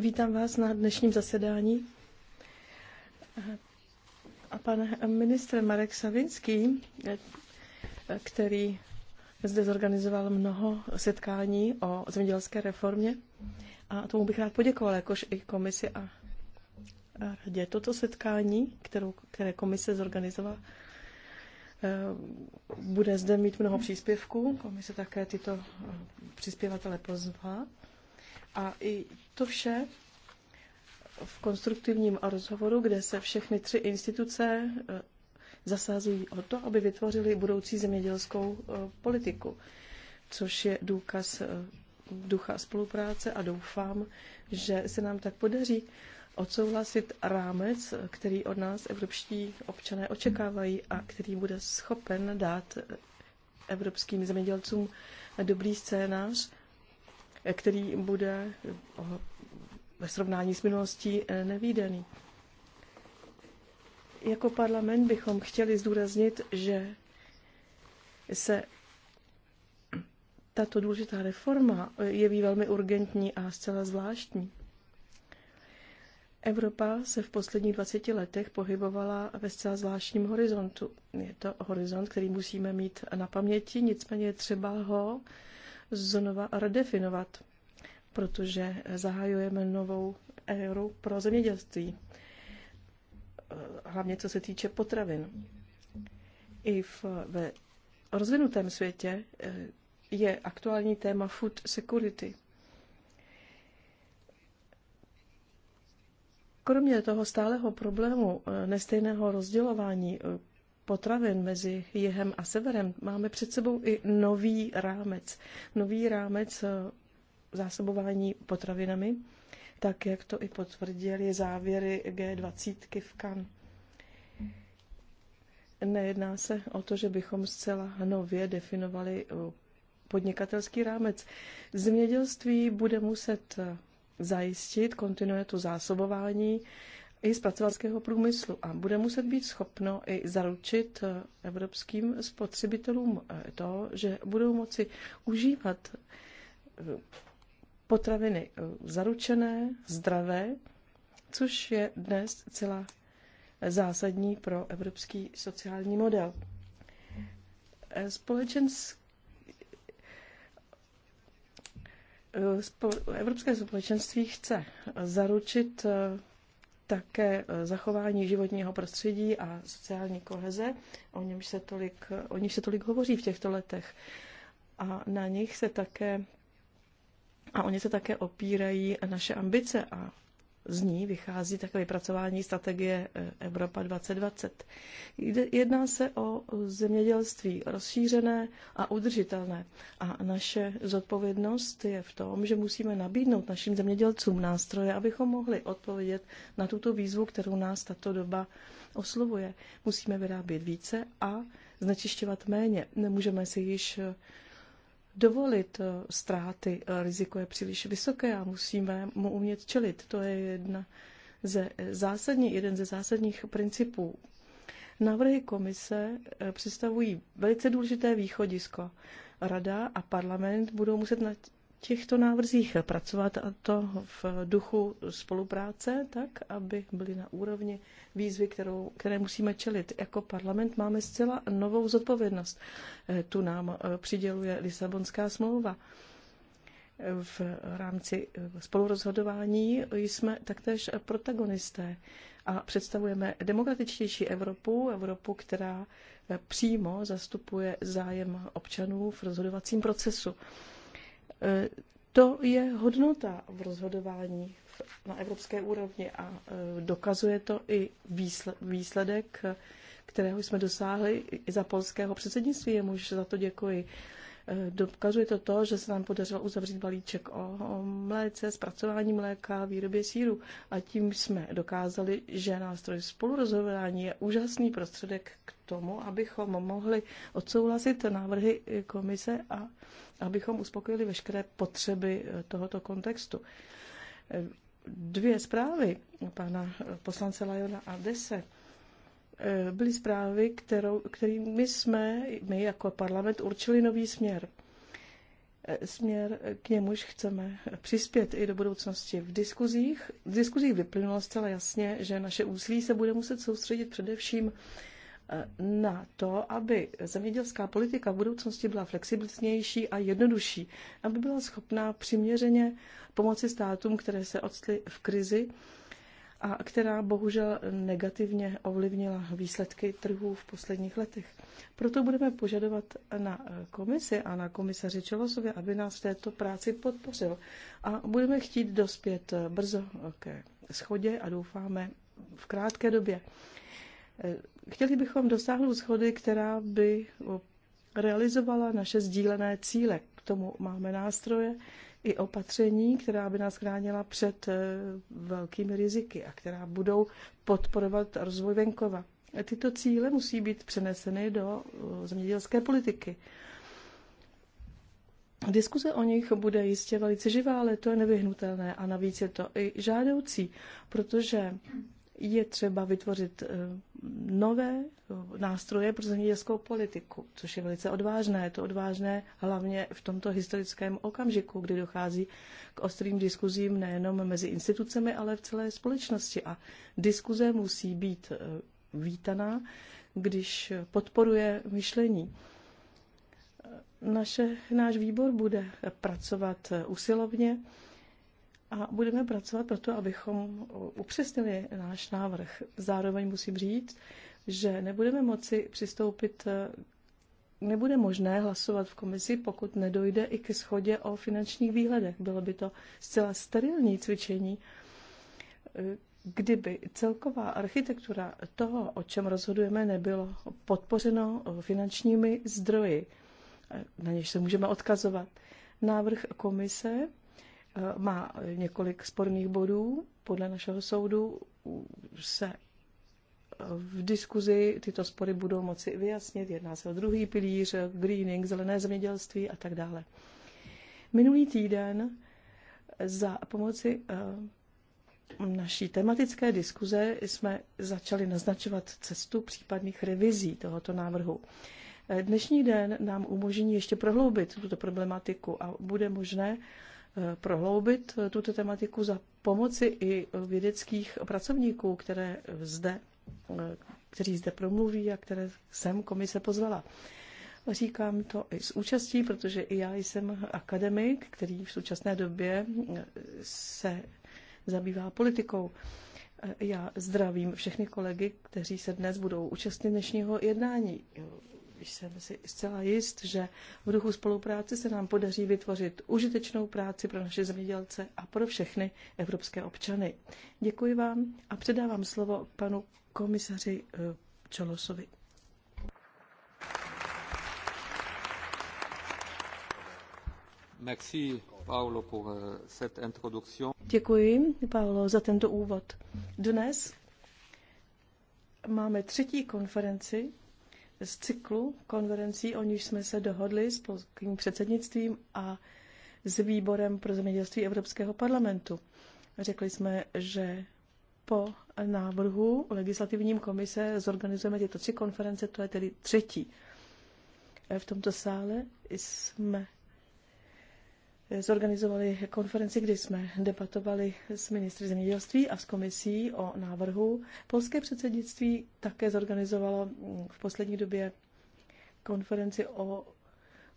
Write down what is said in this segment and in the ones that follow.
Vítám vás na dnešním zasedání. A pan ministr Marek Savinský, který zde zorganizoval mnoho setkání o zemědělské reformě, a tomu bych rád poděkoval, jakož i komisi a radě. Toto setkání, kterou, které komise zorganizovala, eh, bude zde mít mnoho příspěvků. Komise také tyto eh, příspěvatele pozvala. A i to vše v konstruktivním rozhovoru, kde se všechny tři instituce e, zasazují o to, aby vytvořili budoucí zemědělskou e, politiku, což je důkaz e, ducha spolupráce a doufám, že se nám tak podaří odsouhlasit rámec, který od nás evropští občané očekávají a který bude schopen dát evropským zemědělcům dobrý scénář který bude ve srovnání s minulostí e, nevýdaný. Jako parlament bychom chtěli zdůraznit, že se tato důležitá reforma e, jeví velmi urgentní a zcela zvláštní. Evropa se v posledních 20 letech pohybovala ve zcela zvláštním horizontu. Je to horizont, který musíme mít na paměti, nicméně třeba ho znova redefinovat, protože zahajujeme novou éru pro zemědělství, eh, hlavně co se týče potravin. I v, ve rozvinutém světě eh, je aktuální téma food security. Kromě toho stáleho problému eh, nestejného rozdělování potravin mezi jihem a severem, máme před sebou i nový rámec. Nový rámec eh, zásobování potravinami, tak jak to i potvrdili závěry G20 v Kan. Nejedná se o to, že bychom zcela nově definovali eh, podnikatelský rámec. Zemědělství bude muset eh, zajistit kontinuitu zásobování, i zpracovatelského průmyslu a bude muset být schopno i zaručit eh, evropským spotřebitelům eh, to, že budou moci užívat eh, potraviny zaručené, zdravé, což je dnes celá zásadní pro evropský sociální model. Společenský Evropské společenství chce zaručit také e, zachování životního prostředí a sociální koheze, o něm se tolik, o nich se tolik hovoří v těchto letech. A na nich se také a oni se také opírají naše ambice a z ní vychází také vypracování strategie eh, Evropa 2020. Jedná se o zemědělství rozšířené a udržitelné. A naše zodpovědnost je v tom, že musíme nabídnout našim zemědělcům nástroje, abychom mohli odpovědět na tuto výzvu, kterou nás tato doba oslovuje. Musíme vyrábět více a znečišťovat méně. Nemůžeme si již eh, dovolit eh, ztráty. Eh, riziko je příliš vysoké a musíme mu umět čelit. To je jedna ze zásadní, jeden ze zásadních principů. Návrhy komise eh, představují velice důležité východisko. Rada a parlament budou muset těchto návrzích pracovat a to v duchu spolupráce, tak, aby byly na úrovni výzvy, kterou, které musíme čelit. Jako parlament máme zcela novou zodpovědnost. Eh, tu nám eh, přiděluje Lisabonská smlouva. V rámci eh, spolurozhodování jsme taktéž protagonisté a představujeme demokratičtější Evropu, Evropu, která přímo zastupuje zájem občanů v rozhodovacím procesu. E, to je hodnota v rozhodování na evropské úrovni a e, dokazuje to i výsledek, kterého jsme dosáhli i za polského předsednictví, jemuž za to děkuji. Dokazuje to to, že se nám podařilo uzavřít balíček o mléce, zpracování mléka, výrobě síru a tím jsme dokázali, že nástroj spolurozhodování je úžasný prostředek k tomu, abychom mohli odsouhlasit návrhy komise a abychom uspokojili veškeré potřeby tohoto kontextu dvě zprávy pana poslance Lajona a Dese Eh, byly zprávy, kterou, kterými jsme my jako parlament určili nový směr. Eh, směr, eh, k němuž chceme přispět i do budoucnosti. V diskuzích, v diskuzích vyplynulo zcela jasně, že naše úsilí se bude muset soustředit především na to, aby zemědělská politika v budoucnosti byla flexibilnější a jednodušší, aby byla schopná přiměřeně pomoci státům, které se odstly v krizi, a která bohužel negativně ovlivnila výsledky trhů v posledních letech. Proto budeme požadovat na komisi a na komisaři Čelosově, aby nás v této práci podpořil. A budeme chtít dospět brzo ke schodě a doufáme v krátké době. Chtěli bychom dosáhnout schody, která by realizovala naše sdílené cíle. K tomu máme nástroje, i opatření, která by nás chránila před eh, velkými riziky a která budou podporovat rozvoj venkova. Tyto cíle musí být přeneseny do eh, zemědělské politiky. Diskuze o nich bude jistě velice živá, ale to je nevyhnutelné a navíc je to i žádoucí, protože je třeba vytvořit eh, nové eh, nástroje pro zemědělskou politiku, což je velice odvážné. Je to odvážné hlavně v tomto historickém okamžiku, kdy dochází k ostrým diskuzím nejenom mezi institucemi, ale v celé společnosti. A diskuze musí být eh, vítaná, když podporuje myšlení. Naše, náš výbor bude pracovat usilovně a budeme pracovat pro to, abychom upřesnili náš návrh. Zároveň musím říct, že nebudeme moci přistoupit, nebude možné hlasovat v komisi, pokud nedojde i ke schodě o finančních výhledech. Bylo by to zcela sterilní cvičení, kdyby celková architektura toho, o čem rozhodujeme, nebylo podpořeno finančními zdroji, na něž se můžeme odkazovat. Návrh komise Eh, má několik sporných bodů. Podle našeho soudu se eh, v diskuzi tyto spory budou moci vyjasnit. Jedná se o druhý pilíř, greening, zelené zemědělství a tak dále. Minulý týden za pomoci eh, naší tematické diskuze jsme začali naznačovat cestu případných revizí tohoto návrhu. Dnešní den nám umožní ještě prohloubit tuto problematiku a bude možné prohloubit eh, tuto tematiku za pomoci i vědeckých pracovníků, které zde, eh, kteří zde promluví a které jsem komise pozvala. Říkám to i s účastí, protože i já jsem akademik, který v současné době eh, se zabývá politikou. Já zdravím všechny kolegy, kteří se dnes budou účastnit dnešního jednání jsem si zcela jist, že v duchu spolupráce se nám podaří vytvořit užitečnou práci pro naše zemědělce a pro všechny evropské občany. Děkuji vám a předávám slovo panu komisaři eh, Čolosovi. Merci, Paolo, pour eh, cette introduction. Děkuji, Paolo, za tento úvod. Dnes máme třetí konferenci z cyklu konferencí, o níž jsme se dohodli s polským předsednictvím a s výborem pro zemědělství Evropského parlamentu. Řekli jsme, že po návrhu legislativním komise zorganizujeme tyto tři konference, to je tedy třetí. V tomto sále jsme zorganizovali konferenci, kdy jsme debatovali s ministry zemědělství a s komisí o návrhu. Polské předsednictví také zorganizovalo v poslední době konferenci o,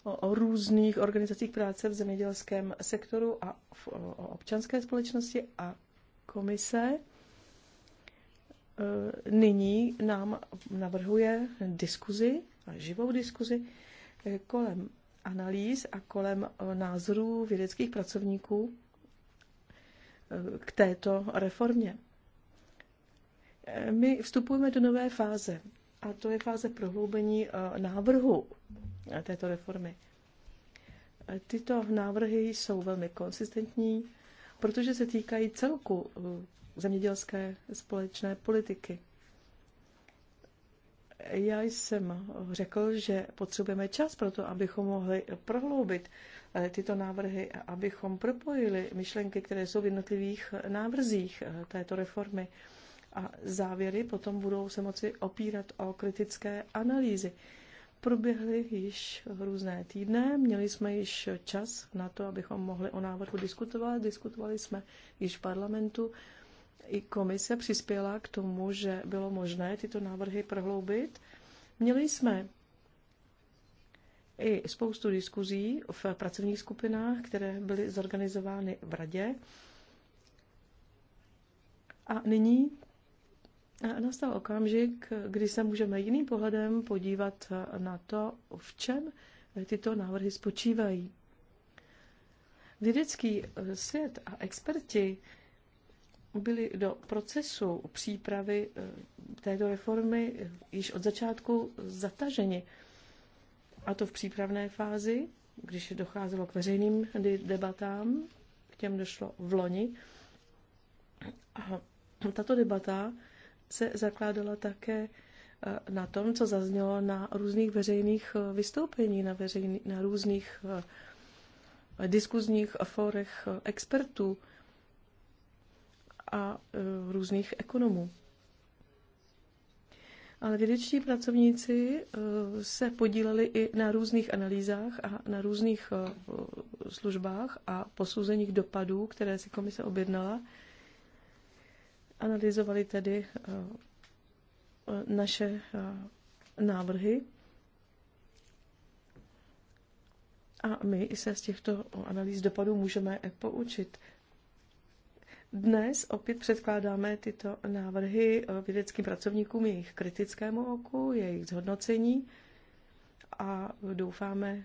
o, o různých organizacích práce v zemědělském sektoru a v, o, o občanské společnosti a komise e, nyní nám navrhuje diskuzi, živou diskuzi e, kolem analýz a kolem eh, názorů vědeckých pracovníků eh, k této reformě. Eh, my vstupujeme do nové fáze a to je fáze prohloubení návrhu této reformy. Tyto návrhy jsou velmi konsistentní, protože se týkají celku zemědělské společné politiky. Já jsem řekl, že potřebujeme čas pro to, abychom mohli prohloubit eh, tyto návrhy, abychom propojili myšlenky, které jsou v jednotlivých návrzích eh, této reformy. A závěry potom budou se moci opírat o kritické analýzy. Proběhly již různé týdny, měli jsme již čas na to, abychom mohli o návrhu diskutovat. Diskutovali jsme již v parlamentu i komise přispěla k tomu, že bylo možné tyto návrhy prohloubit. Měli jsme i spoustu diskuzí v pracovních skupinách, které byly zorganizovány v radě. A nyní nastal okamžik, kdy se můžeme jiným pohledem podívat na to, v čem tyto návrhy spočívají. Vědecký svět a experti byli do procesu přípravy eh, této reformy již od začátku zataženi. A to v přípravné fázi, když docházelo k veřejným debatám, k těm došlo v loni. A tato debata se zakládala také eh, na tom, co zaznělo na různých veřejných eh, vystoupení, na, veřejný, na různých diskuzních forech expertů a e, různých ekonomů. Ale vědeční pracovníci e, se podíleli i na různých analýzách a na různých e, službách a posouzeních dopadů, které si komise objednala. Analyzovali tedy naše návrhy a my se z těchto analýz dopadů můžeme poučit. Dnes opět předkládáme tyto návrhy eh, vědeckým pracovníkům, jejich kritickému oku, jejich zhodnocení a doufáme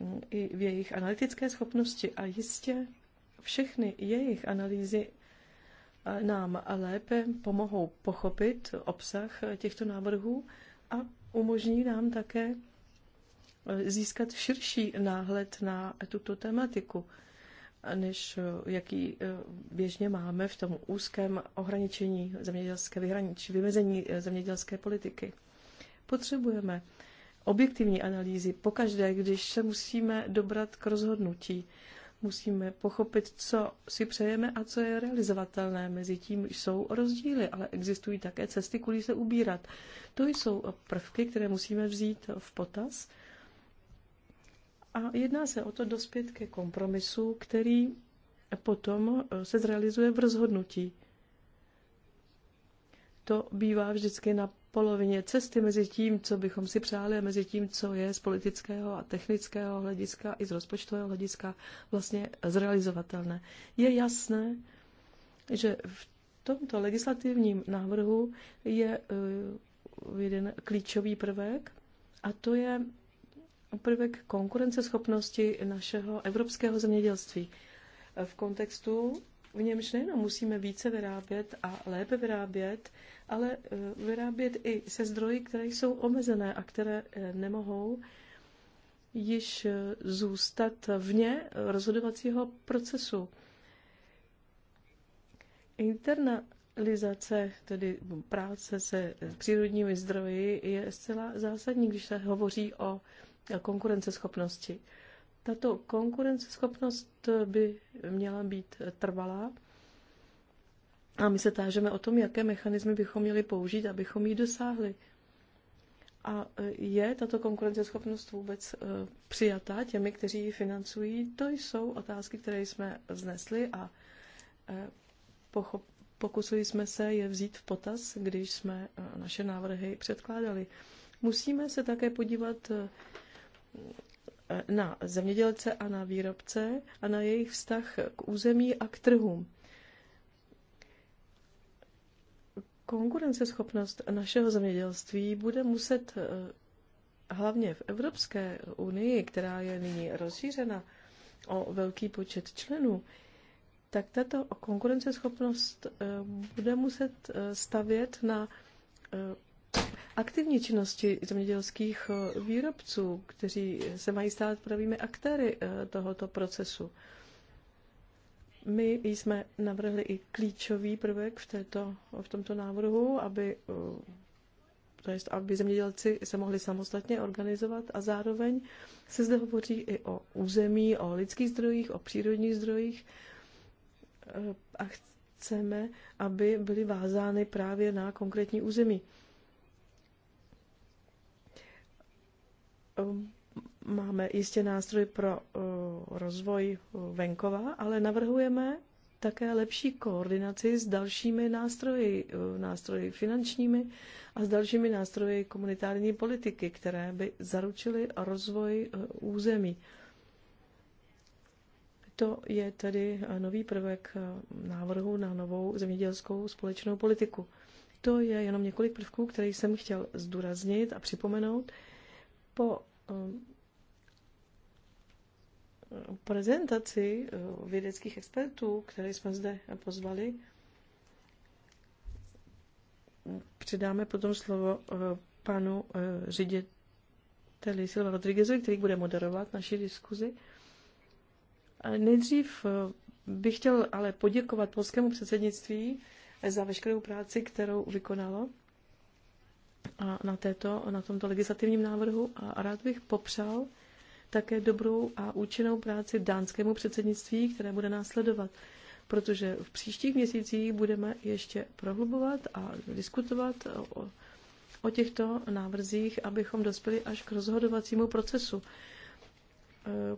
mm, i v jejich analytické schopnosti. A jistě všechny jejich analýzy eh, nám lépe pomohou pochopit obsah eh, těchto návrhů a umožní nám také získat širší náhled na tuto tematiku než jaký eh, běžně máme v tom úzkém ohraničení zemědělské vyhraničí, vymezení eh, zemědělské politiky. Potřebujeme objektivní analýzy pokaždé, když se musíme dobrat k rozhodnutí. Musíme pochopit, co si přejeme a co je realizovatelné. Mezi tím jsou rozdíly, ale existují také cesty, kudy se ubírat. To jsou prvky, které musíme vzít v potaz a jedná se o to dospět ke kompromisu, který potom eh, se zrealizuje v rozhodnutí. To bývá vždycky na polovině cesty mezi tím, co bychom si přáli, a mezi tím, co je z politického a technického hlediska i z rozpočtového hlediska vlastně zrealizovatelné. Je jasné, že v tomto legislativním návrhu je eh, jeden klíčový prvek, a to je prvek konkurenceschopnosti našeho evropského zemědělství v kontextu, v němž nejenom musíme více vyrábět a lépe vyrábět, ale eh, vyrábět i se zdroji, které jsou omezené a které eh, nemohou již eh, zůstat vně rozhodovacího procesu. Internalizace, tedy práce se přírodními zdroji, je zcela zásadní, když se hovoří o a konkurenceschopnosti. Tato konkurenceschopnost by měla být trvalá a my se tážeme o tom, jaké mechanismy bychom měli použít, abychom ji dosáhli. A je tato konkurenceschopnost vůbec eh, přijatá těmi, kteří ji financují? To jsou otázky, které jsme vznesli a eh, pokusili jsme se je vzít v potaz, když jsme eh, naše návrhy předkládali. Musíme se také podívat na zemědělce a na výrobce a na jejich vztah k území a k trhům. Konkurenceschopnost našeho zemědělství bude muset eh, hlavně v Evropské unii, která je nyní rozšířena o velký počet členů, tak tato konkurenceschopnost eh, bude muset eh, stavět na aktivní činnosti zemědělských eh, výrobců, kteří se mají stát pravými aktéry eh, tohoto procesu. My jsme navrhli i klíčový prvek v, této, v tomto návrhu, aby, eh, to jest, aby zemědělci se mohli samostatně organizovat a zároveň se zde hovoří i o území, o lidských zdrojích, o přírodních zdrojích a chceme, aby byly vázány právě na konkrétní území. Ehm, máme jistě nástroj pro eh, rozvoj venkova, ale navrhujeme také lepší koordinaci s dalšími nástroji, eh, nástroji finančními a s dalšími nástroji komunitární politiky, které by zaručily rozvoj eh, území. To je tedy nový prvek návrhu na novou zemědělskou společnou politiku. To je jenom několik prvků, které jsem chtěl zdůraznit a připomenout. Po um, prezentaci uh, vědeckých expertů, které jsme zde pozvali, předáme potom slovo uh, panu uh, řediteli Silva Rodriguezovi, který bude moderovat naši diskuzi. Nejdřív bych chtěl ale poděkovat polskému předsednictví za veškerou práci, kterou vykonalo na, této, na tomto legislativním návrhu a rád bych popřál také dobrou a účinnou práci dánskému předsednictví, které bude následovat, protože v příštích měsících budeme ještě prohlubovat a diskutovat o, o těchto návrzích, abychom dospěli až k rozhodovacímu procesu. E,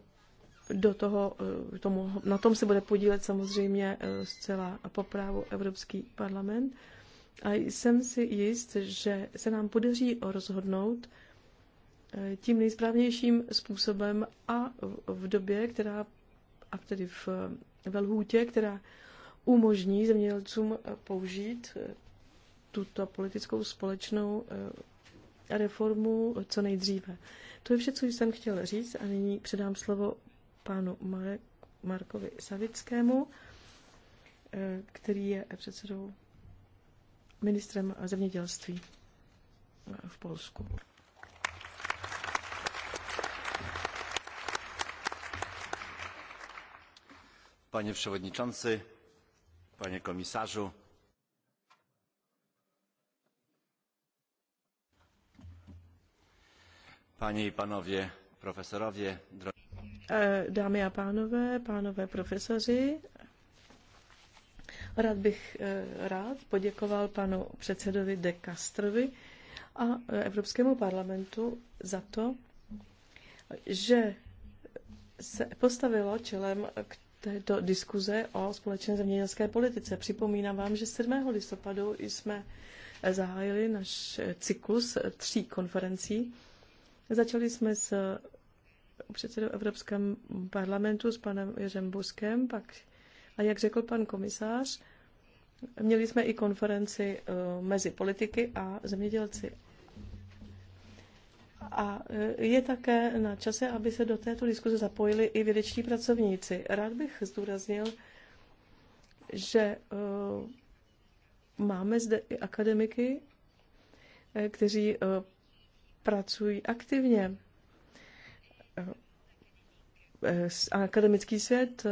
do toho, e, tomu, na tom se bude podílet samozřejmě e, zcela poprávu Evropský parlament a jsem si jist, že se nám podaří rozhodnout eh, tím nejsprávnějším způsobem a v době, která, a tedy v, ve lhůtě, která umožní zemědělcům eh, použít eh, tuto politickou společnou reformu co nejdříve. To je vše, co jsem chtěl říct a nyní předám slovo pánu Marek, Markovi Savickému, který je předsedou ministrem zemědělství eh, v Polsku. Panie przewodniczący, panie komisarzu. Panie i panowie profesorowie. Eh, dámy a pánové, pánové profesoři, Rád bych eh, rád poděkoval panu předsedovi De Castrovi a eh, Evropskému parlamentu za to, že se postavilo čelem k této diskuze o společné zemědělské politice. Připomínám vám, že 7. listopadu jsme zahájili náš cyklus tří konferencí. Začali jsme s předsedou Evropském parlamentu, s panem Jeřem Buskem, pak a jak řekl pan komisář, měli jsme i konferenci eh, mezi politiky a zemědělci. A eh, je také na čase, aby se do této diskuze zapojili i vědeční pracovníci. Rád bych zdůraznil, že eh, máme zde i akademiky, kteří pracují aktivně. Akademický svět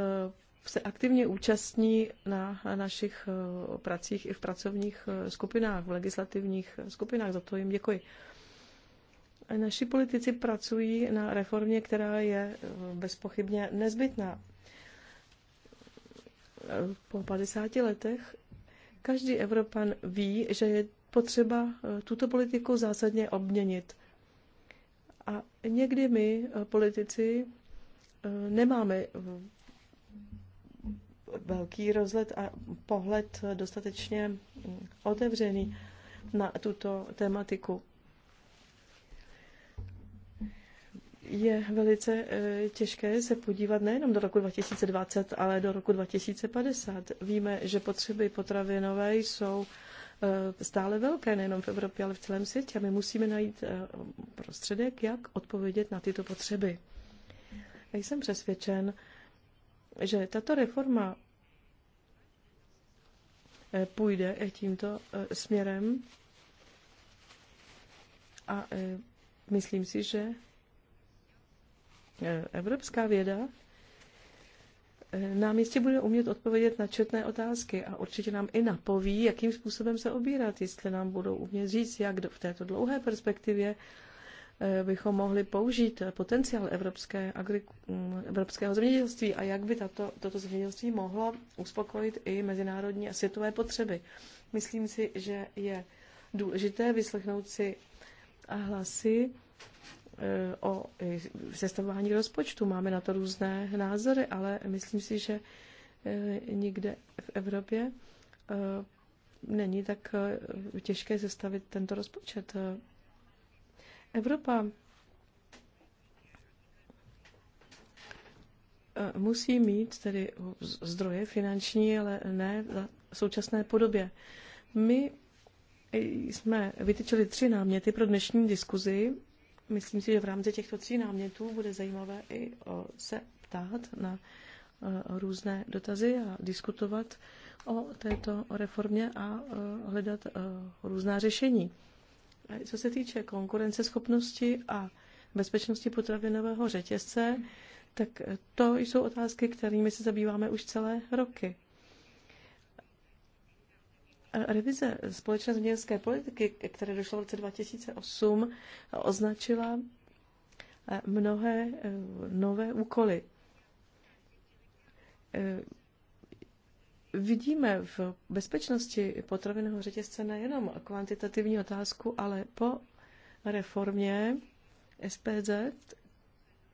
se aktivně účastní na našich eh, pracích i v pracovních eh, skupinách, v legislativních eh, skupinách. Za to jim děkuji. Naši politici pracují na reformě, která je bezpochybně nezbytná. Po 50 letech každý Evropan ví, že je potřeba tuto politiku zásadně obměnit. A někdy my, politici, nemáme velký rozhled a pohled dostatečně otevřený na tuto tematiku. je velice eh, těžké se podívat nejenom do roku 2020, ale do roku 2050. Víme, že potřeby potravinové jsou eh, stále velké, nejenom v Evropě, ale v celém světě. A my musíme najít eh, prostředek, jak odpovědět na tyto potřeby. Já jsem přesvědčen, že tato reforma půjde tímto e, směrem. A e, myslím si, že e, evropská věda nám jistě bude umět odpovědět na četné otázky a určitě nám i napoví, jakým způsobem se obírat, jestli nám budou umět říct, jak v této dlouhé perspektivě Eh, bychom mohli použít potenciál evropské agri- mm, evropského zemědělství a jak by tato, toto zemědělství mohlo uspokojit i mezinárodní a světové potřeby. Myslím si, že je důležité vyslechnout si hlasy eh, o sestavování rozpočtu. Máme na to různé názory, ale myslím si, že eh, nikde v Evropě není tak těžké sestavit tento rozpočet. Evropa eh, musí mít tedy zdroje finanční, ale ne v současné podobě. My jsme vytyčili tři náměty pro dnešní diskuzi. Myslím si, že v rámci těchto tří námětů bude zajímavé i se ptát na eh, různé dotazy a diskutovat o této reformě a eh, hledat různá řešení. Co se týče konkurenceschopnosti a bezpečnosti potravinového řetězce, tak to jsou otázky, kterými se zabýváme už celé roky. Revize společné zemědělské politiky, které došlo v roce 2008, označila eh, mnohé eh, nové úkoly. Eh, vidíme v bezpečnosti potravinového řetězce nejenom kvantitativní otázku, ale po reformě SPZ,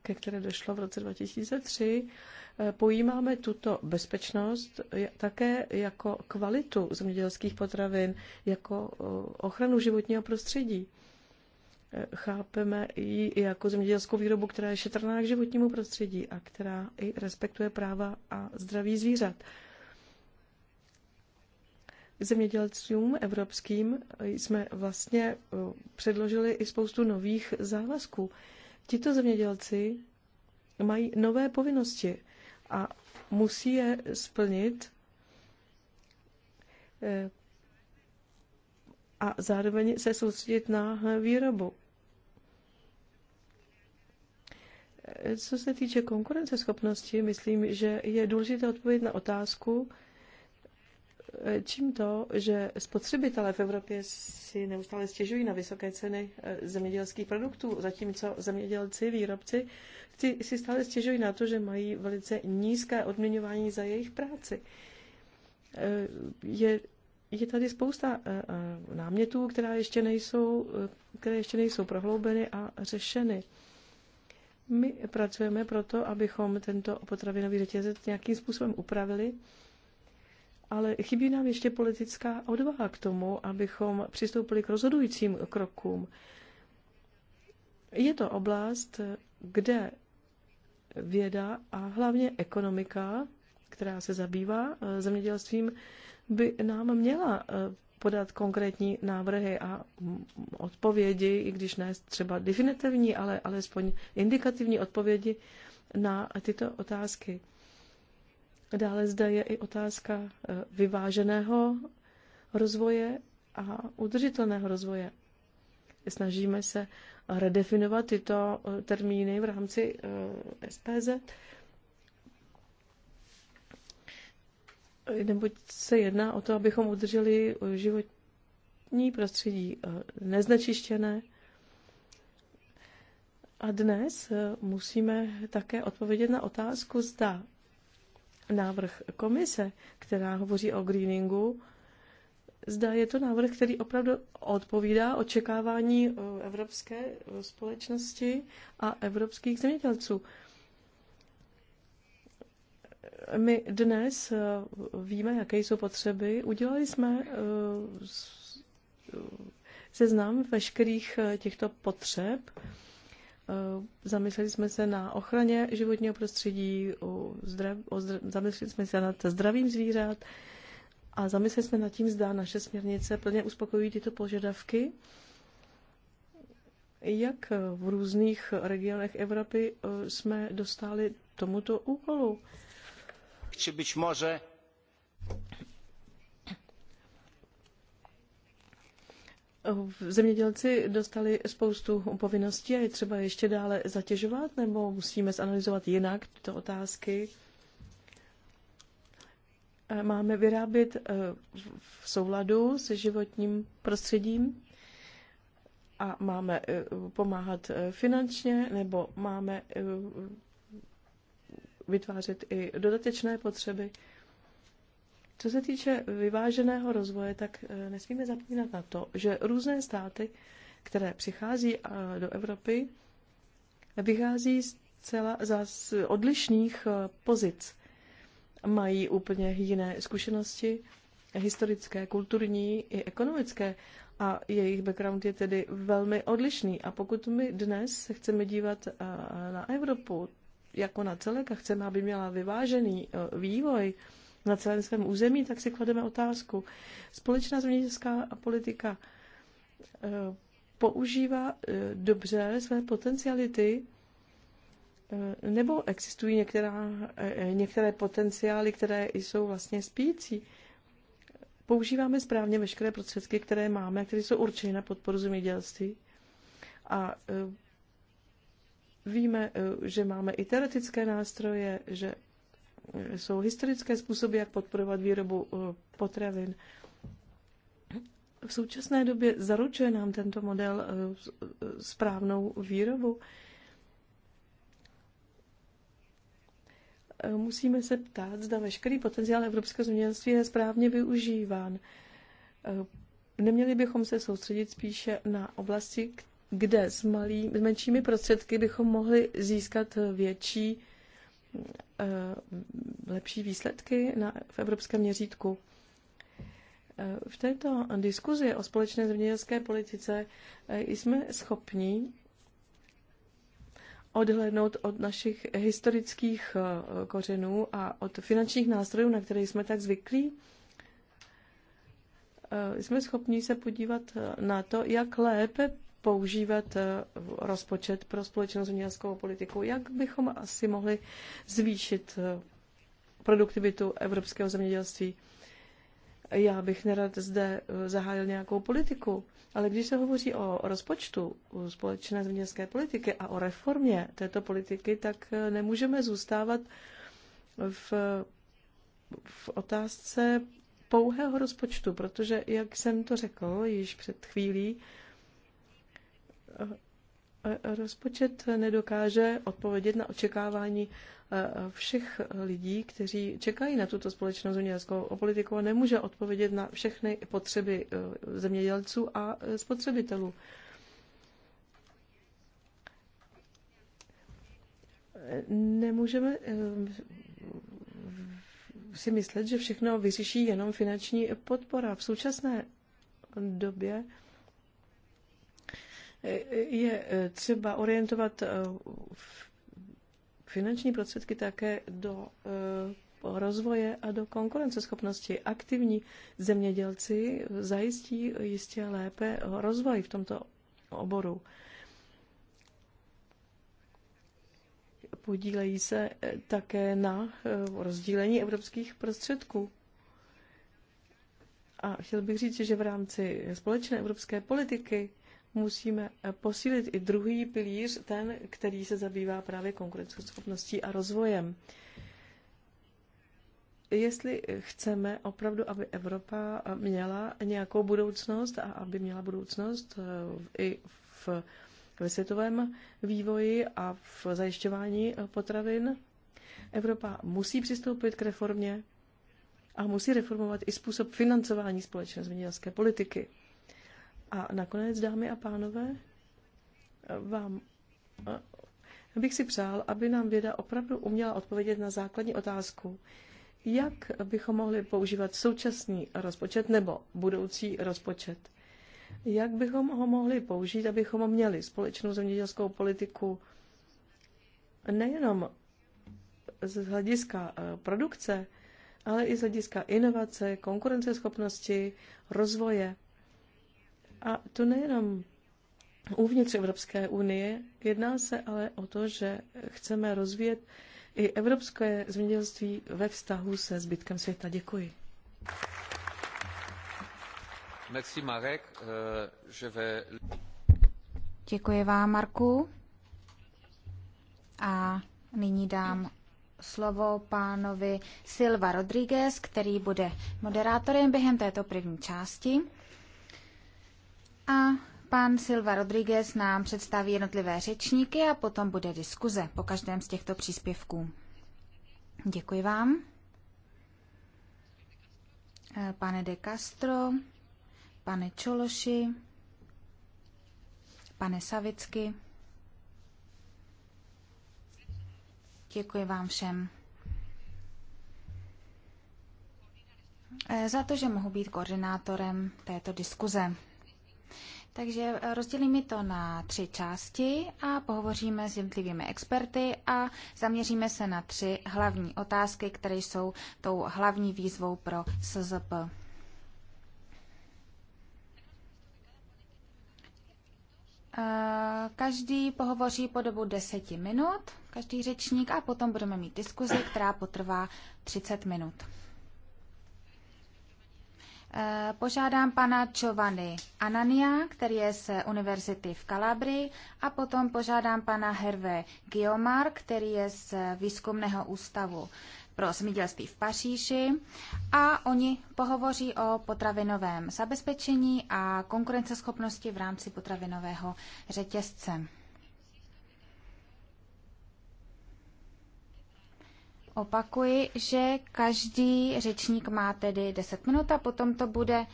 ke které došlo v roce 2003, eh, pojímáme tuto bezpečnost také jako kvalitu zemědělských potravin, jako eh, ochranu životního prostředí. Eh, chápeme ji jako zemědělskou výrobu, která je šetrná k životnímu prostředí a která i respektuje práva a zdraví zvířat zemědělcům evropským jsme vlastně eh, předložili i spoustu nových závazků. Tito zemědělci mají nové povinnosti a musí je splnit eh, a zároveň se soustředit na výrobu. Eh, co se týče konkurenceschopnosti, myslím, že je důležité odpovědět na otázku, čím to, že spotřebitelé v Evropě si neustále stěžují na vysoké ceny eh, zemědělských produktů, zatímco zemědělci, výrobci si stále stěžují na to, že mají velice nízké odměňování za jejich práci. Eh, je, je tady spousta eh, námětů, která ještě nejsou, které ještě nejsou prohloubeny a řešeny. My pracujeme proto, abychom tento potravinový řetězec nějakým způsobem upravili, ale chybí nám ještě politická odvaha k tomu, abychom přistoupili k rozhodujícím krokům. Je to oblast, kde věda a hlavně ekonomika, která se zabývá eh, zemědělstvím, by nám měla eh, podat konkrétní návrhy a mm, odpovědi, i když ne třeba definitivní, ale alespoň indikativní odpovědi na tyto otázky. Dále zde je i otázka eh, vyváženého rozvoje a udržitelného rozvoje. Snažíme se redefinovat tyto eh, termíny v rámci eh, SPZ, neboť se jedná o to, abychom udrželi životní prostředí neznečištěné. A dnes musíme také odpovědět na otázku, zda návrh komise, která hovoří o greeningu, zda je to návrh, který opravdu odpovídá očekávání eh, evropské eh, společnosti a evropských zemědělců. My dnes eh, víme, jaké jsou potřeby. Udělali jsme seznam veškerých těchto potřeb Eh, zamysleli jsme se na ochraně životního prostředí, o zdrav, o zdrav, zamysleli jsme se nad zdravím zvířat a zamysleli jsme nad tím, zda naše směrnice plně uspokojují tyto požadavky. Jak v různých regionech Evropy eh, jsme dostali tomuto úkolu? Či byť može Zemědělci dostali spoustu povinností a je třeba ještě dále zatěžovat, nebo musíme zanalizovat jinak tyto otázky? Eh, máme vyrábět eh, v souladu se životním prostředím a máme eh, pomáhat finančně, nebo máme vytvářet i dodatečné potřeby co se týče vyváženého rozvoje, tak eh, nesmíme zapomínat na to, že různé státy, které přichází eh, do Evropy, vychází z zcela z odlišných eh, pozic. Mají úplně jiné zkušenosti, historické, kulturní i ekonomické a jejich background je tedy velmi odlišný. A pokud my dnes se chceme dívat na Evropu jako na celek a chceme, aby měla vyvážený vývoj, na celém svém území, tak si klademe otázku. Společná zemědělská politika eh, používá eh, dobře své potenciality, eh, nebo existují některá, některé potenciály, které jsou vlastně spící? Používáme správně veškeré prostředky, které máme, které jsou určeny na podporu zemědělství. A víme, že máme i teoretické nástroje, že jsou historické způsoby, jak podporovat výrobu eh, potravin. V současné době zaručuje nám tento model eh, eh, správnou výrobu. Musíme se ptát, zda veškerý potenciál evropského zemědělství je správně využíván. Neměli bychom se soustředit spíše na oblasti, kde s, malý, s menšími prostředky bychom mohli získat větší Eh, lepší výsledky na, v evropském měřítku. Eh, v této diskuzi o společné zemědělské politice eh, jsme schopni odhlednout od našich historických kořenů a od finančních nástrojů, na které jsme tak zvyklí, jsme schopni se podívat na to, jak lépe používat eh, rozpočet pro společnou zemědělskou politiku. Jak bychom asi mohli zvýšit eh, produktivitu evropského zemědělství? Já bych nerad zde eh, zahájil nějakou politiku, ale když se hovoří o rozpočtu společné zemědělské politiky a o reformě této politiky, tak nemůžeme zůstávat v, v otázce pouhého rozpočtu, protože, jak jsem to řekl již před chvílí, rozpočet nedokáže odpovědět na očekávání eh, všech lidí, kteří čekají na tuto společnou zemědělskou politiku a nemůže odpovědět na všechny potřeby eh, zemědělců a eh, spotřebitelů. Nemůžeme si myslet, že všechno vyřeší jenom finanční podpora. V současné době je e, třeba orientovat e, finanční prostředky také do e, rozvoje a do konkurenceschopnosti. Aktivní zemědělci zajistí jistě lépe rozvoj v tomto oboru. Podílejí se také na rozdílení evropských prostředků. A chtěl bych říct, že v rámci společné evropské politiky musíme eh, posílit i druhý pilíř, ten, který se zabývá právě konkurenceschopností a rozvojem. Jestli chceme opravdu, aby Evropa měla nějakou budoucnost a aby měla budoucnost eh, i v, ve světovém vývoji a v zajišťování eh, potravin, Evropa musí přistoupit k reformě a musí reformovat i způsob financování společné zemědělské politiky. A nakonec, dámy a pánové, vám bych si přál, aby nám věda opravdu uměla odpovědět na základní otázku, jak bychom mohli používat současný rozpočet nebo budoucí rozpočet. Jak bychom ho mohli použít, abychom měli společnou zemědělskou politiku nejenom z hlediska e, produkce, ale i z hlediska inovace, konkurenceschopnosti, rozvoje a to nejenom uvnitř Evropské unie, jedná se ale o to, že chceme rozvíjet i evropské zemědělství ve vztahu se zbytkem světa. Děkuji. Merci Marek. Euh, je vais... Děkuji vám, Marku. A nyní dám slovo pánovi Silva Rodriguez, který bude moderátorem během této první části a pan Silva Rodriguez nám představí jednotlivé řečníky a potom bude diskuze po každém z těchto příspěvků. Děkuji vám. Eh, pane de Castro, pane Čološi, pane Savicky. Děkuji vám všem. Eh, za to, že mohu být koordinátorem této diskuze. Takže rozdělíme to na tři části a pohovoříme s jednotlivými experty a zaměříme se na tři hlavní otázky, které jsou tou hlavní výzvou pro SZP. Eh, každý pohovoří po dobu deseti minut, každý řečník, a potom budeme mít diskuzi, která potrvá 30 minut. Eh, požádám pana Giovanni Anania, který je z Univerzity v Kalabri, a potom požádám pana Herve Guillaumar, který je z Výzkumného ústavu pro zemědělství v Paříži a oni pohovoří o potravinovém zabezpečení a konkurenceschopnosti v rámci potravinového řetězce. Opakuji, že každý řečník má tedy 10 minut a potom to bude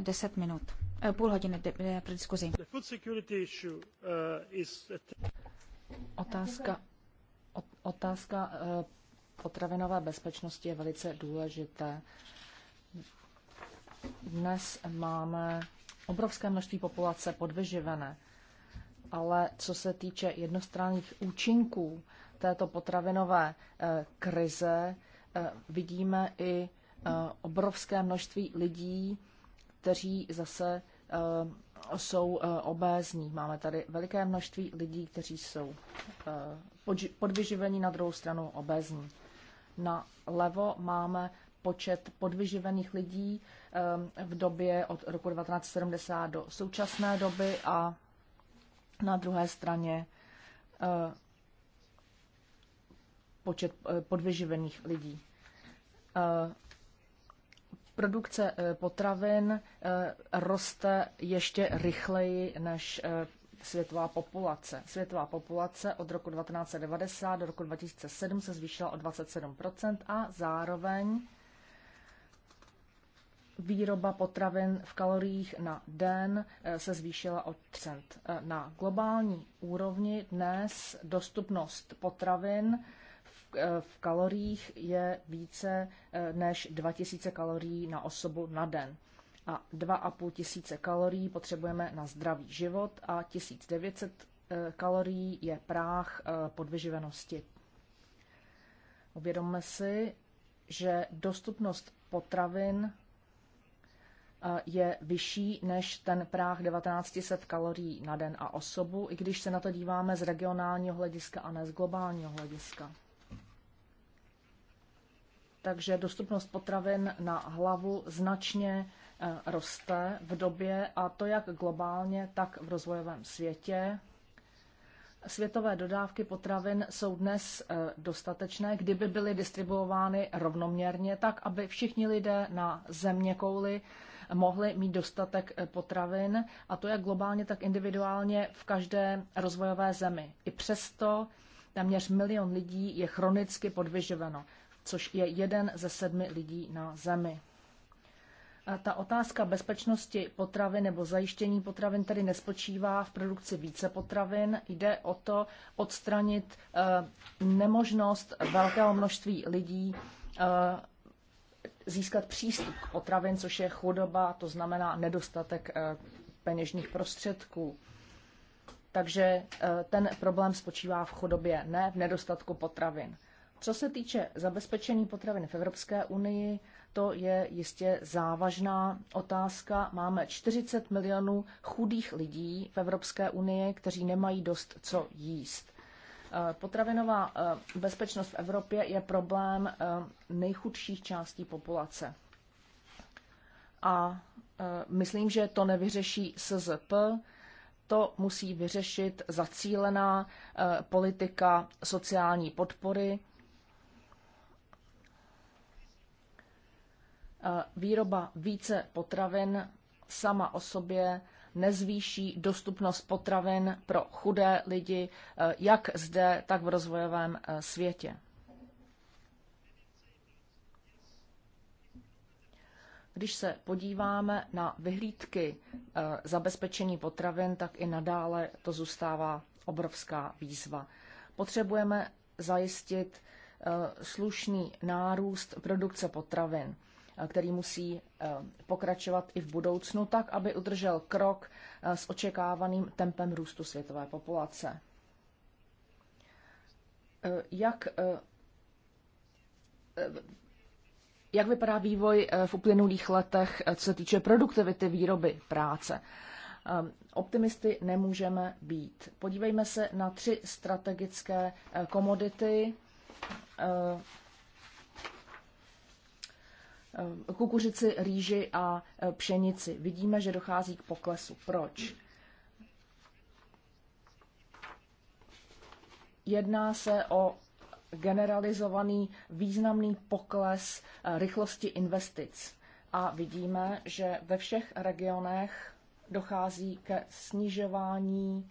10 minut, eh, půl hodiny eh, pro diskuzi. Eh, otázka, otázka potravinové bezpečnosti je velice důležité. Dnes máme obrovské množství populace podvyživené, ale co se týče jednostranných účinků této potravinové eh, krize eh, vidíme i eh, obrovské množství lidí, kteří zase jsou obézní. Máme tady veliké množství lidí, kteří jsou podvyživení, na druhou stranu obézní. Na levo máme počet podvyživených lidí v době od roku 1970 do současné doby a na druhé straně počet eh, podvyživených lidí. Eh, produkce eh, potravin roste ještě rychleji než světová populace. Světová populace od roku 1990 do roku 2007 se zvýšila o 27 a zároveň výroba potravin v kaloriích na den se zvýšila o trend. Na globální úrovni dnes dostupnost potravin v kaloriích je více eh, než 2000 kalorií na osobu na den a 2,5 tisíce kalorií potřebujeme na zdravý život a 1900 eh, kalorií je práh eh, podvyživenosti. Uvědomme si, že dostupnost potravin je vyšší než ten práh 1900 kalorií na den a osobu, i když se na to díváme z regionálního hlediska a ne z globálního hlediska. Takže dostupnost potravin na hlavu značně eh, roste v době, a to jak globálně, tak v rozvojovém světě. Světové dodávky potravin jsou dnes eh, dostatečné, kdyby byly distribuovány rovnoměrně, tak aby všichni lidé na země kouli mohli mít dostatek eh, potravin, a to jak globálně, tak individuálně v každé rozvojové zemi. I přesto téměř milion lidí je chronicky podvyživeno což je jeden ze sedmi lidí na Zemi. A ta otázka bezpečnosti potravy nebo zajištění potravin tedy nespočívá v produkci více potravin. Jde o to odstranit eh, nemožnost velkého množství lidí eh, získat přístup k potravin, což je chudoba, to znamená nedostatek eh, peněžních prostředků. Takže ten problém spočívá v chudobě, ne v nedostatku potravin. Co se týče zabezpečení potravin v Evropské unii, to je jistě závažná otázka. Máme 40 milionů chudých lidí v Evropské unii, kteří nemají dost co jíst. E, potravinová e, bezpečnost v Evropě je problém e, nejchudších částí populace. A myslím, že to nevyřeší SZP, to musí vyřešit zacílená politika sociální podpory, Eh, výroba více potravin sama o sobě nezvýší dostupnost potravin pro chudé lidi, eh, jak zde, tak v rozvojovém eh, světě. Když se podíváme na vyhlídky zabezpečení potravin, tak i nadále to zůstává obrovská výzva. Potřebujeme zajistit slušný nárůst produkce potravin který musí eh, pokračovat i v budoucnu, tak aby udržel krok eh, s očekávaným tempem růstu světové populace. Eh, jak, jak vypadá vývoj v uplynulých letech, co se týče produktivity výroby práce? Optimisty nemůžeme být. Podívejme se na tři strategické komodity Eh, kukuřici, rýži a eh, pšenici. Vidíme, že dochází k poklesu. Proč? Jedná se o generalizovaný významný pokles eh, rychlosti investic. A vidíme, že ve všech regionech dochází ke snižování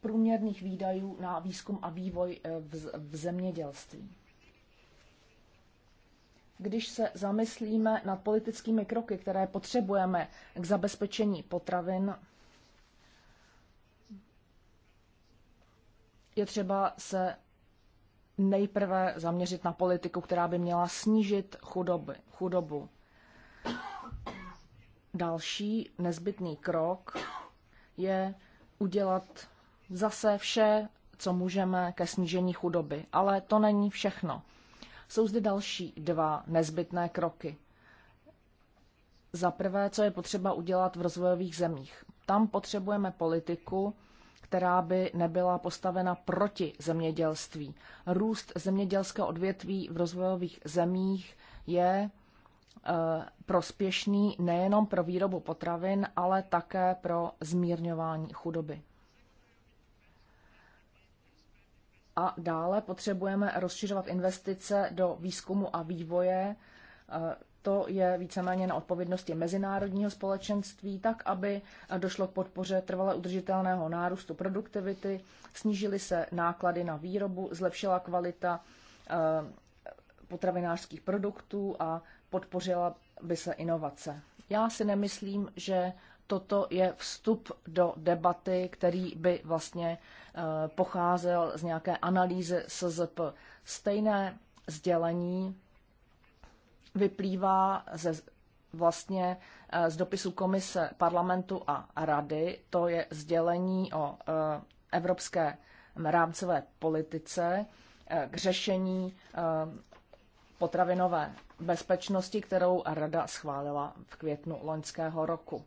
průměrných výdajů na výzkum a vývoj v, v zemědělství když se zamyslíme nad politickými kroky, které potřebujeme k zabezpečení potravin, je třeba se nejprve zaměřit na politiku, která by měla snížit chudoby, chudobu. Další nezbytný krok je udělat zase vše, co můžeme ke snížení chudoby. Ale to není všechno. Jsou zde další dva nezbytné kroky. Za prvé, co je potřeba udělat v rozvojových zemích. Tam potřebujeme politiku, která by nebyla postavena proti zemědělství. Růst zemědělského odvětví v rozvojových zemích je eh, prospěšný nejenom pro výrobu potravin, ale také pro zmírňování chudoby. A dále potřebujeme rozšiřovat investice do výzkumu a vývoje. E, to je víceméně na odpovědnosti mezinárodního společenství, tak aby došlo k podpoře trvale udržitelného nárůstu produktivity, snížily se náklady na výrobu, zlepšila kvalita e, potravinářských produktů a podpořila by se inovace. Já si nemyslím, že toto je vstup do debaty, který by vlastně eh, pocházel z nějaké analýzy SZP. Stejné sdělení vyplývá ze vlastně eh, z dopisu Komise parlamentu a rady. To je sdělení o eh, evropské rámcové politice k řešení potravinové bezpečnosti, kterou rada schválila v květnu loňského roku.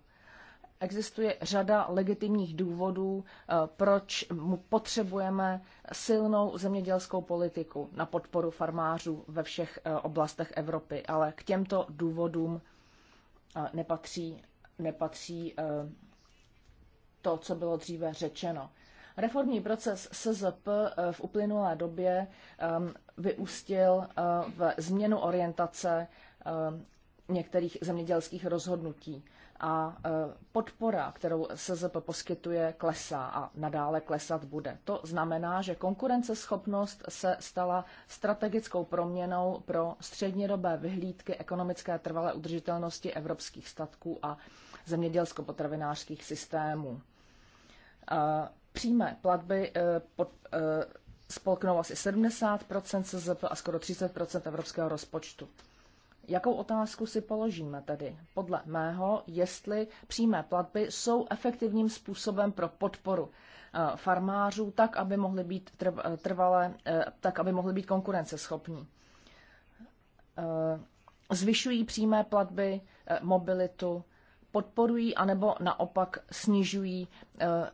Existuje řada legitimních důvodů, eh, proč potřebujeme silnou zemědělskou politiku na podporu farmářů ve všech eh, oblastech Evropy, ale k těmto důvodům eh, nepatří, nepatří to, co bylo dříve řečeno. Reformní proces SZP v uplynulé době vyústil v změnu orientace některých zemědělských rozhodnutí a e, podpora, kterou SZP poskytuje, klesá a nadále klesat bude. To znamená, že konkurenceschopnost se stala strategickou proměnou pro střednědobé vyhlídky ekonomické trvalé udržitelnosti evropských statků a zemědělsko-potravinářských systémů. E, přímé platby e, pod, spolknou asi 70 SZP a skoro 30 evropského rozpočtu. Jakou otázku si položíme tedy? Podle mého, jestli přímé platby jsou efektivním způsobem pro podporu eh, farmářů, tak aby mohly být eh, trvalé, eh, tak aby mohly být konkurenceschopní. Zvyšují přímé platby mobilitu, podporují anebo naopak snižují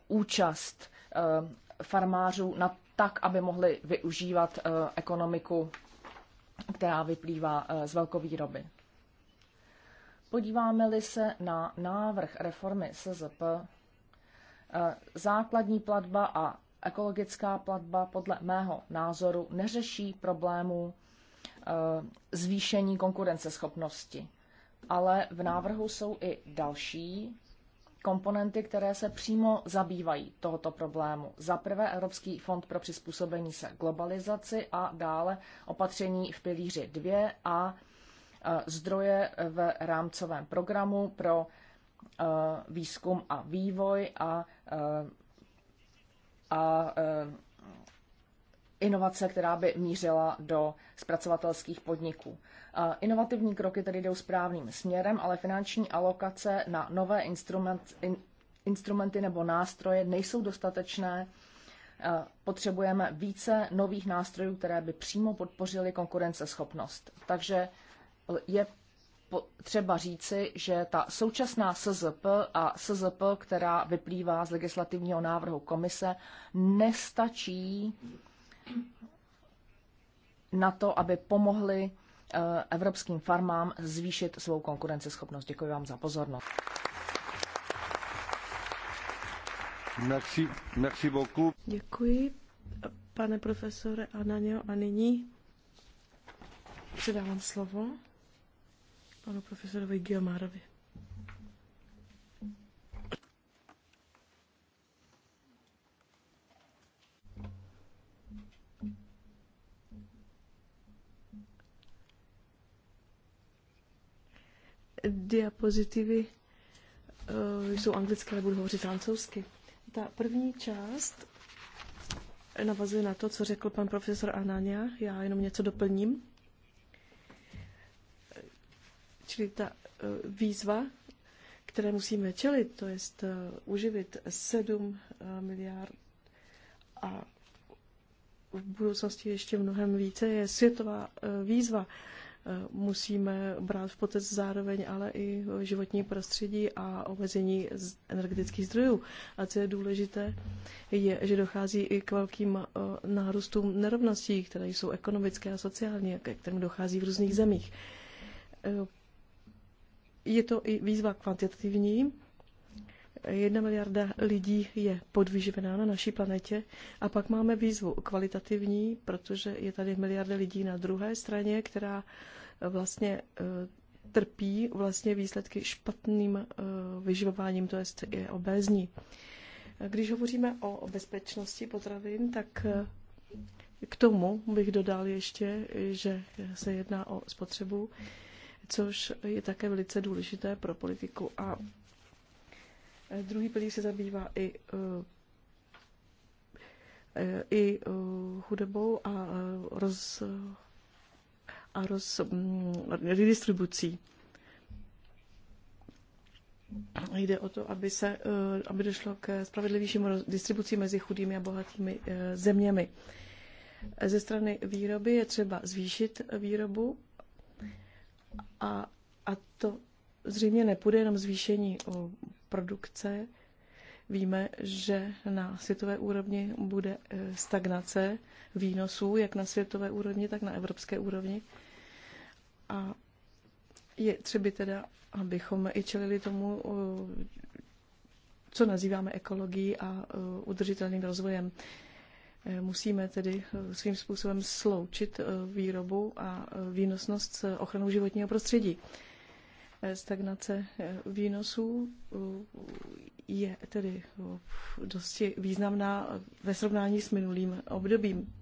účast farmářů na tak, aby mohli využívat ekonomiku která vyplývá eh, z velkovýroby. Podíváme-li se na návrh reformy SZP, eh, základní platba a ekologická platba podle mého názoru neřeší problému eh, zvýšení konkurenceschopnosti. Ale v návrhu jsou i další komponenty, které se přímo zabývají tohoto problému. Za prvé Evropský fond pro přizpůsobení se globalizaci a dále opatření v pilíři 2 a e, zdroje v rámcovém programu pro e, výzkum a vývoj a, e, a, a inovace, která by mířila do zpracovatelských podniků. Inovativní kroky tedy jdou správným směrem, ale finanční alokace na nové instrument, in, instrumenty nebo nástroje nejsou dostatečné. Potřebujeme více nových nástrojů, které by přímo podpořily konkurenceschopnost. Takže je třeba říci, že ta současná SZP a SZP, která vyplývá z legislativního návrhu komise, nestačí na to, aby pomohli eh, evropským farmám zvýšit svou konkurenceschopnost. Děkuji vám za pozornost. Merci, merci beaucoup. Děkuji, pane profesore Anaňo. A nyní předávám slovo panu profesorovi Guillaumárovi. diapozitivy eh, jsou anglické, ale budu hovořit francouzsky. Ta první část navazuje na to, co řekl pan profesor Anania. Já jenom něco doplním. Čili ta eh, výzva, které musíme čelit, to je eh, uživit 7 miliard a v budoucnosti ještě mnohem více, je světová výzva. Eh, musíme brát v potaz zároveň ale i životní prostředí a omezení energetických zdrojů. A co je důležité, je, že dochází i k velkým eh, nárůstům nerovností, které jsou ekonomické a sociální, ke kterým dochází v různých zemích. Eh, je to i výzva kvantitativní, Jedna miliarda lidí je podvyživená na naší planetě a pak máme výzvu kvalitativní, protože je tady miliarda lidí na druhé straně, která eh, vlastně eh, trpí vlastně výsledky špatným eh, vyživováním, to jest je obézní. Když hovoříme o bezpečnosti potravin, tak k tomu bych dodal ještě, že se jedná o spotřebu, což je také velice důležité pro politiku a Eh, druhý pilíř se zabývá i eh, eh, i chudobou a roz, a roz mm, redistribucí. Jde o to, aby, se, aby došlo k spravedlivějšímu distribuci mezi chudými a bohatými zeměmi. Ze strany výroby je třeba zvýšit výrobu a, a to zřejmě nepůjde jenom zvýšení produkce. Víme, že na světové úrovni bude eh, stagnace výnosů, jak na světové úrovni, tak na evropské úrovni. A je třeba teda, abychom i čelili tomu, co nazýváme ekologií a udržitelným rozvojem. Eh, musíme tedy eh, svým způsobem sloučit výrobu a výnosnost s ochranou životního prostředí stagnace eh, výnosů eh, je tedy eh, dosti významná ve srovnání s minulým obdobím.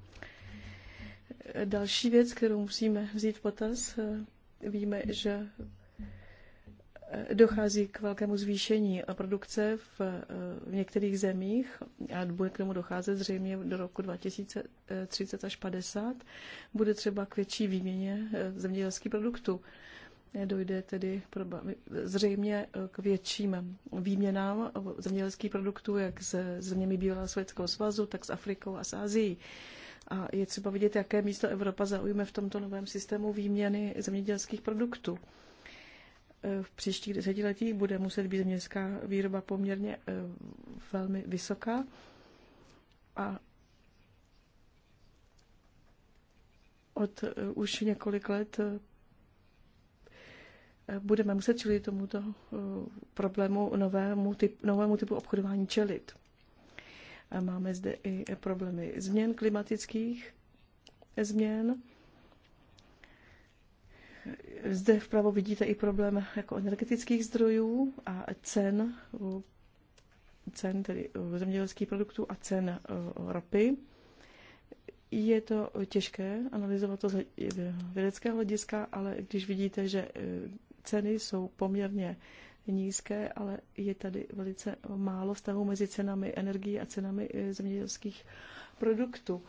Další věc, kterou musíme vzít v potaz, víme, že dochází k velkému zvýšení produkce v, v některých zemích a bude k tomu docházet zřejmě do roku 2030 až 50. Bude třeba k větší výměně zemědělských produktů dojde tedy zřejmě eh, k větším výměnám zemědělských produktů, jak se zeměmi Bílého Světského svazu, tak s Afrikou a s Ázií. A je třeba vidět, jaké místo Evropa zaujme v tomto novém systému výměny zemědělských produktů. Eh, v příštích desetiletích bude muset být zemědělská výroba poměrně eh, velmi vysoká a od už několik let budeme muset čili tomuto uh, problému novému, typ, novému typu obchodování čelit. Máme zde i problémy změn klimatických změn. Zde vpravo vidíte i problém jako energetických zdrojů a cen, uh, cen tedy uh, zemědělských produktů a cen ropy. Je to těžké analyzovat to z vědeckého hlediska, ale když vidíte, že ceny jsou poměrně nízké, ale je tady velice málo vztahu mezi cenami energií a cenami eh, zemědělských produktů.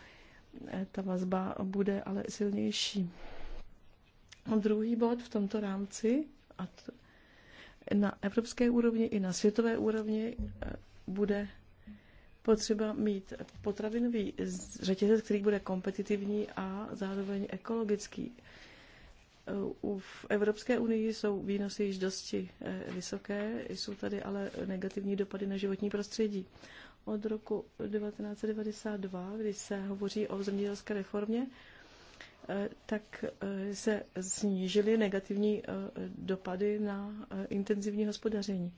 Eh, ta vazba bude ale silnější. A druhý bod v tomto rámci, a to na evropské úrovni i na světové úrovni, eh, bude potřeba mít potravinový řetězec, který bude kompetitivní a zároveň ekologický. V Evropské unii jsou výnosy již dosti eh, vysoké, jsou tady ale negativní dopady na životní prostředí. Od roku 1992, kdy se hovoří o zemědělské reformě, eh, tak eh, se snížily negativní dopady na intenzivní hospodaření.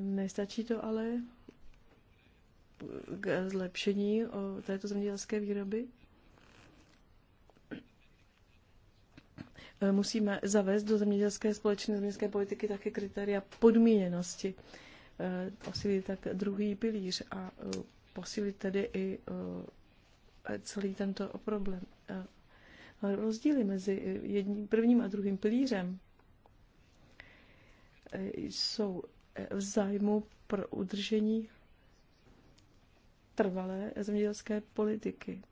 Nestačí to ale k zlepšení této zemědělské výroby. Eh, musíme zavést do zemědělské společné zemědělské politiky také kritéria podmíněnosti, eh, posílit tak druhý pilíř a eh, posílit tedy i celý tento problém. Rozdíly mezi jedním, prvním a druhým pilířem jsou v zájmu pro udržení trvalé zemědělské politiky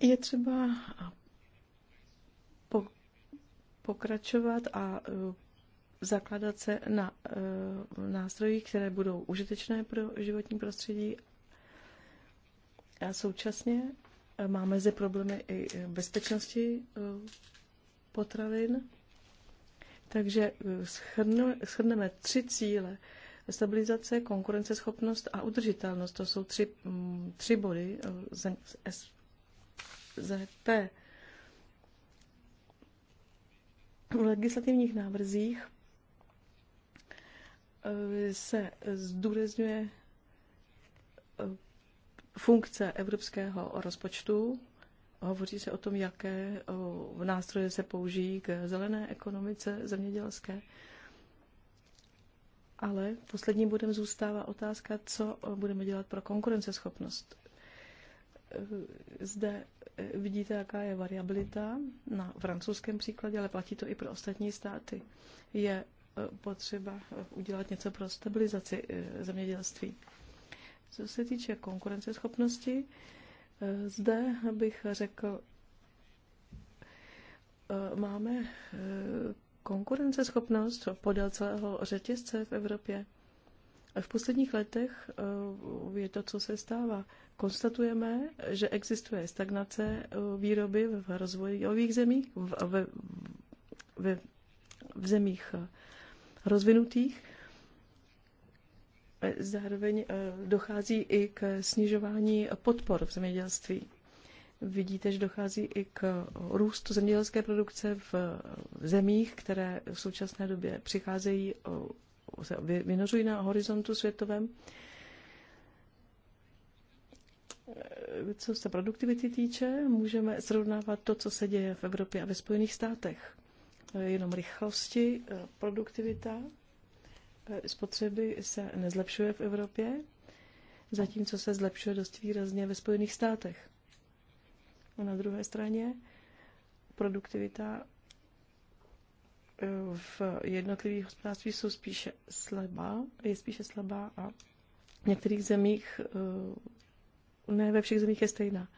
je třeba pokračovat a e, zakládat se na e, nástrojích, které budou užitečné pro životní prostředí. A současně e, máme zde problémy i bezpečnosti potravin. Takže shrneme tři cíle. Stabilizace, konkurenceschopnost a udržitelnost. To jsou tři, tři body z ZP. V legislativních návrzích eh, se zdůrazňuje eh, funkce evropského rozpočtu. Hovoří se o tom, jaké nástroje se použijí k zelené ekonomice zemědělské. Ale posledním bodem zůstává otázka, co eh, budeme dělat pro konkurenceschopnost. Eh, zde eh, vidíte, jaká je variabilita na francouzském příkladě, ale platí to i pro ostatní státy. Je eh, potřeba udělat něco pro stabilizaci zemědělství. Co se týče konkurenceschopnosti, zde bych řekl, máme konkurenceschopnost podél celého řetězce v Evropě. V posledních letech eh, je to, co se stává. Konstatujeme, že existuje stagnace eh, výroby v rozvojových zemích, v, v, v zemích eh, rozvinutých. Zároveň dochází i k snižování podpor v zemědělství. Vidíte, že dochází i k růstu zemědělské produkce v zemích, které v současné době přicházejí se vynořují na horizontu světovém. E, co se produktivity týče, můžeme srovnávat to, co se děje v Evropě a ve Spojených státech. E, jenom rychlosti, e, produktivita spotřeby se nezlepšuje v Evropě, zatímco se zlepšuje dost výrazně ve Spojených státech. A na druhé straně produktivita v jednotlivých hospodářství jsou spíše slabá, je spíše slabá a v některých zemích, eh, ne ve všech zemích je stejná.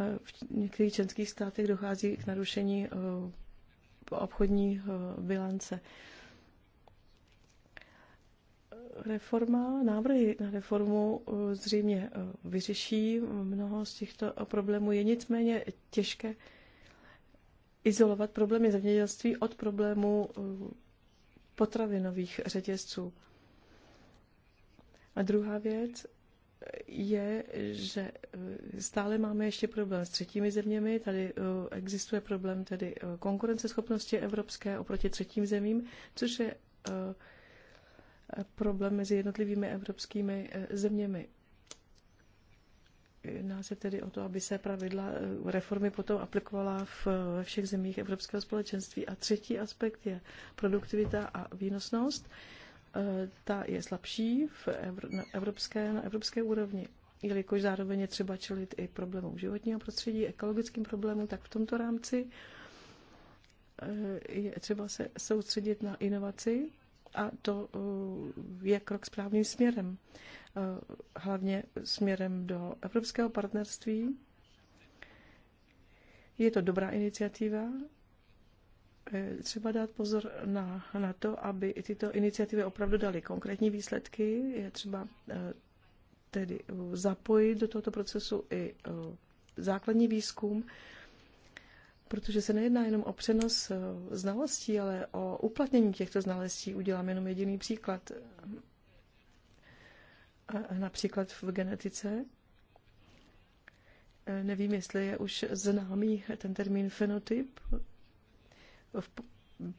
Eh, v některých členských státech dochází k narušení eh, obchodní bilance. Reforma, návrhy na reformu zřejmě vyřeší mnoho z těchto problémů. Je nicméně těžké izolovat problémy zemědělství od problému eh, potravinových řetězců. A druhá věc je, že eh, stále máme ještě problém s třetími zeměmi. Tady eh, existuje problém tedy konkurenceschopnosti evropské oproti třetím zemím, což je problém mezi jednotlivými evropskými zeměmi. Jedná se tedy o to, aby se pravidla eh, reformy potom aplikovala v, ve eh, všech zemích Evropského společenství. A třetí aspekt je produktivita a výnosnost. Eh, ta je slabší v evropské, na evropské úrovni, jelikož zároveň je třeba čelit i problémům životního prostředí, ekologickým problémům, tak v tomto rámci je třeba se soustředit na inovaci a to uh, je krok správným směrem. Uh, hlavně směrem do evropského partnerství. Je to dobrá iniciativa. Eh, třeba dát pozor na, na to, aby tyto iniciativy opravdu daly konkrétní výsledky. Je třeba eh, tedy uh, zapojit do tohoto procesu i základní výzkum, protože se nejedná jenom o přenos eh, znalostí, ale o uplatnění těchto znalostí. Udělám jenom jediný příklad. A například v genetice. Eh, nevím, jestli je už známý ten termín fenotyp. V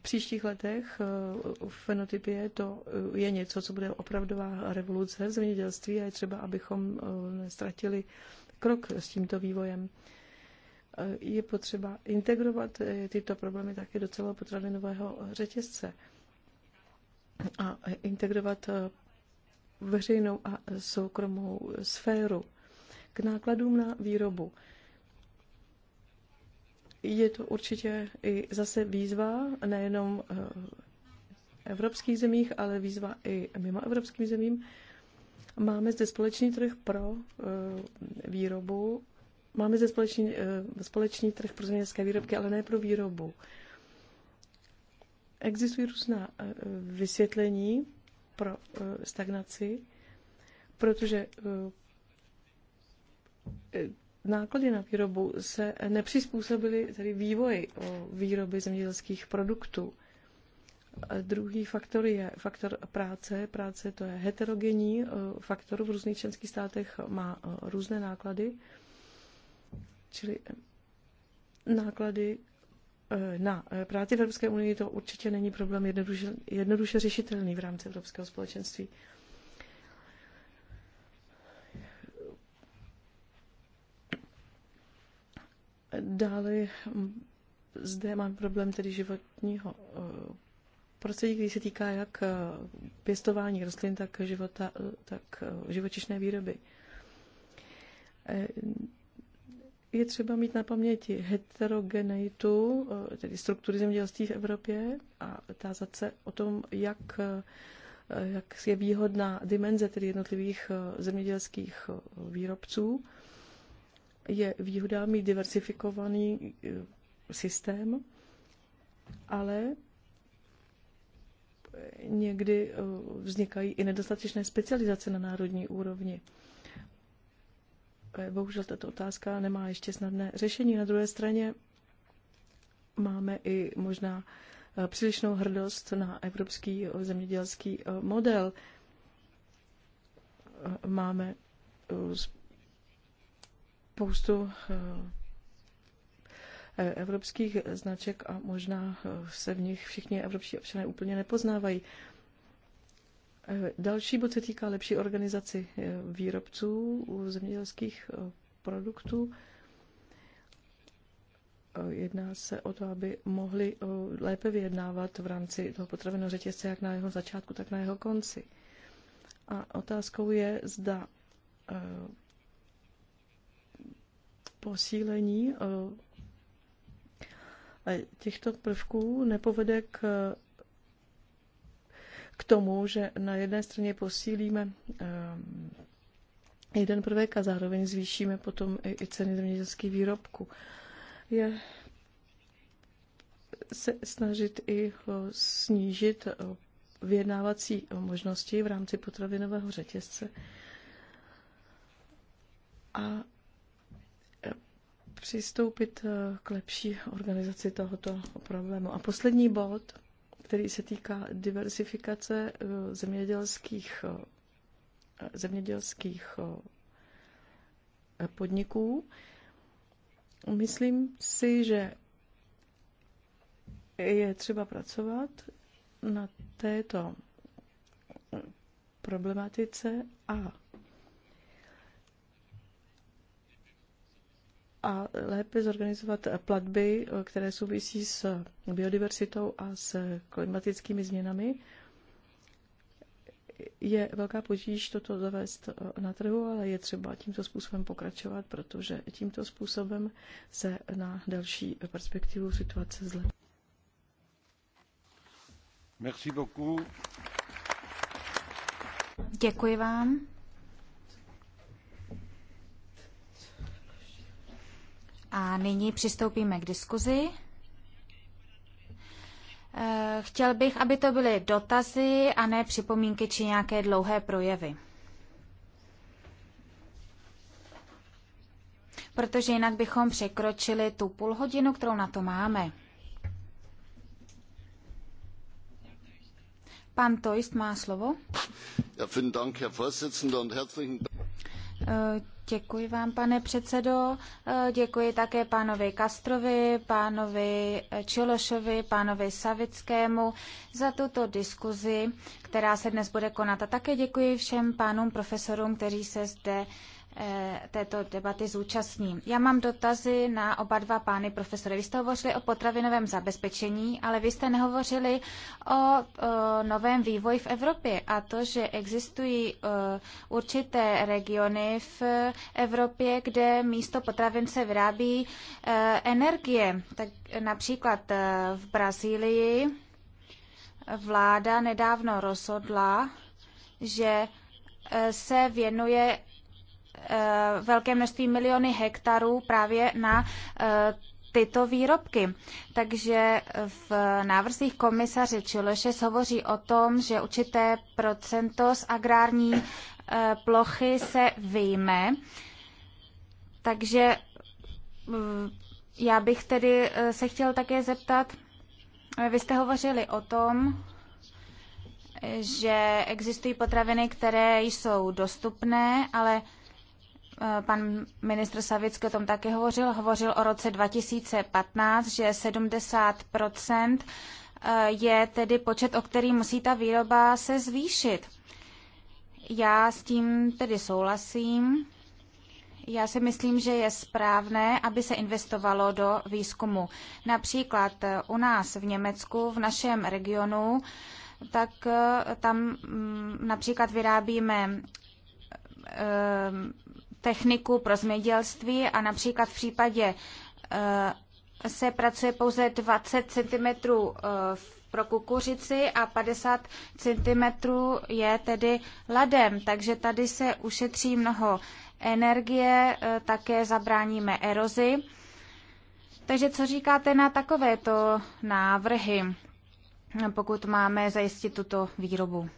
příštích letech eh, fenotyp je, to je něco, co bude opravdová revoluce v zemědělství a je třeba, abychom nestratili krok s tímto vývojem je potřeba integrovat eh, tyto problémy také do celého potravinového řetězce a integrovat eh, veřejnou a soukromou sféru k nákladům na výrobu. Je to určitě i zase výzva nejenom eh, evropských zemích, ale výzva i mimo evropským zemím. Máme zde společný trh pro výrobu máme zde společný, eh, společný trh pro zemědělské výrobky, ale ne pro výrobu. Existují různá eh, vysvětlení pro eh, stagnaci, protože náklady na výrobu se nepřizpůsobily tedy vývoji výroby zemědělských produktů. Druhý faktor je faktor práce. Práce to je heterogenní faktor. V různých členských státech má různé náklady. Čili eh, náklady eh, na eh, práci v Evropské unii to určitě není problém jednoduše, jednoduše řešitelný v rámci Evropského společenství. Dále hm, zde mám problém tedy životního prostředí, který se týká jak pěstování rostlin, tak, života, tak živočišné výroby je třeba mít na paměti heterogeneitu, eh, tedy struktury zemědělství v Evropě a tázat se o tom, jak, eh, jak je výhodná dimenze tedy jednotlivých eh, zemědělských výrobců. Je výhoda mít diversifikovaný systém, ale někdy vznikají i nedostatečné specializace na národní úrovni. Eh, bohužel tato otázka nemá ještě snadné řešení. Na druhé straně máme i možná eh, přílišnou hrdost na evropský eh, zemědělský model. Máme spoustu evropských značek a možná se v nich všichni evropští občané úplně nepoznávají. Eh, další bod se týká lepší organizaci eh, výrobců zemědělských eh, produktů. Jedná se o to, aby mohli lépe vyjednávat v rámci toho potravinového řetězce jak na jeho začátku, tak na jeho konci. A otázkou je, zda posílení těchto prvků nepovede k k tomu, že na jedné straně posílíme ehm, jeden prvek a zároveň zvýšíme potom i ceny zemědělských výrobků. Je se snažit i snížit eh, vyjednávací možnosti v rámci potravinového řetězce. A eh, přistoupit eh, k lepší organizaci tohoto problému. A poslední bod – který se týká diversifikace eh, zemědělských, eh, zemědělských eh, podniků. Myslím si, že je třeba pracovat na této problematice a a lépe zorganizovat platby, které souvisí s biodiversitou a s klimatickými změnami. Je velká potíž toto zavést eh, na trhu, ale je třeba tímto způsobem pokračovat, protože tímto způsobem se na další perspektivu situace zlepší. Merci beaucoup. Děkuji vám. A nyní přistoupíme k diskuzi. Eh, chtěl bych, aby to byly dotazy a ne připomínky či nějaké dlouhé projevy. Protože jinak bychom překročili tu půl hodinu, kterou na to máme. Pan Toist má slovo. Ja, vielen Dank, Herr Vorsitzender, und herzlichen Dank. Eh, Děkuji vám, pane předsedo. Eh, děkuji také pánovi Kastrovi, pánovi Čilošovi, pánovi Savickému za tuto diskuzi, která se dnes bude konat. A také děkuji všem pánům profesorům, kteří se zde Eh, této debaty zúčastní. Já mám dotazy na oba dva pány profesory. Vy jste hovořili o potravinovém zabezpečení, ale vy jste nehovořili o, o novém vývoji v Evropě a to, že existují o, eh, určité regiony v Evropě, kde místo potravin se vyrábí o, eh, energie. Tak například v Brazílii vláda nedávno rozhodla, že se věnuje Eh, velké množství miliony hektarů právě na eh, tyto výrobky. Takže v návrzích komisaře Čiloše hovoří o tom, že určité procento z agrární eh, plochy se vyjme. Takže já bych tedy se chtěl také zeptat, vy jste hovořili o tom, že existují potraviny, které jsou dostupné, ale Eh, pan ministr Savický o tom také hovořil, hovořil o roce 2015, že 70 eh, je tedy počet, o který musí ta výroba se zvýšit. Já s tím tedy souhlasím. Já si myslím, že je správné, aby se investovalo do výzkumu. Například eh, u nás v Německu, v našem regionu, tak tam mm, například vyrábíme techniku pro zemědělství a například v případě eh, se pracuje pouze 20 cm eh, pro kukuřici a 50 cm je tedy ladem, takže tady se ušetří mnoho energie, eh, také zabráníme erozi. Takže co říkáte na takovéto návrhy, pokud máme zajistit tuto výrobu?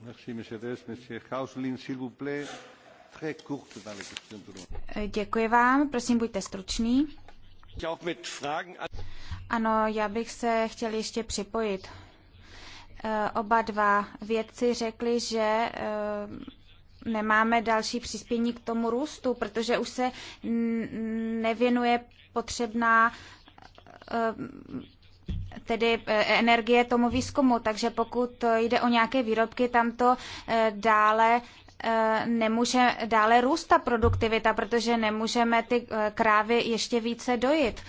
Merci, monsieur Dess, monsieur Hauslin, s'il vous plaît. Děkuji vám, prosím buďte stručný. Ano, já bych se chtěl ještě připojit. Eh, oba dva vědci řekli, že eh, nemáme další přispění k tomu růstu, protože už se nevěnuje potřebná eh, tedy energie tomu výzkumu, takže pokud jde o nějaké výrobky, tam to dále nemůže dále růst ta produktivita, protože nemůžeme ty eh, krávy ještě více dojit.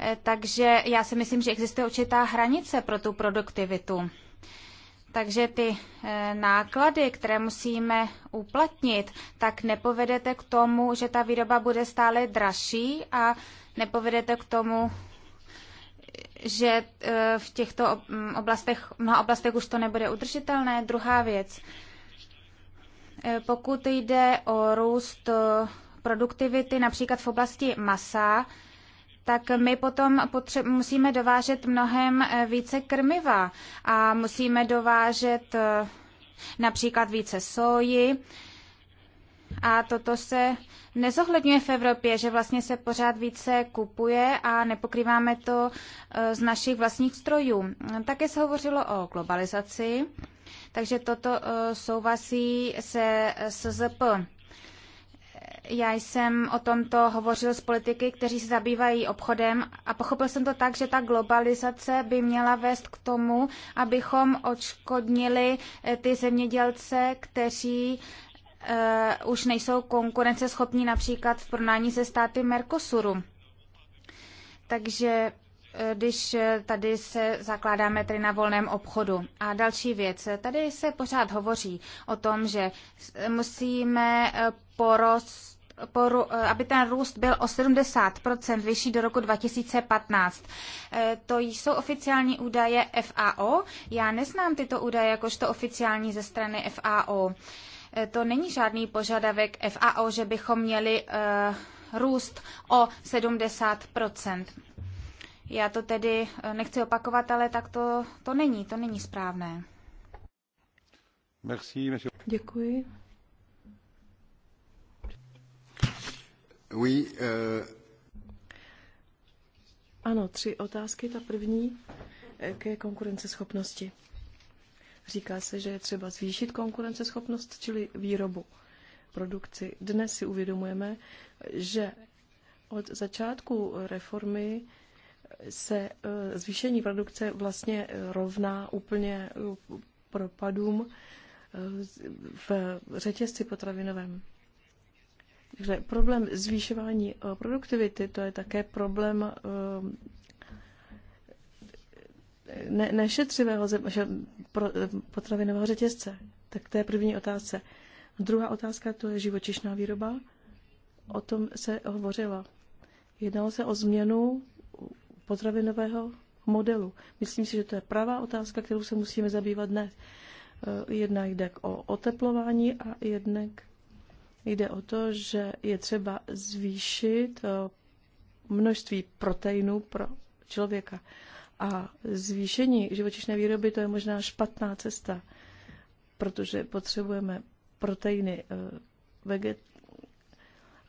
Eh, takže já si myslím, že existuje určitá hranice pro tu produktivitu. Takže ty eh, náklady, které musíme uplatnit, tak nepovedete k tomu, že ta výroba bude stále dražší a nepovedete k tomu, že v těchto mm, oblastech, mnoha oblastech už to nebude udržitelné. Druhá věc, Eh, pokud jde o růst eh, produktivity například v oblasti masa, tak my potom potře- musíme dovážet mnohem eh, více krmiva a musíme dovážet například více soji. A toto se nezohledňuje v Evropě, že vlastně se pořád více kupuje a nepokrýváme to z našich vlastních strojů. Také se hovořilo o globalizaci takže toto eh, souvisí se eh, SZP. Já jsem o tomto hovořil s politiky, kteří se zabývají obchodem a pochopil jsem to tak, že ta globalizace by měla vést k tomu, abychom odškodnili eh, ty zemědělce, kteří uh, už nejsou konkurenceschopní například v porovnání se státy Mercosuru. Takže když tady se zakládáme tedy na volném obchodu. A další věc, tady se pořád hovoří o tom, že musíme eh, porost poru, eh, aby ten růst byl o 70% vyšší do roku 2015. Eh, to jsou oficiální údaje FAO. Já neznám tyto údaje jakožto oficiální ze strany FAO. To není žádný požadavek FAO, že bychom měli růst o 70 já to tedy eh, nechci opakovat, ale tak to, to není, to není správné. Merci, monsieur. Děkuji. Oui, uh... Ano, tři otázky. Ta první eh, ke konkurenceschopnosti. Říká se, že je třeba zvýšit konkurenceschopnost, čili výrobu, produkci. Dnes si uvědomujeme, že od začátku reformy se e, zvýšení produkce vlastně e, rovná úplně e, propadům v řetězci potravinovém. Takže problém zvýšování produktivity, to je také problém ne, nešetřivého zem, že, pro, potravinového řetězce. Tak to je první otázka. Druhá otázka to je živočišná výroba. O tom se hovořilo. Jednalo se o změnu potravinového modelu. Myslím si, že to je pravá otázka, kterou se musíme zabývat dnes. Eh, jedna jde o oteplování a jednak jde o to, že je třeba zvýšit eh, množství proteinů pro člověka. A zvýšení živočišné výroby to je možná špatná cesta, protože potřebujeme proteiny eh,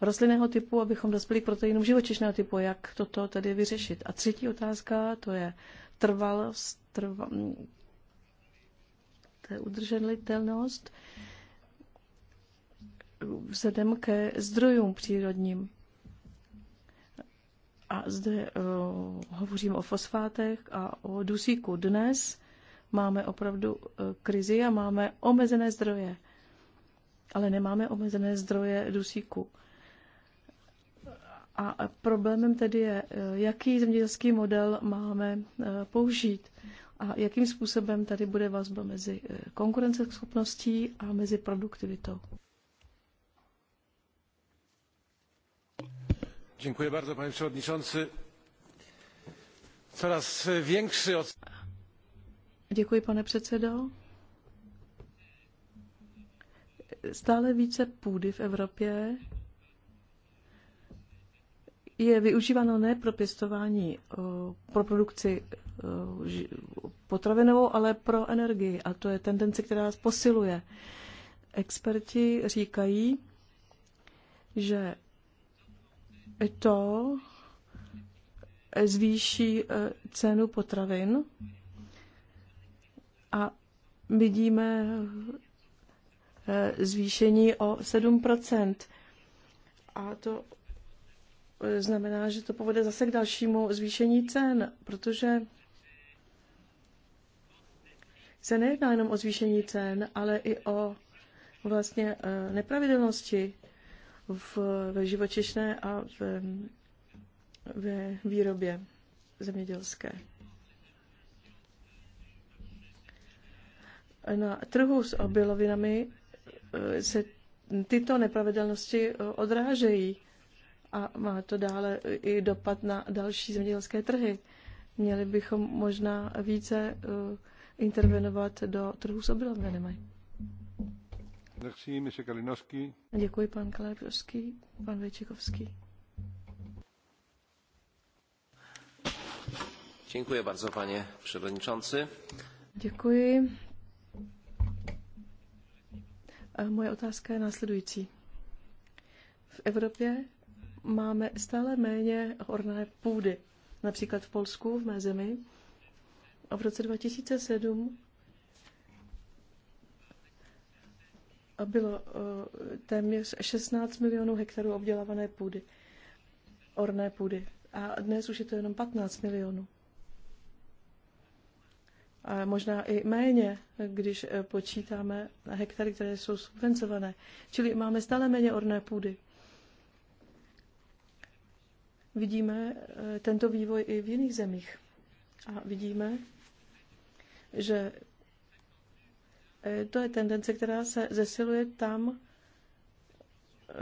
rostlinného typu, abychom dospěli k proteinům živočišného typu. Jak toto tedy vyřešit? A třetí otázka, to je trvalost, trva, mm, to je udrženlitelnost vzhledem ke zdrojům přírodním. A zde uh, hovořím o fosfátech a o dusíku. Dnes máme opravdu uh, krizi a máme omezené zdroje, ale nemáme omezené zdroje dusíku. Uh, a problémem tedy je, eh, jaký zemědělský model máme eh, použít a jakým způsobem tady bude vazba mezi eh, konkurenceschopností a mezi produktivitou. Dziękuję bardzo, panie przewodniczący. Coraz e, większy od... Děkuji, pane předsedo. Stále více půdy v Evropě je využíváno ne pro pěstování, eh, pro produkci eh, potravinovou, ale pro energii. A to je tendence, která nás posiluje. Experti říkají, že to zvýší eh, cenu potravin a vidíme zvýšení o 7 a to Eh, znamená, že to povede zase k dalšímu zvýšení cen, protože se nejedná jenom o zvýšení cen, ale i o vlastně eh, nepravidelnosti v, ve živočišné a ve, ve výrobě zemědělské. Na trhu s obilovinami eh, se tyto nepravidelnosti odrážejí a má to dále i dopad na další zemědělské trhy. Měli bychom možná více eh, intervenovat do trhu s obilovinami. Děkuji, pan Kalinowski, pan Vejčikovský. Dziękuję bardzo, panie przewodniczący. Děkuji. A moje otázka je následující. V Evropě máme stále méně horné půdy. Například v Polsku, v mé zemi, a v roce 2007 bylo eh, téměř 16 milionů hektarů obdělávané půdy, orné půdy. A dnes už je to jenom 15 milionů. A možná i méně, když eh, počítáme hektary, které jsou subvencované. Čili máme stále méně orné půdy. Vidíme eh, tento vývoj i v jiných zemích. A vidíme, že eh, to je tendence, která se zesiluje tam,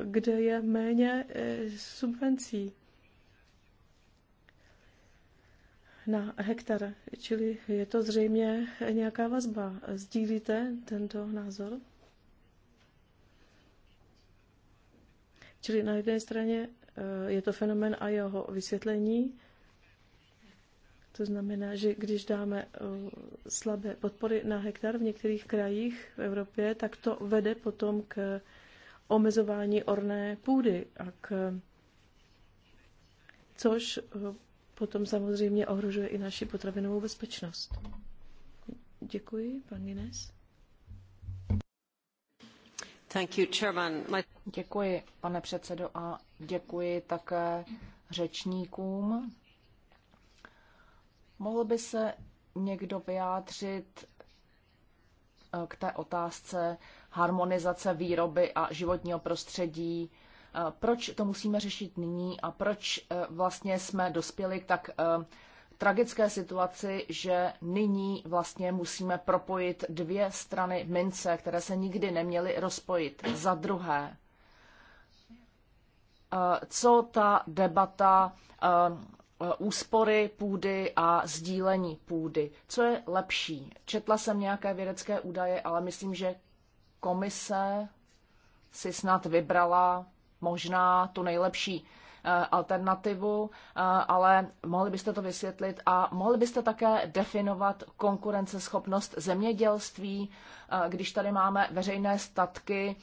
kde je méně eh, subvencí na hektar. Čili je to zřejmě nějaká vazba. Sdílíte tento názor? Čili na jedné straně Eh, je to fenomen a jeho vysvětlení. To znamená, že když dáme eh, slabé podpory na hektar v některých krajích v Evropě, tak to vede potom k omezování orné půdy, a k, což eh, potom samozřejmě ohrožuje i naši potravinovou bezpečnost. Děkuji, pan Ines. Děkuji, pane předsedo, a děkuji také řečníkům. Mohl by se někdo vyjádřit eh, k té otázce harmonizace výroby a životního prostředí. Eh, proč to musíme řešit nyní a proč eh, vlastně jsme dospěli k tak tragické situaci, že nyní vlastně musíme propojit dvě strany mince, které se nikdy neměly rozpojit. Za druhé, eh, co ta debata eh, úspory půdy a sdílení půdy. Co je lepší? Četla jsem nějaké vědecké údaje, ale myslím, že komise si snad vybrala možná tu nejlepší Eh, alternativu, eh, ale mohli byste to vysvětlit a mohli byste také definovat konkurenceschopnost zemědělství, eh, když tady máme veřejné statky,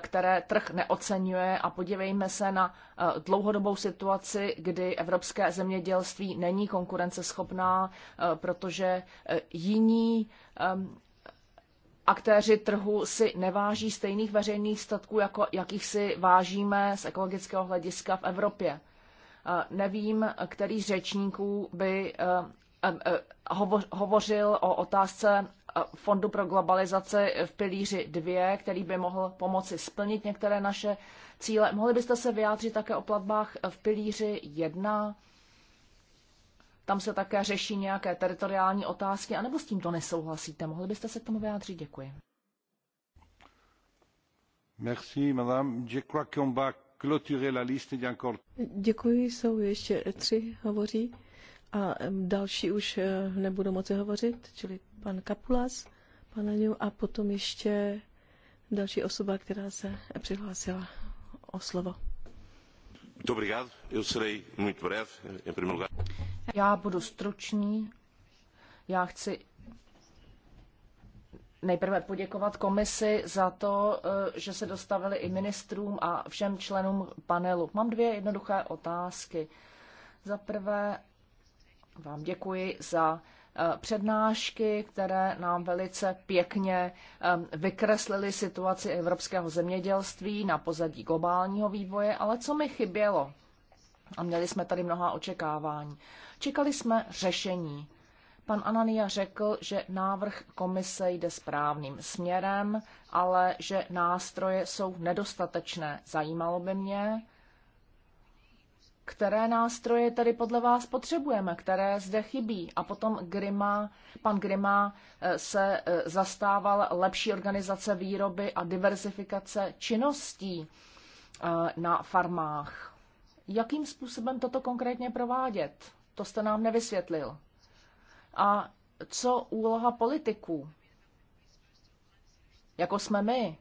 které trh neocenuje a podívejme se na dlouhodobou situaci, kdy evropské zemědělství není konkurenceschopná, protože jiní aktéři trhu si neváží stejných veřejných statků, jako jakých si vážíme z ekologického hlediska v Evropě. Eh, nevím, který z řečníků by eh, eh, hovořil o otázce Fondu pro globalizaci v pilíři 2, který by mohl pomoci splnit některé naše cíle. Mohli byste se vyjádřit také o platbách v pilíři 1? tam se také řeší nějaké teritoriální otázky, anebo s tímto nesouhlasíte? Mohli byste se k tomu vyjádřit? Děkuji. Merci, madame. Je crois qu'on va clôturer la liste Děkuji, jsou ještě tři hovoří a další už eh, nebudu moci hovořit, čili pan Kapulas, pan Aňu a potom ještě další osoba, která se přihlásila o slovo. Muito obrigado. Eu serei muito breve, em primeiro lugar. Já budu stručný. Já chci nejprve poděkovat komisi za to, eh, že se dostavili i ministrům a všem členům panelu. Mám dvě jednoduché otázky. Za prvé vám děkuji za eh, přednášky, které nám velice pěkně eh, vykreslily situaci evropského zemědělství na pozadí globálního vývoje, ale co mi chybělo? A měli jsme tady mnoha očekávání. Čekali jsme řešení. Pan Anania řekl, že návrh komise jde správným směrem, ale že nástroje jsou nedostatečné. Zajímalo by mě, které nástroje tady podle vás potřebujeme, které zde chybí. A potom Grima, pan Grima eh, se eh, zastával lepší organizace výroby a diverzifikace činností eh, na farmách. Jakým způsobem toto konkrétně provádět? To jste nám nevysvětlil. A co úloha politiků? Jako jsme my.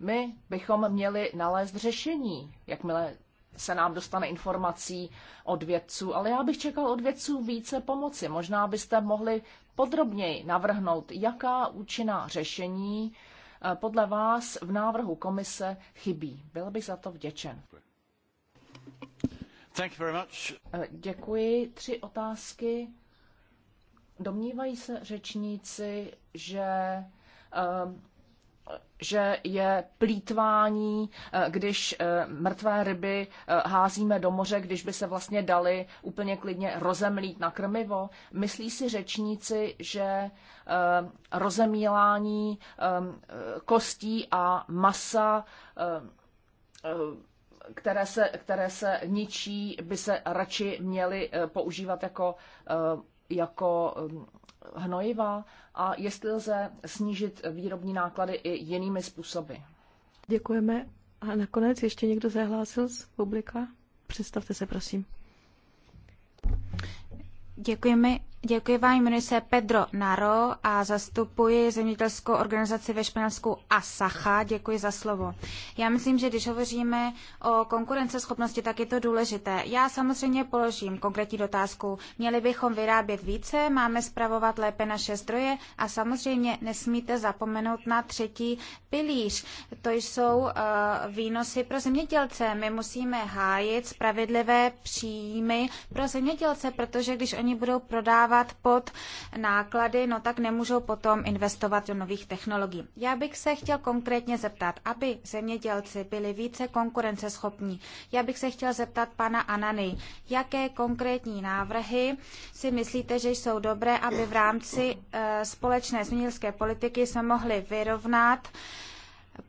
My bychom měli nalézt řešení, jakmile se nám dostane informací od vědců, ale já bych čekal od vědců více pomoci. Možná byste mohli podrobněji navrhnout, jaká účinná řešení eh, podle vás v návrhu komise chybí. Byl bych za to vděčen. Thank you very much. Eh, děkuji. Tři otázky. Domnívají se řečníci, že eh, že je plítvání, eh, když mrtvé ryby házíme do moře, když by se vlastně dali úplně klidně rozemlít na krmivo. Myslí si řečníci, že rozemílání kostí a masa které se, které se ničí, by se radši měly eh, používat jako, eh, jako eh, hnojiva a jestli lze snížit výrobní náklady i jinými způsoby. Děkujeme. A nakonec ještě někdo zahlásil z publika? Představte se, prosím. Děkujeme. Děkuji vám, jmenuji se Pedro Naro a zastupuji zemědělskou organizaci ve Španělsku ASACHA. Děkuji za slovo. Já myslím, že když hovoříme o konkurenceschopnosti, tak je to důležité. Já samozřejmě položím konkrétní dotázku. Měli bychom vyrábět více, máme spravovat lépe naše zdroje a samozřejmě nesmíte zapomenout na třetí pilíř. To jsou uh, výnosy pro zemědělce. My musíme hájit spravedlivé příjmy pro zemědělce, protože když oni budou prodávat dostávat pod náklady, no tak nemůžou potom investovat do nových technologií. Já bych se chtěl konkrétně zeptat, aby zemědělci byli více konkurenceschopní. Já bych se chtěl zeptat pana Anany, jaké konkrétní návrhy si myslíte, že jsou dobré, aby v rámci eh, společné zemědělské politiky se mohli vyrovnat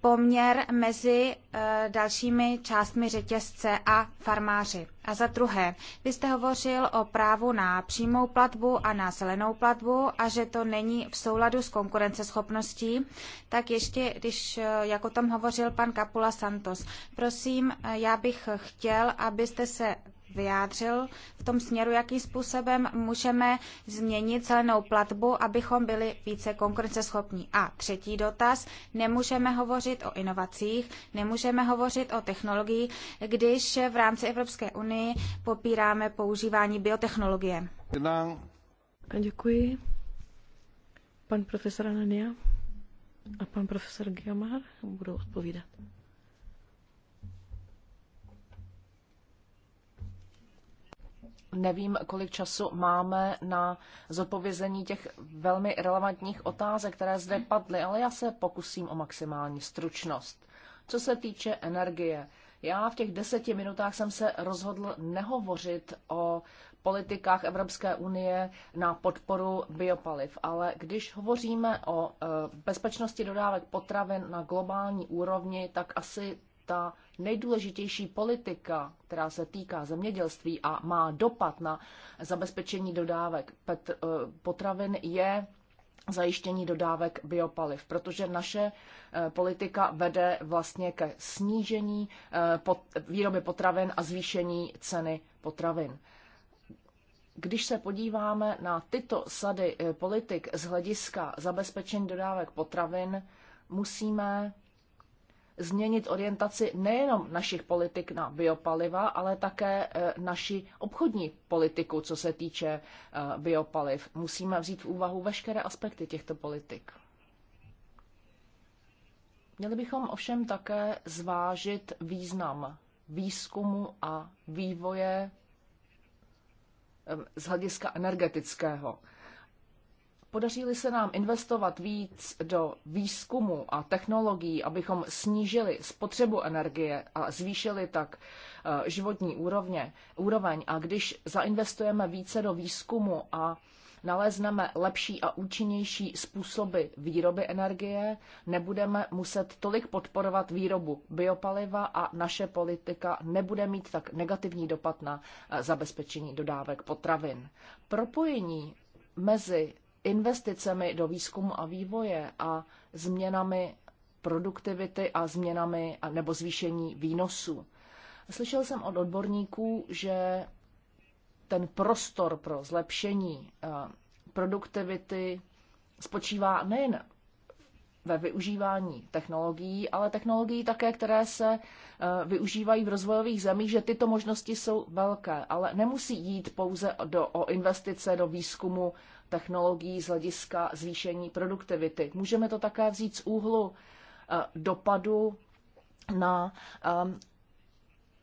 poměr mezi eh, dalšími částmi řetězce a farmáři. A za druhé, vy jste hovořil o právu na přímou platbu a na zelenou platbu a že to není v souladu s konkurenceschopností, tak ještě, když, eh, jak o tom hovořil pan Kapula Santos, prosím, eh, já bych chtěl, abyste se vyjádřil v tom směru, jakým způsobem můžeme změnit celou platbu, abychom byli více konkurenceschopní. A třetí dotaz, nemůžeme hovořit o inovacích, nemůžeme hovořit o technologii, když v rámci Evropské unie popíráme používání biotechnologie. Děkuji. Pan profesor Anania a pan profesor Giamar budou odpovídat. Nevím, kolik času máme na zodpovězení těch velmi relevantních otázek, které zde padly, ale já se pokusím o maximální stručnost. Co se týče energie, já v těch deseti minutách jsem se rozhodl nehovořit o politikách Evropské unie na podporu biopaliv, ale když hovoříme o e, bezpečnosti dodávek potravin na globální úrovni, tak asi ta nejdůležitější politika, která se týká zemědělství a má dopad na zabezpečení dodávek eh, potravin, je zajištění dodávek biopaliv, protože naše eh, politika vede vlastně ke snížení eh, výroby potravin a zvýšení ceny potravin. Když se podíváme na tyto sady politik z hlediska zabezpečení dodávek potravin, musíme změnit orientaci nejenom našich politik na biopaliva, ale také e, naši obchodní politiku, co se týče e, biopaliv. Musíme vzít v úvahu veškeré aspekty těchto politik. Měli bychom ovšem také zvážit význam výzkumu a vývoje e, z hlediska energetického. Podaří-li se nám investovat víc do výzkumu a technologií, abychom snížili spotřebu energie a zvýšili tak eh, životní úrovně, úroveň a když zainvestujeme více do výzkumu a nalezneme lepší a účinnější způsoby výroby energie, nebudeme muset tolik podporovat výrobu biopaliva a naše politika nebude mít tak negativní dopad na eh, zabezpečení dodávek potravin. Propojení mezi investicemi do výzkumu a vývoje a změnami produktivity a změnami nebo zvýšení výnosů. Slyšel jsem od odborníků, že ten prostor pro zlepšení eh, produktivity spočívá nejen ve využívání technologií, ale technologií také, které se eh, využívají v rozvojových zemích, že tyto možnosti jsou velké, ale nemusí jít pouze do, o investice do výzkumu technologií z hlediska zvýšení produktivity. Můžeme to také vzít z úhlu eh, dopadu na eh,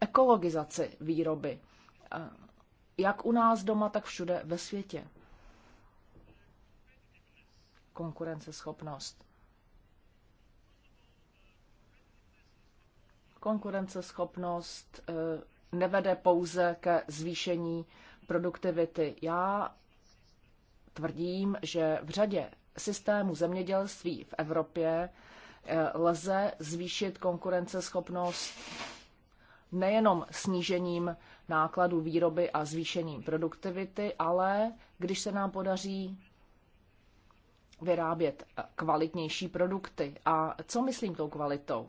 ekologizaci výroby, eh, jak u nás doma, tak všude ve světě. Konkurenceschopnost. Konkurenceschopnost nevede pouze ke zvýšení produktivity. Já tvrdím, že v řadě systémů zemědělství v Evropě eh, lze zvýšit konkurenceschopnost nejenom snížením nákladů výroby a zvýšením produktivity, ale když se nám podaří vyrábět kvalitnější produkty. A co myslím tou kvalitou?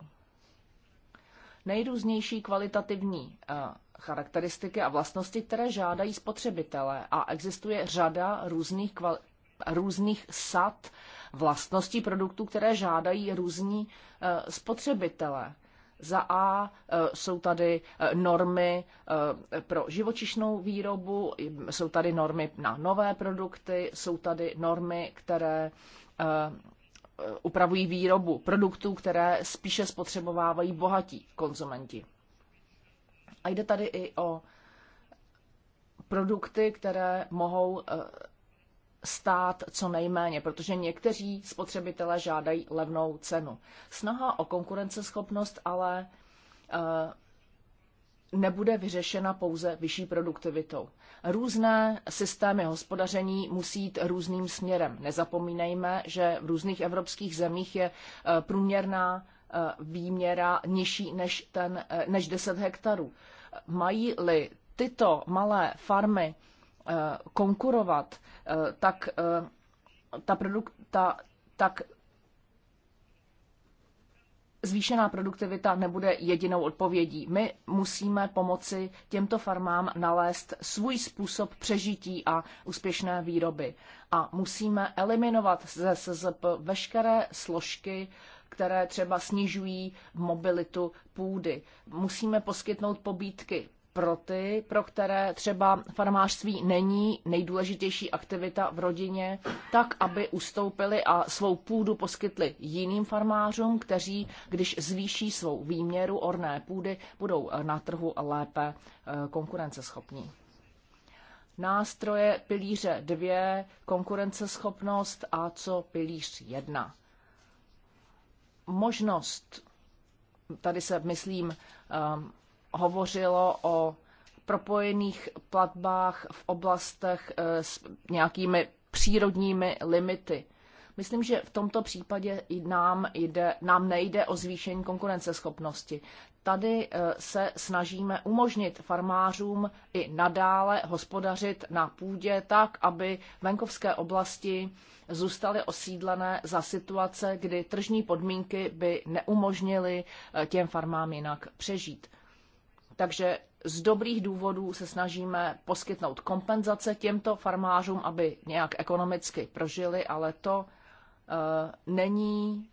Nejrůznější kvalitativní eh, charakteristiky a vlastnosti, které žádají spotřebitelé. A existuje řada různých, kval- různých sad vlastností produktů, které žádají různí e, spotřebitelé. Za A e, jsou tady e, normy e, pro živočišnou výrobu, jsou tady normy na nové produkty, jsou tady normy, které upravují výrobu produktů, které spíše spotřebovávají bohatí konzumenti. A jde tady i o produkty, které mohou eh, stát co nejméně, protože někteří spotřebitelé žádají levnou cenu. Snaha o konkurenceschopnost ale eh, nebude vyřešena pouze vyšší produktivitou. Různé systémy hospodaření musí jít různým směrem. Nezapomínejme, že v různých evropských zemích je eh, průměrná Eh, výměra nižší než, ten, eh, než 10 hektarů. Mají-li tyto malé farmy eh, konkurovat, tak ta, produkta, tak zvýšená produktivita nebude jedinou odpovědí. My musíme pomoci těmto farmám nalézt svůj způsob přežití a úspěšné výroby. A musíme eliminovat ze SZP veškeré složky které třeba snižují mobilitu půdy. Musíme poskytnout pobídky pro ty, pro které třeba farmářství není nejdůležitější aktivita v rodině, tak aby ustoupili a svou půdu poskytli jiným farmářům, kteří, když zvýší svou výměru orné půdy, budou eh, na trhu lépe eh, konkurenceschopní nástroje pilíře 2, konkurenceschopnost a co pilíř 1 možnost, tady se, myslím, um, hovořilo o propojených platbách v oblastech eh, s nějakými přírodními limity. Myslím, že v tomto případě nám, jde, nám nejde o zvýšení konkurenceschopnosti. Tady eh, se snažíme umožnit farmářům i nadále hospodařit na půdě tak, aby venkovské oblasti zůstaly osídlené za situace, kdy tržní podmínky by neumožnily eh, těm farmám jinak přežít. Takže z dobrých důvodů se snažíme poskytnout kompenzace těmto farmářům, aby nějak ekonomicky prožili, ale to Eh, není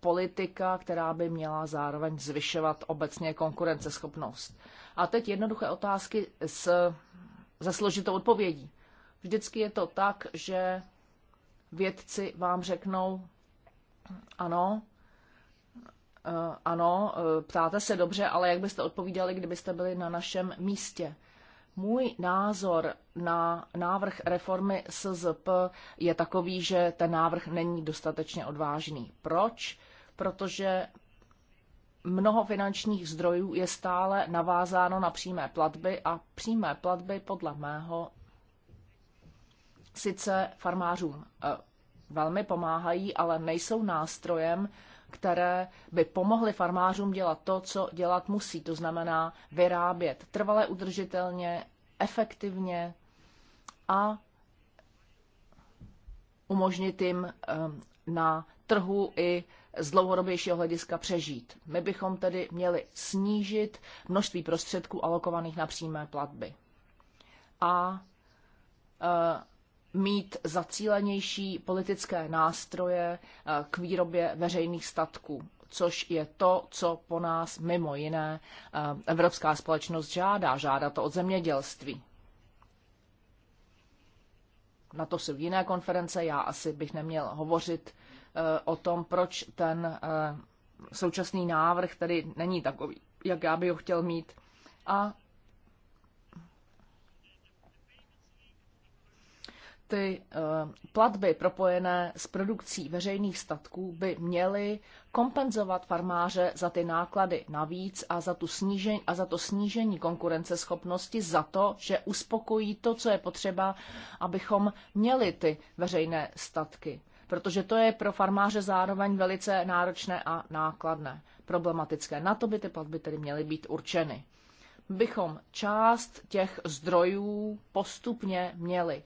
politika, která by měla zároveň zvyšovat obecně konkurenceschopnost. A teď jednoduché otázky s, se složitou odpovědí. Vždycky je to tak, že vědci vám řeknou, ano, eh, ano, eh, ptáte se dobře, ale jak byste odpovídali, kdybyste byli na našem místě? Můj názor na návrh reformy SZP je takový, že ten návrh není dostatečně odvážný. Proč? Protože mnoho finančních zdrojů je stále navázáno na přímé platby a přímé platby podle mého sice farmářům eh, velmi pomáhají, ale nejsou nástrojem, které by pomohly farmářům dělat to, co dělat musí, to znamená vyrábět trvale udržitelně, efektivně a umožnit jim ehm, na trhu i z dlouhodobějšího hlediska přežít. My bychom tedy měli snížit množství prostředků alokovaných na přímé platby. A ehm, mít zacílenější politické nástroje eh, k výrobě veřejných statků, což je to, co po nás mimo jiné eh, evropská společnost žádá. Žádá to od zemědělství. Na to jsou jiné konference, já asi bych neměl hovořit eh, o tom, proč ten současný návrh tedy není takový, jak já bych ho chtěl mít. A ty eh, platby propojené s produkcí veřejných statků by měly kompenzovat farmáře za ty náklady navíc a za, tu snížení, a za to snížení konkurenceschopnosti, za to, že uspokojí to, co je potřeba, abychom měli ty veřejné statky. Protože to je pro farmáře zároveň velice náročné a nákladné, problematické. Na to by ty platby tedy měly být určeny bychom část těch zdrojů postupně měli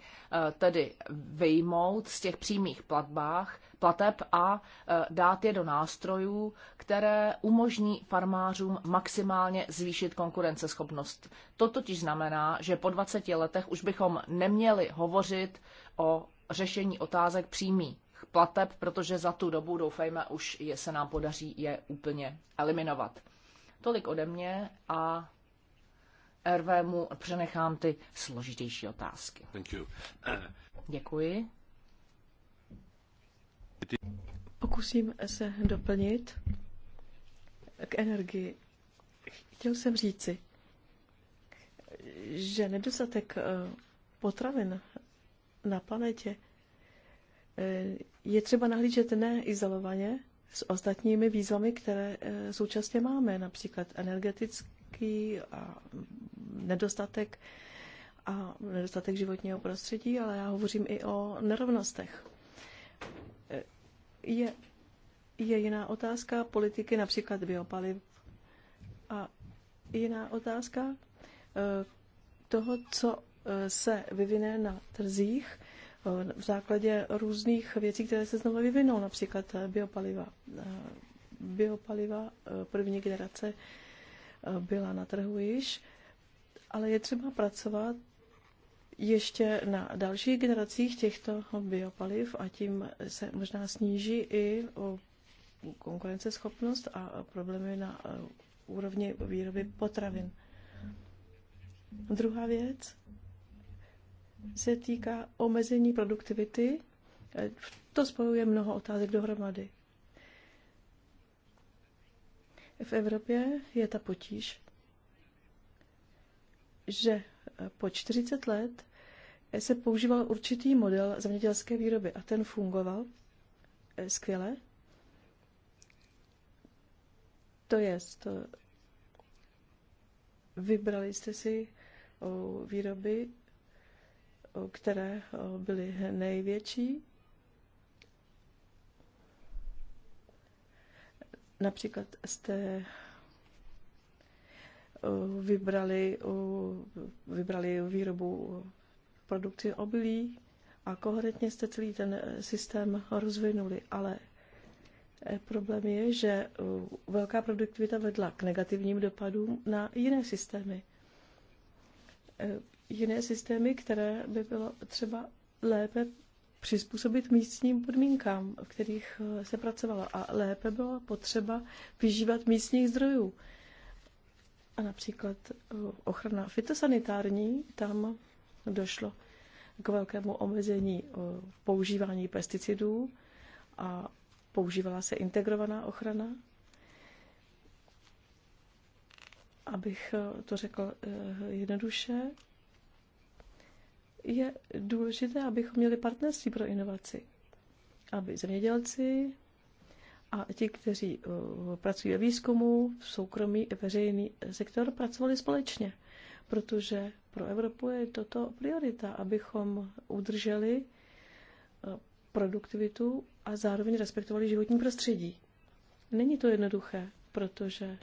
eh, tedy vyjmout z těch přímých platbách, plateb a eh, dát je do nástrojů, které umožní farmářům maximálně zvýšit konkurenceschopnost. To totiž znamená, že po 20 letech už bychom neměli hovořit o řešení otázek přímých plateb, protože za tu dobu, doufejme, už je, se nám podaří je úplně eliminovat. Tolik ode mě a Ervému přenechám ty složitější otázky. Thank you. Děkuji. Pokusím se doplnit k energii. Chtěl jsem říci, že nedostatek eh, potravin na planetě eh, je třeba nahlížet ne izolovaně s ostatními výzvami, které eh, současně máme, například energetický a nedostatek a nedostatek životního prostředí, ale já hovořím i o nerovnostech. E, je, je jiná otázka politiky, například biopaliv, a jiná otázka e, toho, co e, se vyvine na trzích v základě různých věcí, které se znovu vyvinou, například biopaliva. Biopaliva první generace byla na trhu již ale je třeba pracovat ještě na dalších generacích těchto biopaliv a tím se možná sníží i konkurenceschopnost a problémy na e, úrovni výroby potravin. Druhá věc se týká omezení produktivity. E, to spojuje mnoho otázek dohromady. V Evropě je ta potíž, že eh, po 40 let eh, se používal určitý model zemědělské výroby a ten fungoval eh, skvěle. To je, to vybrali jste si výroby, které byly největší. Například jste Eh, vybrali, eh, vybrali výrobu produkci obilí a koherentně jste celý ten eh, systém rozvinuli, ale problém je, že velká produktivita vedla k negativním dopadům na jiné systémy. Jiné systémy, které by bylo třeba lépe přizpůsobit místním podmínkám, v kterých se pracovalo a lépe bylo potřeba vyžívat místních zdrojů například eh, ochrana fitosanitární, tam došlo k velkému omezení eh, používání pesticidů a používala se integrovaná ochrana. Abych eh, to řekl jednoduše, je důležité, abychom měli partnerství pro inovaci, aby zemědělci, a ti, kteří eh, pracují ve výzkumu, v soukromý i veřejný sektor, pracovali společně, protože pro Evropu je toto priorita, abychom udrželi eh, produktivitu a zároveň respektovali životní prostředí. Není to jednoduché, protože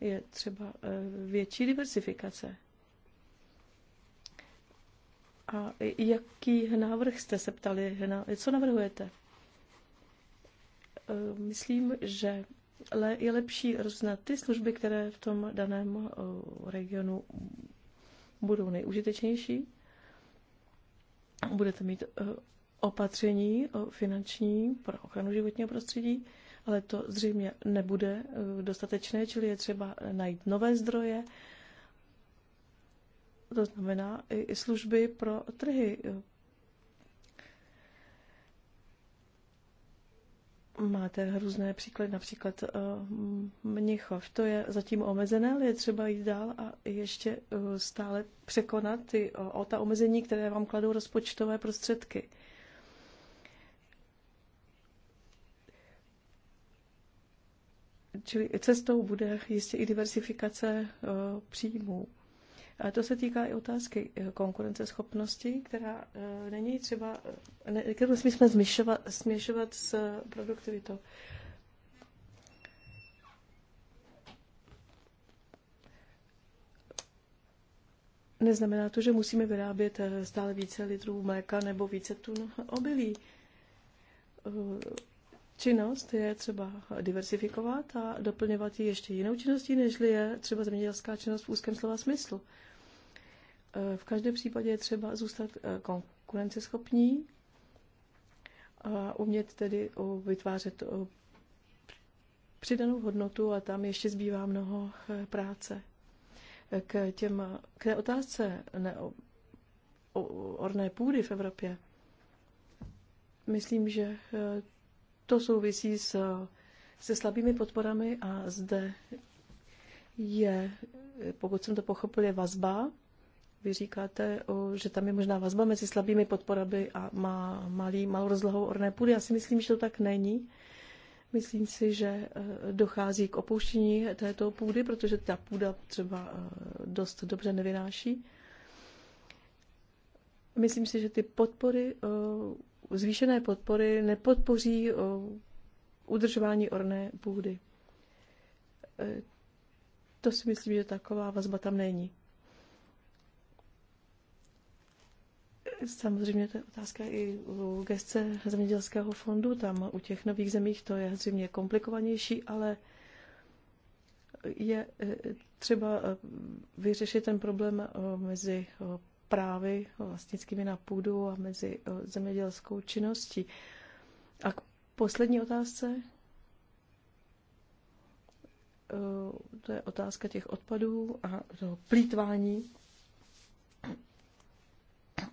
je třeba eh, větší diversifikace. A jaký návrh jste se ptali, co navrhujete? Eh, myslím, že je lepší rozznat ty služby, které v tom daném eh, regionu budou nejužitečnější. Budete mít eh, opatření finanční pro ochranu životního prostředí, ale to zřejmě nebude dostatečné, čili je třeba najít nové zdroje, to znamená i služby pro trhy, máte hrůzné příklady, například eh, Mnichov. To je zatím omezené, ale je třeba jít dál a ještě eh, stále překonat ty, o ta omezení, které vám kladou rozpočtové prostředky. Čili cestou bude jistě i diversifikace eh, příjmů. A To se týká i otázky eh, konkurenceschopnosti, která eh, není třeba, eh, ne, kterou nesmíme směšovat s produktivitou. Neznamená to, že musíme vyrábět stále více litrů mléka nebo více tun obilí. Činnost je třeba diversifikovat a doplňovat ji ještě jinou činností, než je třeba zemědělská činnost v úzkém slova smyslu. Eh, v každém případě je třeba zůstat eh, konkurenceschopní a umět tedy eh, vytvářet přidanou hodnotu a tam ještě zbývá mnoho práce. K, těm, k té otázce ne, o, o, orné půdy v Evropě, myslím, že to souvisí s, se slabými podporami a zde je, pokud jsem to pochopil, je vazba vy říkáte, že tam je možná vazba mezi slabými podporami a má malý, malou rozlohou orné půdy. Já si myslím, že to tak není. Myslím si, že e, dochází k opouštění této půdy, protože ta půda třeba e, dost dobře nevynáší. Myslím si, že ty podpory, e, zvýšené podpory nepodpoří udržování orné půdy. To si myslím, že taková vazba tam není. Samozřejmě to je otázka i u gestce zemědělského fondu. Tam u těch nových zemích to je zřejmě komplikovanější, ale je eh, třeba eh, vyřešit ten problém eh, mezi právy vlastnickými na půdu a mezi zemědělskou činností. A k poslední otázce. To je otázka těch odpadů a toho plítvání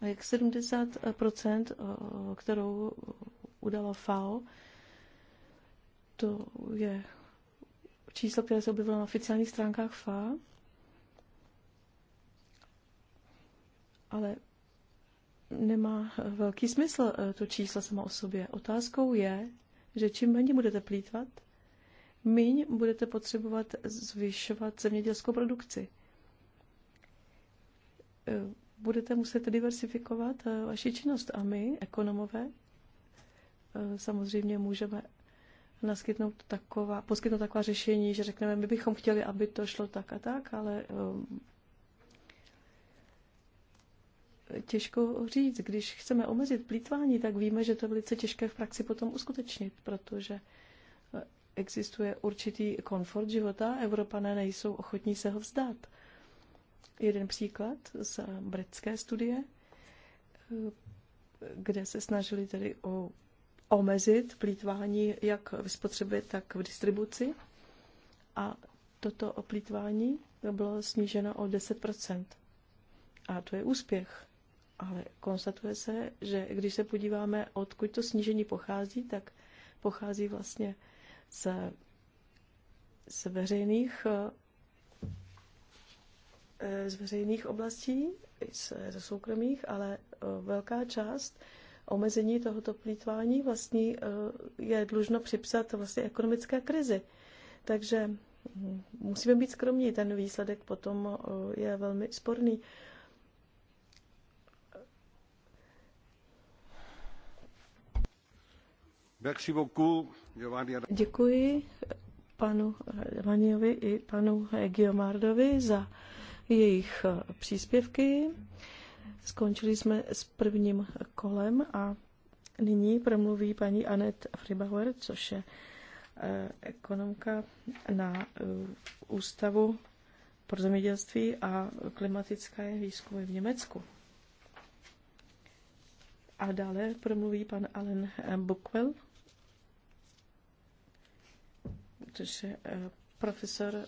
jak 70%, eh, eh, kterou udala FAO, to je číslo, které se objevilo na oficiálních stránkách FA, ale nemá eh, velký smysl to číslo sama o sobě. Otázkou je, že čím méně budete plítvat, míň budete potřebovat zvyšovat zemědělskou produkci budete muset diversifikovat eh, vaši činnost a my, ekonomové, eh, samozřejmě můžeme naskytnout taková, poskytnout taková řešení, že řekneme, my bychom chtěli, aby to šlo tak a tak, ale eh, těžko říct. Když chceme omezit plítvání, tak víme, že to je velice těžké v praxi potom uskutečnit, protože existuje určitý komfort života, Evropané nejsou ochotní se ho vzdát jeden příklad z britské studie, kde se snažili tedy o omezit plítvání jak v spotřebě, tak v distribuci. A toto oplítvání bylo sníženo o 10%. A to je úspěch. Ale konstatuje se, že když se podíváme, odkud to snížení pochází, tak pochází vlastně z, z veřejných Eh, z veřejných oblastí, eh, ze soukromých, ale eh, velká část omezení tohoto plítvání vlastně je dlužno připsat vlastně ekonomické krizi. Takže hm, musíme být skromní, ten výsledek potom je velmi sporný. Děkuji panu Vaniovi i panu Giomardovi za jejich eh, příspěvky. Skončili jsme s prvním kolem a nyní promluví paní Anet Fribauer, což je eh, ekonomka na eh, Ústavu pro zemědělství a klimatické výzkumy v Německu. A dále promluví pan Alan Buckwell, což je profesor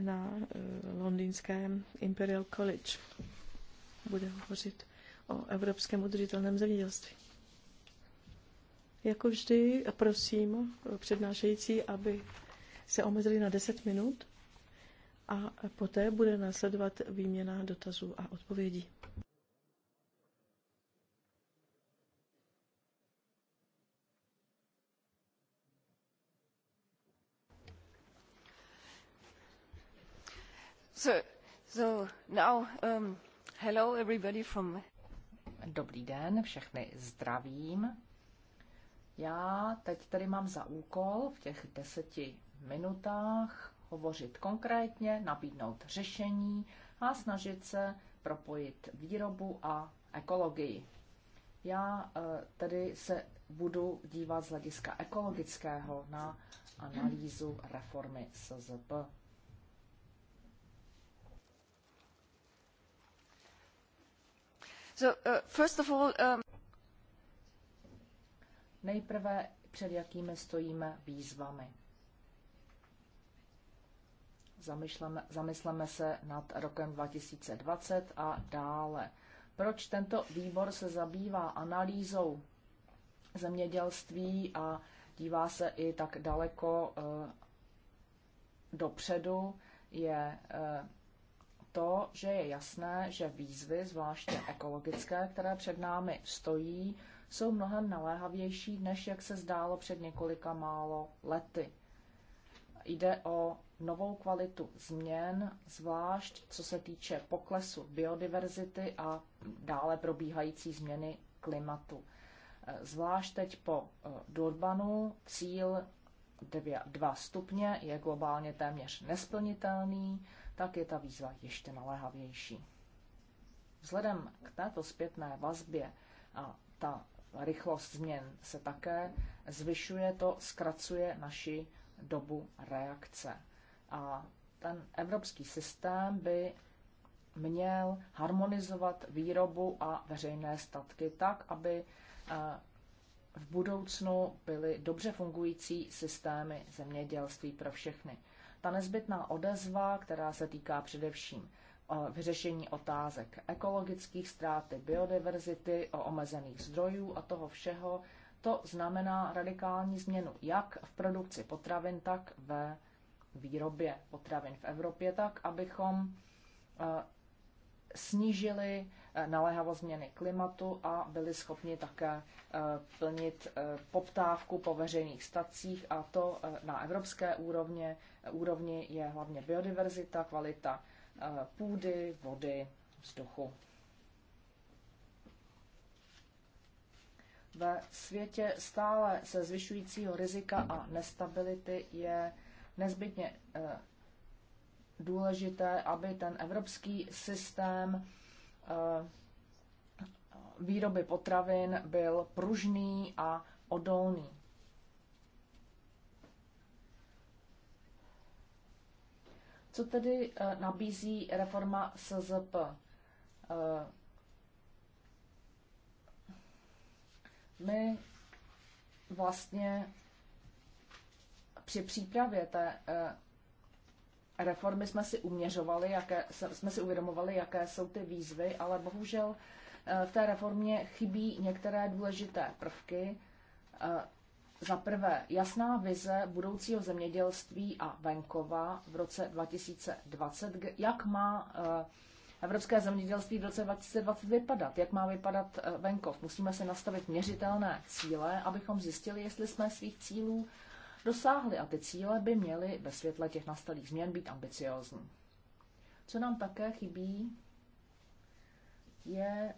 na eh, londýnském Imperial College. Bude hovořit o evropském udržitelném zemědělství. Jako vždy prosím přednášející, aby se omezili na 10 minut a poté bude následovat výměna dotazů a odpovědí. Um, Dobrý den, všechny zdravím. Já teď tady mám za úkol v těch deseti minutách hovořit konkrétně, nabídnout řešení a snažit se propojit výrobu a ekologii. Já eh, tedy se budu dívat z hlediska ekologického na analýzu reformy SZP. Uh, um, Nejprve před jakými stojíme výzvami. zamysleme se nad rokem 2020 a dále. Proč tento výbor se zabývá analýzou zemědělství a dívá se i tak daleko uh, dopředu, je uh, to, že je jasné, že výzvy, zvláště ekologické, které před námi stojí, jsou mnohem naléhavější, než jak se zdálo před několika málo lety. Jde o novou kvalitu změn, zvlášť co se týče poklesu biodiverzity a dále probíhající změny klimatu. Eh, zvlášť teď po eh, Durbanu cíl 2 stupně je globálně téměř nesplnitelný tak je ta výzva ještě naléhavější. Vzhledem k této zpětné vazbě a ta rychlost změn se také zvyšuje, to zkracuje naši dobu reakce. A ten evropský systém by měl harmonizovat výrobu a veřejné statky tak, aby eh, v budoucnu byly dobře fungující systémy zemědělství pro všechny. Ta nezbytná odezva, která se týká především vyřešení otázek ekologických ztráty, biodiverzity, o omezených zdrojů a toho všeho, to znamená radikální změnu jak v produkci potravin, tak ve výrobě potravin v Evropě, tak abychom e, snížili naléhavost změny klimatu a byli schopni také eh, plnit eh, poptávku po veřejných stacích a to eh, na evropské úrovně. úrovni je hlavně biodiverzita, kvalita půdy, vody, vzduchu. Ve světě stále se zvyšujícího rizika a nestability je nezbytně důležité, aby ten evropský systém Eh, výroby potravin byl pružný a odolný. Co tedy eh, nabízí reforma SZP? Eh, my vlastně při přípravě té reformy jsme si uměřovali, jaké, jsme si uvědomovali, jaké jsou ty výzvy, ale bohužel eh, v té reformě chybí některé důležité prvky. Eh, za prvé, jasná vize budoucího zemědělství a venkova v roce 2020, jak má eh, evropské zemědělství v roce 2020 vypadat, jak má vypadat venkov. Musíme si nastavit měřitelné cíle, abychom zjistili, jestli jsme svých cílů dosáhli a ty cíle by měly ve světle těch nastalých změn být ambiciózní. Co nám také chybí, je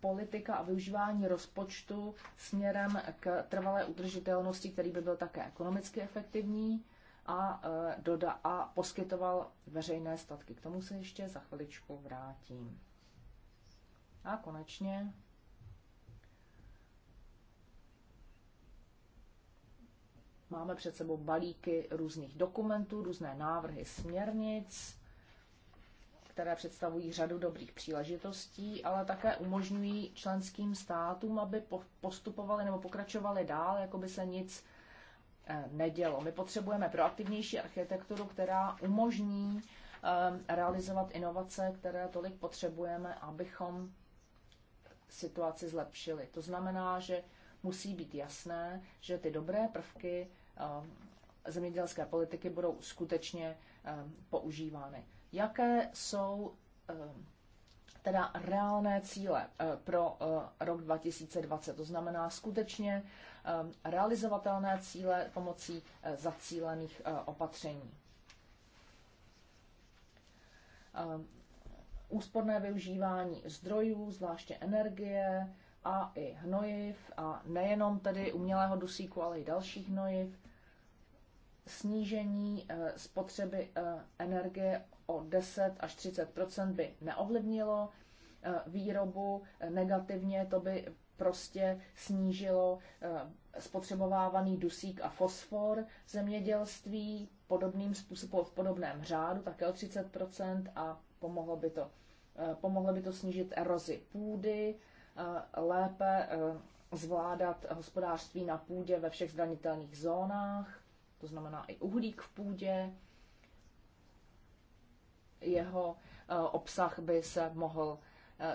politika a využívání rozpočtu směrem k trvalé udržitelnosti, který by byl také ekonomicky efektivní a, e, doda, a poskytoval veřejné statky. K tomu se ještě za chviličku vrátím. A konečně Máme před sebou balíky různých dokumentů, různé návrhy směrnic, které představují řadu dobrých příležitostí, ale také umožňují členským státům, aby postupovali nebo pokračovali dál, jako by se nic eh, nedělo. My potřebujeme proaktivnější architekturu, která umožní ehm, realizovat inovace, které tolik potřebujeme, abychom situaci zlepšili. To znamená, že musí být jasné, že ty dobré prvky Eh, zemědělské politiky budou skutečně eh, používány. Jaké jsou eh, teda reálné cíle pro rok 2020. To znamená skutečně realizovatelné cíle pomocí zacílených opatření. Úsporné využívání zdrojů, zvláště energie, a i hnojiv a nejenom tedy umělého dusíku, ale i dalších hnojiv, snížení eh, spotřeby eh, energie o 10 až 30 by neovlivnilo eh, výrobu negativně, to by prostě snížilo spotřebovávaný dusík a fosfor v zemědělství podobným způsobem v podobném řádu, také o 30 a pomohlo by to, pomohlo by to snížit erozi půdy, Eh, lépe eh, zvládat hospodářství na půdě ve všech zranitelných zónách, to znamená i uhlík v půdě. Jeho eh, obsah by se mohl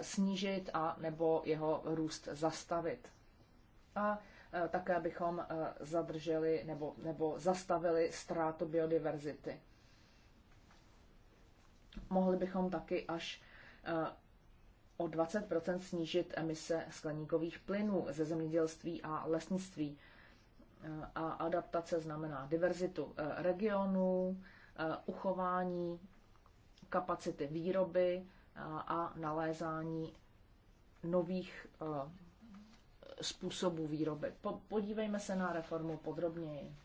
snížit a nebo jeho růst zastavit. A také bychom zadrželi nebo, nebo zastavili ztrátu biodiverzity. Mohli bychom taky až o 20 snížit emise skleníkových plynů ze zemědělství a lesnictví. A adaptace znamená diverzitu eh, regionů, eh, uchování kapacity výroby eh, a nalézání nových způsobů výroby. Podívejme se na reformu podrobněji.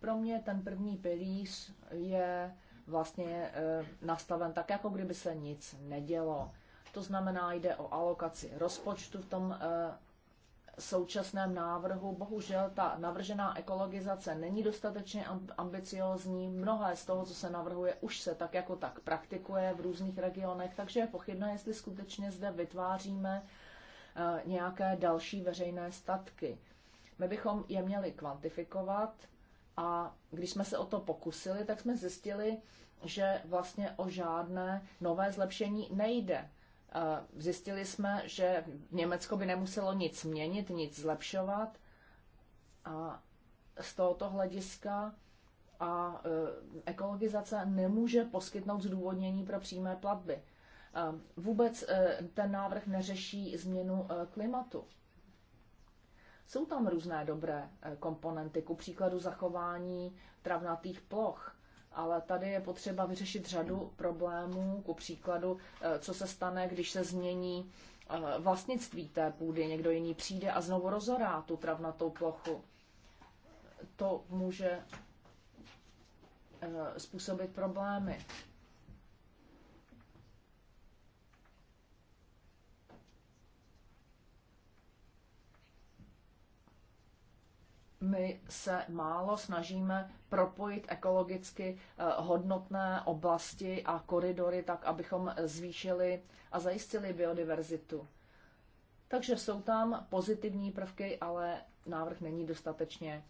Pro mě ten první pilíř je vlastně e, nastaven tak, jako kdyby se nic nedělo. To znamená, jde o alokaci rozpočtu v tom e, současném návrhu. Bohužel ta navržená ekologizace není dostatečně ambiciozní. Mnohé z toho, co se navrhuje, už se tak jako tak praktikuje v různých regionech, takže je pochybné, jestli skutečně zde vytváříme e, nějaké další veřejné statky. My bychom je měli kvantifikovat, a když jsme se o to pokusili, tak jsme zjistili, že vlastně o žádné nové zlepšení nejde. E, zjistili jsme, že Německo by nemuselo nic měnit, nic zlepšovat a z tohoto hlediska a e, ekologizace nemůže poskytnout zdůvodnění pro přímé platby. E, vůbec ten návrh neřeší změnu klimatu. Jsou tam různé dobré eh, komponenty, ku příkladu zachování travnatých ploch, ale tady je potřeba vyřešit řadu problémů, ku příkladu, eh, co se stane, když se změní eh, vlastnictví té půdy, někdo jiný přijde a znovu rozorá tu travnatou plochu. To může způsobit problémy. my se málo snažíme propojit ekologicky eh, hodnotné oblasti a koridory tak, abychom zvýšili a zajistili biodiverzitu. Takže jsou tam pozitivní prvky, ale návrh není dostatečně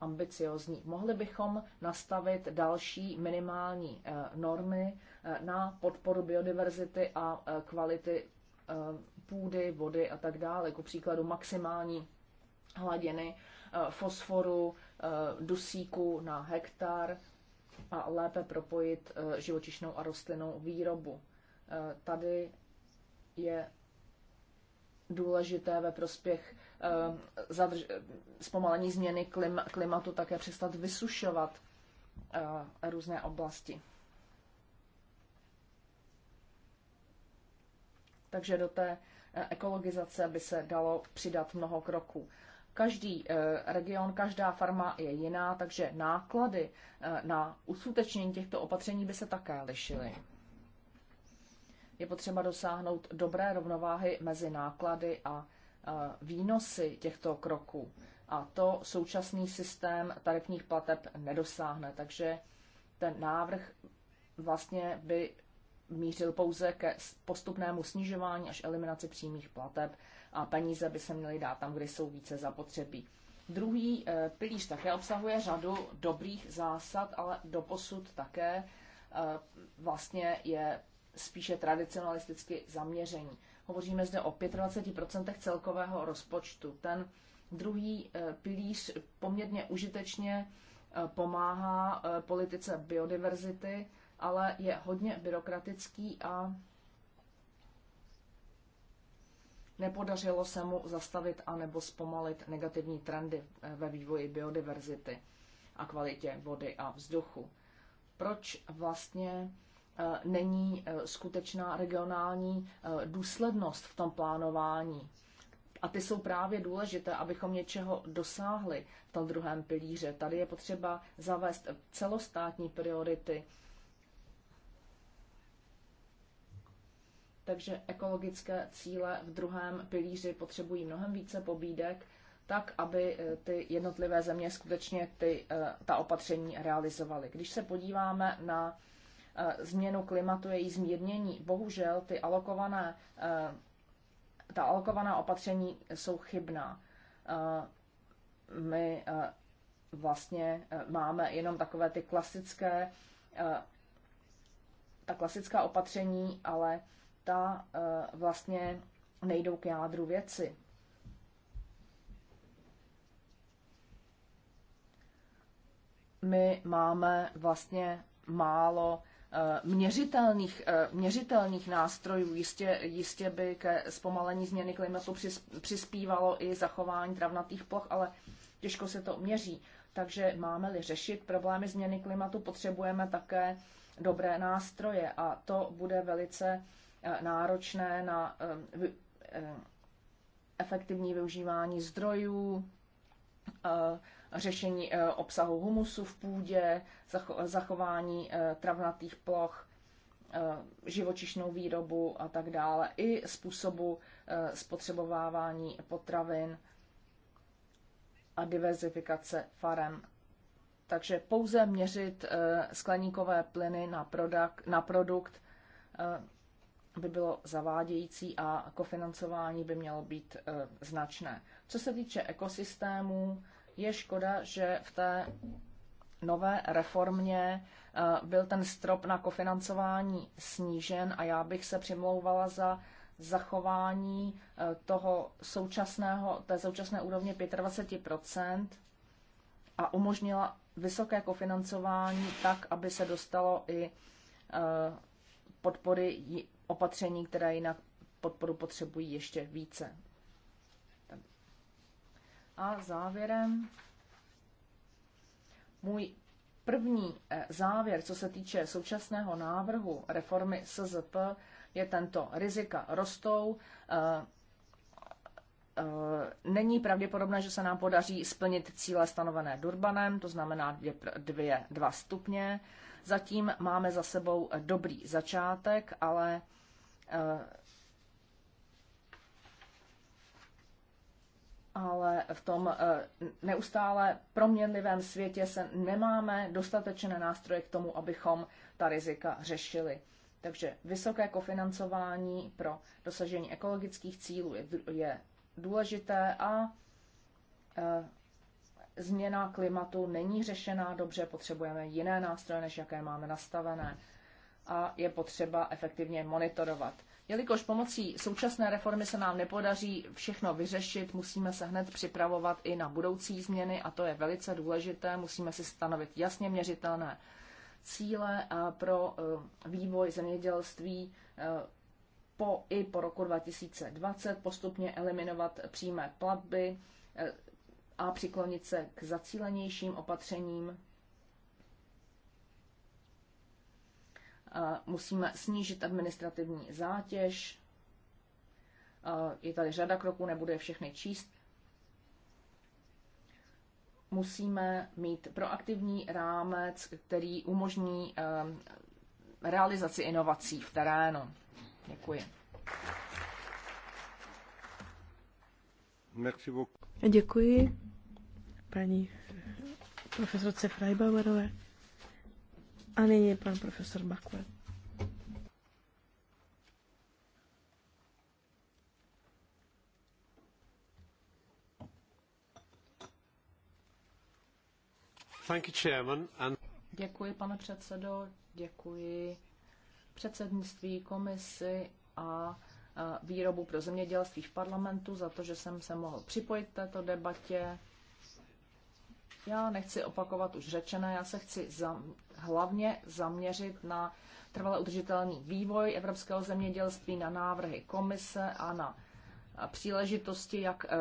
ambiciozní. Mohli bychom nastavit další minimální eh, normy eh, na podporu biodiverzity a kvality půdy, vody a tak dále. Ku příkladu maximální hladiny Eh, fosforu, eh, dusíku na hektar a lépe propojit eh, živočišnou a rostlinnou výrobu. Tady je důležité ve prospěch zpomalení změny klimatu také přestat vysušovat různé oblasti. Takže do té ekologizace by se dalo přidat mnoho kroků. Každý eh, region, každá farma je jiná, takže náklady eh, na usutečnění těchto opatření by se také lišily. Je potřeba dosáhnout dobré rovnováhy mezi náklady a eh, výnosy těchto kroků. A to současný systém tarifních plateb nedosáhne, takže ten návrh vlastně by mířil pouze ke postupnému snižování až eliminaci přímých plateb a peníze by se měly dát tam, kde jsou více zapotřebí. Druhý eh, pilíř také obsahuje řadu dobrých zásad, ale doposud také eh, vlastně je spíše tradicionalisticky zaměření. Hovoříme zde o 25% celkového rozpočtu. Ten druhý eh, pilíř poměrně užitečně pomáhá politice biodiverzity, ale je hodně byrokratický a Nepodařilo se mu zastavit anebo zpomalit negativní trendy ve vývoji biodiverzity a kvalitě vody a vzduchu. Proč vlastně e, není e, skutečná regionální e, důslednost v tom plánování? A ty jsou právě důležité, abychom něčeho dosáhli v tom druhém pilíře. Tady je potřeba zavést celostátní priority takže ekologické cíle v druhém pilíři potřebují mnohem více pobídek, tak, aby eh, ty jednotlivé země skutečně ty, eh, ta opatření realizovaly. Když se podíváme na eh, změnu klimatu, její zmírnění, bohužel ty alokované, ta alokovaná opatření jsou chybná. My vlastně máme jenom takové ty klasické, ta klasická opatření, ale ta eh, vlastně nejdou k jádru věci. My máme vlastně málo eh, měřitelných, eh, měřitelných nástrojů. Jistě, jistě by ke zpomalení změny klimatu přispívalo i zachování travnatých ploch, ale těžko se to měří. Takže máme-li řešit problémy změny klimatu, potřebujeme také dobré nástroje a to bude velice Eh, náročné na eh, eh, efektivní využívání zdrojů, řešení obsahu humusu v půdě, zachování travnatých ploch, živočišnou výrobu a tak dále, i způsobu spotřebovávání potravin a diverzifikace farem. Takže pouze měřit skleníkové plyny na, produkt, na produkt by bylo zavádějící a kofinancování by mělo být e, značné. Co se týče ekosystémů, je škoda, že v té nové reformě e, byl ten strop na kofinancování snížen a já bych se přimlouvala za zachování e, toho současného, té současné úrovně 25% a umožnila vysoké kofinancování tak, aby se dostalo i podpory opatření, která jinak podporu potřebují ještě více. A závěrem můj první eh, závěr, co se týče současného návrhu reformy SZP, je tento. Rizika rostou, eh, eh, není pravděpodobné, že se nám podaří splnit cíle stanovené Durbanem, to znamená dvě, dvě, dva stupně. Zatím máme za sebou dobrý začátek, ale Eh, ale v tom eh, neustále proměnlivém světě se nemáme dostatečné nástroje k tomu, abychom ta rizika řešili. Takže vysoké kofinancování pro dosažení ekologických cílů je, důležité a eh, změna klimatu není řešená dobře, potřebujeme jiné nástroje, než jaké máme nastavené a je potřeba efektivně monitorovat. Jelikož pomocí současné reformy se nám nepodaří všechno vyřešit, musíme se hned připravovat i na budoucí změny a to je velice důležité. Musíme si stanovit jasně měřitelné cíle pro eh, vývoj zemědělství eh, po, i po roku 2020, postupně eliminovat přímé platby eh, a přiklonit se k zacílenějším opatřením musíme snížit administrativní zátěž. Je tady řada kroků, nebudu je všechny číst. Musíme mít proaktivní rámec, který umožní ehm, realizaci inovací v terénu. Děkuji. Děkuji paní profesorce Freibauerové. A nyní pan profesor Bakwe. Děkuji, pane předsedo, děkuji předsednictví, komisi a e, výrobu pro zemědělství v parlamentu za to, že jsem se mohl připojit k této debatě. Já nechci opakovat už řečené, já se chci zam, hlavně zaměřit na trvalé udržitelný vývoj evropského zemědělství, na návrhy komise a na příležitosti, jak eh,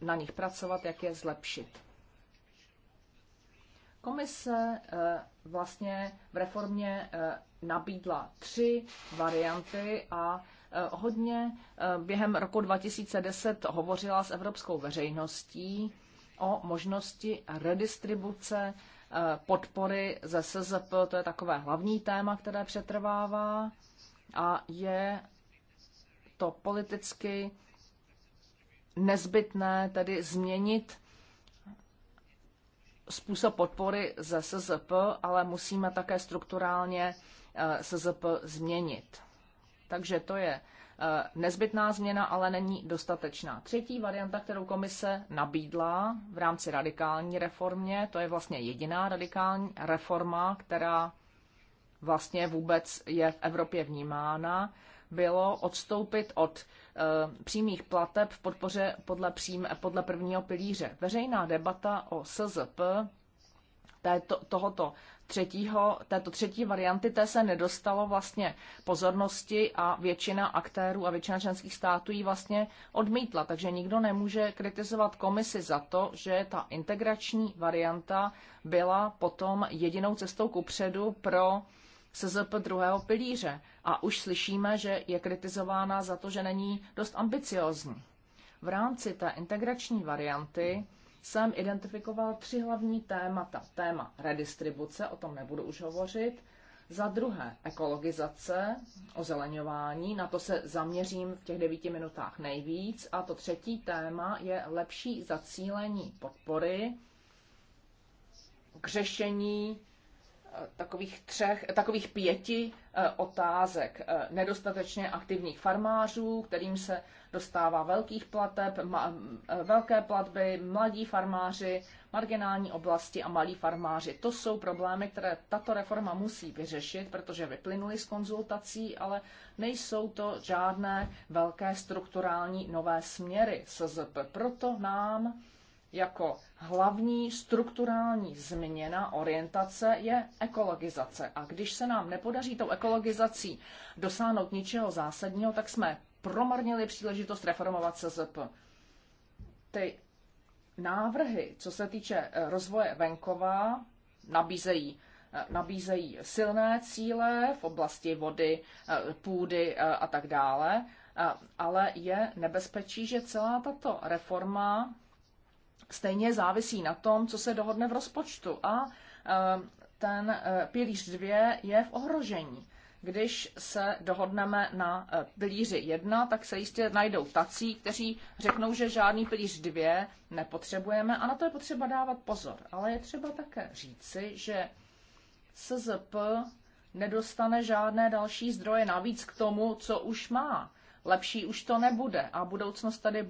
na nich pracovat, jak je zlepšit. Komise eh, vlastně v reformě eh, nabídla tři varianty a hodně během roku 2010 hovořila s evropskou veřejností o možnosti redistribuce eh, podpory ze SZP. To je takové hlavní téma, které přetrvává a je to politicky nezbytné tedy změnit způsob podpory ze SZP, ale musíme také strukturálně eh, SZP změnit. Takže to je Eh, nezbytná změna, ale není dostatečná. Třetí varianta, kterou komise nabídla v rámci radikální reformě, to je vlastně jediná radikální reforma, která vlastně vůbec je v Evropě vnímána, bylo odstoupit od e, přímých plateb v podpoře podle, přím, podle prvního pilíře. Veřejná debata o SZP této, tohoto třetího, této třetí varianty, té se nedostalo vlastně pozornosti a většina aktérů a většina členských států ji vlastně odmítla. Takže nikdo nemůže kritizovat komisi za to, že ta integrační varianta byla potom jedinou cestou kupředu pro SZP druhého pilíře. A už slyšíme, že je kritizována za to, že není dost ambiciozní. V rámci té integrační varianty jsem identifikoval tři hlavní témata. Téma redistribuce, o tom nebudu už hovořit. Za druhé ekologizace, ozeleňování, na to se zaměřím v těch devíti minutách nejvíc. A to třetí téma je lepší zacílení podpory k řešení takových, třech, takových pěti eh, otázek. Eh, nedostatečně aktivních farmářů, kterým se dostává velkých plateb, ma, eh, velké platby, mladí farmáři, marginální oblasti a malí farmáři. To jsou problémy, které tato reforma musí vyřešit, protože vyplynuly z konzultací, ale nejsou to žádné velké strukturální nové směry SZP. Proto nám jako hlavní strukturální změna orientace je ekologizace. A když se nám nepodaří tou ekologizací dosáhnout ničeho zásadního, tak jsme promarnili příležitost reformovat CZP. Ty návrhy, co se týče eh, rozvoje venkova, nabízejí eh, nabízejí silné cíle v oblasti vody, eh, půdy a tak dále, ale je nebezpečí, že celá tato reforma stejně závisí na tom, co se dohodne v rozpočtu. A e, ten e, pilíř 2 je v ohrožení. Když se dohodneme na e, pilíři 1, tak se jistě najdou tací, kteří řeknou, že žádný pilíř 2 nepotřebujeme a na to je potřeba dávat pozor. Ale je třeba také říci, že SZP nedostane žádné další zdroje navíc k tomu, co už má. Lepší už to nebude a budoucnost tady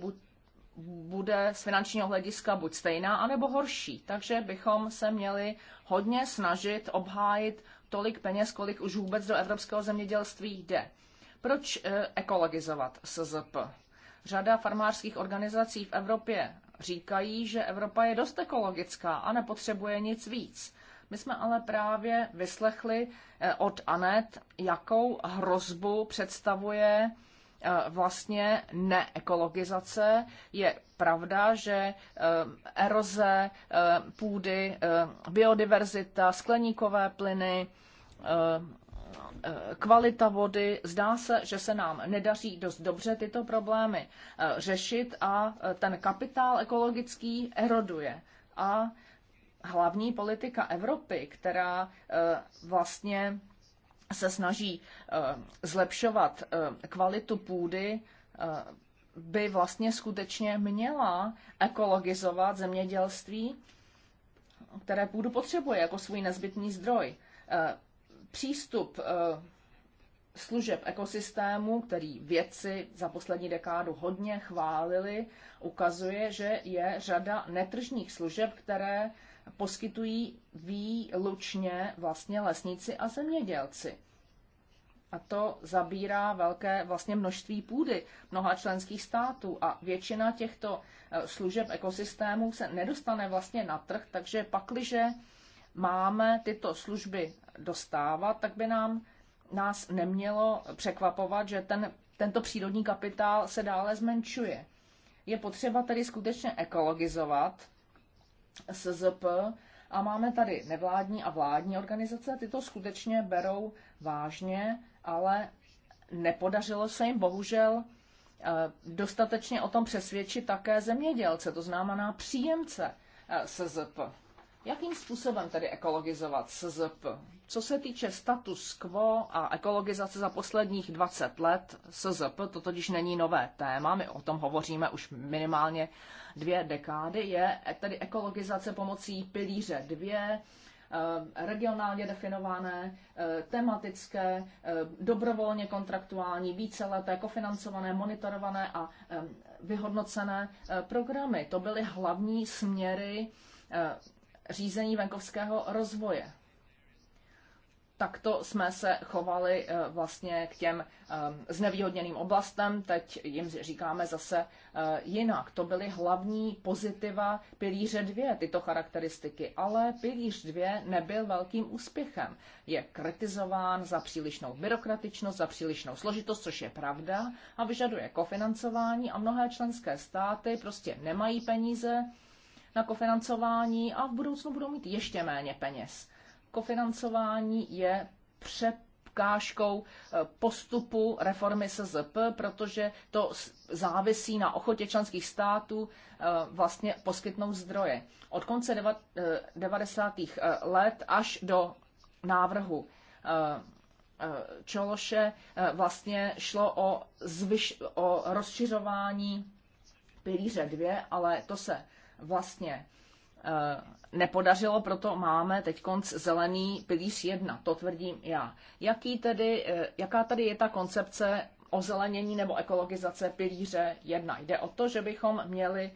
bude z finančního hlediska buď stejná, anebo horší. Takže bychom se měli hodně snažit obhájit tolik peněz, kolik už vůbec do evropského zemědělství jde. Proč eh, ekologizovat SZP? Řada farmářských organizací v Evropě říkají, že Evropa je dost ekologická a nepotřebuje nic víc. My jsme ale právě vyslechli eh, od Anet, jakou hrozbu představuje Eh, vlastně neekologizace. Je pravda, že eh, eroze eh, půdy, biodiverzita, skleníkové plyny, kvalita vody. Zdá se, že se nám nedaří dost dobře tyto problémy řešit a ten kapitál ekologický eroduje. A hlavní politika Evropy, která vlastně se snaží eh, zlepšovat eh, kvalitu půdy, eh, by vlastně skutečně měla ekologizovat zemědělství, které půdu potřebuje jako svůj nezbytný zdroj. Přístup služeb ekosystému, který vědci za poslední dekádu hodně chválili, ukazuje, že je řada netržních služeb, které poskytují výlučně vlastně lesníci a zemědělci. A to zabírá velké vlastně množství půdy mnoha členských států a většina těchto eh, služeb ekosystémů se nedostane vlastně na trh, takže pakliže máme tyto služby dostávat, tak by nám nás nemělo překvapovat, že ten, tento přírodní kapitál se dále zmenšuje. Je potřeba tedy skutečně ekologizovat SZP a máme tady nevládní a vládní organizace. ty to skutečně berou vážně, ale nepodařilo se jim bohužel eh, dostatečně o tom přesvědčit také zemědělce, to znamená příjemce eh, SZP. Jakým způsobem tedy ekologizovat SZP? Co se týče status quo a ekologizace za posledních 20 let SZP, to totiž není nové téma, my o tom hovoříme už minimálně dvě dekády, je tedy ekologizace pomocí pilíře dvě eh, regionálně definované, eh, tematické, eh, dobrovolně kontraktuální, víceleté, kofinancované, monitorované a vyhodnocené programy. To byly hlavní směry řízení venkovského rozvoje. Takto jsme se chovali eh, vlastně k těm eh, znevýhodněným oblastem, teď jim říkáme zase eh, jinak. To byly hlavní pozitiva pilíře dvě tyto charakteristiky, ale pilíř dvě nebyl velkým úspěchem. Je kritizován za přílišnou byrokratičnost, za přílišnou složitost, což je pravda, a vyžaduje kofinancování a mnohé členské státy prostě nemají peníze, na kofinancování a v budoucnu budou mít ještě méně peněz. Kofinancování je překážkou eh, postupu reformy SZP, protože to závisí na ochotě členských států eh, vlastně poskytnout zdroje. Od konce 90. Eh, let až do návrhu Čološe vlastně šlo o, zvyš, o rozšiřování pilíře dvě, ale to se vlastně eh, nepodařilo, proto máme teď konc zelený pilíř 1, to tvrdím já. Jaký tedy, eh, jaká tady je ta koncepce ozelenění nebo ekologizace pilíře 1? Jde o to, že bychom měli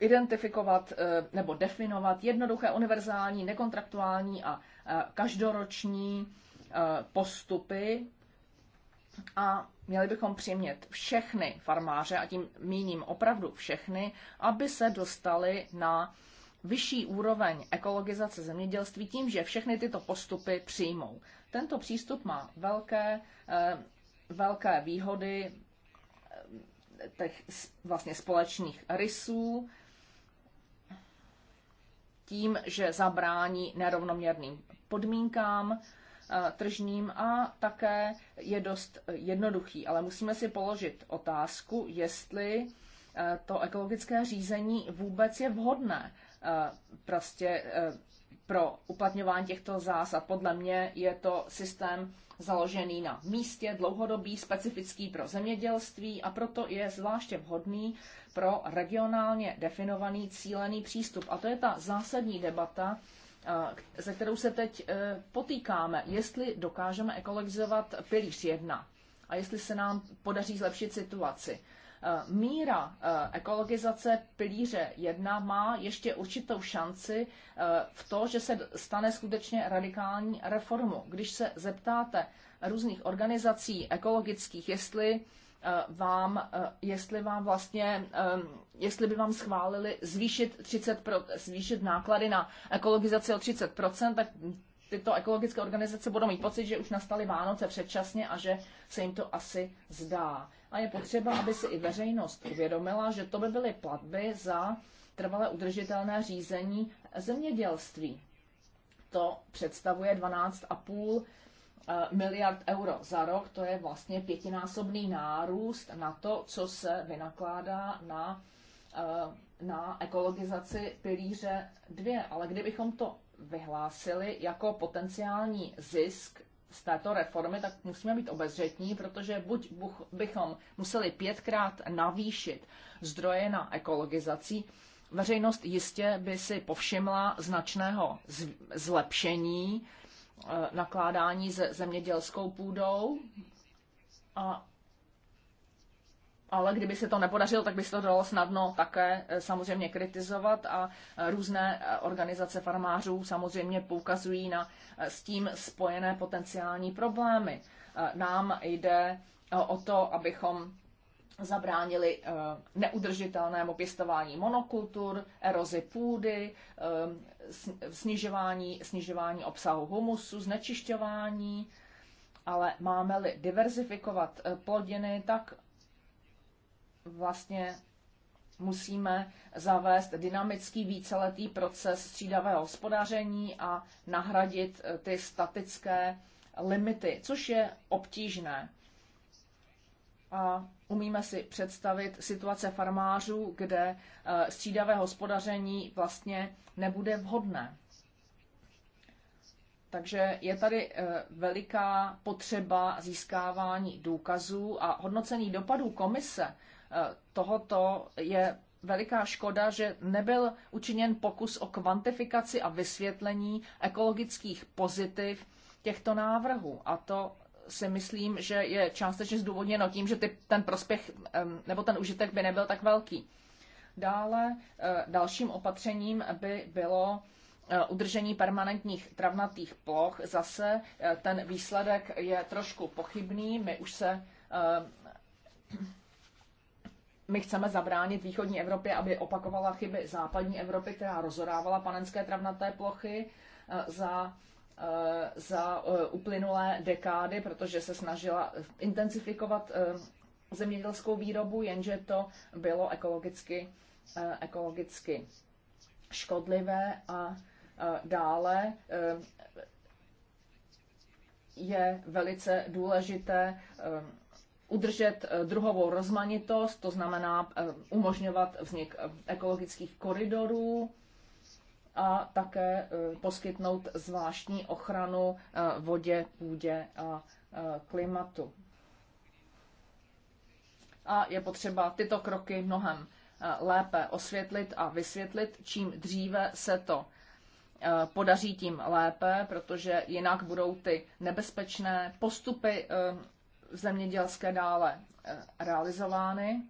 identifikovat eh, nebo definovat jednoduché, univerzální, nekontraktuální a každoroční postupy a měli bychom přimět všechny farmáře, a tím míním opravdu všechny, aby se dostali na vyšší úroveň ekologizace zemědělství tím, že všechny tyto postupy přijmou. Tento přístup má velké, eh, velké výhody eh, těch vlastně společných rysů, tím, že zabrání nerovnoměrným podmínkám, eh, Eh, tržním a také je dost jednoduchý. Ale musíme si položit otázku, jestli eh, to ekologické řízení vůbec je vhodné eh, prostě pro uplatňování těchto zásad. Podle mě je to systém založený na místě, dlouhodobý, specifický pro zemědělství a proto je zvláště vhodný pro regionálně definovaný cílený přístup. A to je ta zásadní debata, se kterou se teď e, potýkáme, jestli dokážeme ekologizovat pilíř 1 a jestli se nám podaří zlepšit situaci. E, míra e, ekologizace pilíře 1 má ještě určitou šanci v to, že se stane skutečně radikální reformu. Když se zeptáte různých organizací ekologických, jestli Eh, vám, eh, jestli vám vlastně, eh, jestli by vám schválili zvýšit, 30 pro, zvýšit náklady na ekologizaci o 30%, tak tyto ekologické organizace budou mít pocit, že už nastaly Vánoce předčasně a že se jim to asi zdá. A je potřeba, aby si i veřejnost uvědomila, že to by byly platby za trvalé udržitelné řízení zemědělství. To představuje 12,5 Eh, miliard euro za rok, to je vlastně pětinásobný nárůst na to, co se vynakládá na, eh, na ekologizaci pilíře 2. Ale kdybychom to vyhlásili jako potenciální zisk z této reformy, tak musíme být obezřetní, protože buď bychom museli pětkrát navýšit zdroje na ekologizaci, veřejnost jistě by si povšimla značného zlepšení Eh, nakládání se zemědělskou půdou. A, ale kdyby se to nepodařilo, tak by se to dalo snadno také eh, samozřejmě kritizovat a eh, různé organizace farmářů samozřejmě poukazují na s tím spojené potenciální problémy. Nám jde o to, abychom zabránili eh, neudržitelnému pěstování monokultur, erozi půdy, eh, snižování, snižování obsahu humusu, znečišťování, ale máme-li diverzifikovat eh, plodiny, tak vlastně musíme zavést dynamický víceletý proces střídavého hospodaření a nahradit ty statické limity, což je obtížné a umíme si představit situace farmářů, kde eh, střídavé hospodaření vlastně nebude vhodné. Takže je tady eh, veliká potřeba získávání důkazů a hodnocení dopadů komise eh, tohoto je veliká škoda, že nebyl učiněn pokus o kvantifikaci a vysvětlení ekologických pozitiv těchto návrhů. A to si myslím, že je částečně zdůvodněno tím, že ty, ten prospěch nebo ten užitek by nebyl tak velký. Dále e, dalším opatřením by bylo e, udržení permanentních travnatých ploch. Zase e, ten výsledek je trošku pochybný. My už se my chceme zabránit východní Evropě, aby opakovala chyby západní Evropy, která rozorávala panenské travnaté plochy. Za Eh, za eh, uplynulé dekády, protože se snažila intenzifikovat eh, zemědělskou výrobu, jenže to bylo ekologicky, ekologicky škodlivé a dále je velice důležité udržet druhovou rozmanitost, to znamená umožňovat vznik ekologických koridorů, a také e, poskytnout zvláštní ochranu e, vodě, půdě a e, klimatu. A je potřeba tyto kroky mnohem lépe osvětlit a vysvětlit. Čím dříve se to podaří, tím lépe, protože jinak budou ty nebezpečné postupy zemědělské dále realizovány.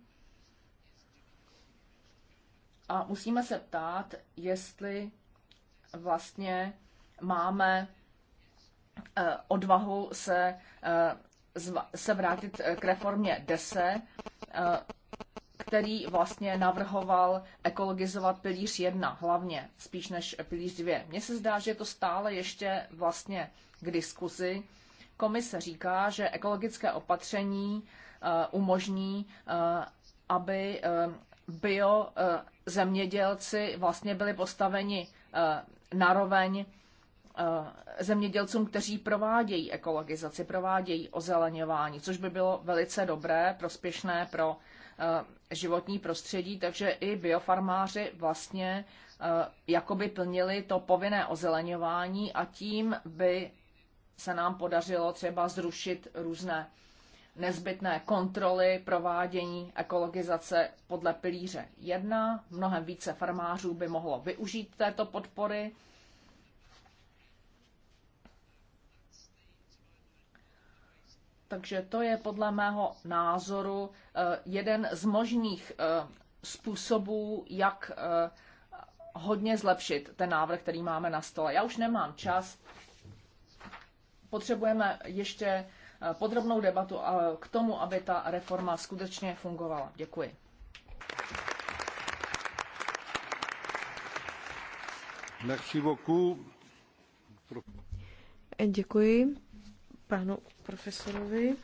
A musíme se ptát, jestli vlastně máme eh, odvahu se, eh, se vrátit eh, k reformě DESE, který vlastně navrhoval ekologizovat pilíř 1 hlavně, spíš než pilíř 2. Mně se zdá, že je to stále ještě vlastně k diskuzi. Komise říká, že ekologické opatření umožní, aby bio zemědělci vlastně byli postaveni naroveň eh, zemědělcům, kteří provádějí ekologizaci, provádějí ozeleňování, což by bylo velice dobré, prospěšné pro eh, životní prostředí, takže i biofarmáři vlastně eh, jakoby plnili to povinné ozeleňování a tím by se nám podařilo třeba zrušit různé nezbytné kontroly provádění ekologizace podle pilíře 1. Mnohem více farmářů by mohlo využít této podpory. Takže to je podle mého názoru eh, jeden z možných eh, způsobů, jak eh, hodně zlepšit ten návrh, který máme na stole. Já už nemám čas. Potřebujeme ještě Eh, podrobnou debatu eh, k tomu, aby ta reforma skutečně fungovala. Děkuji. Merci beaucoup. Děkuji panu profesorovi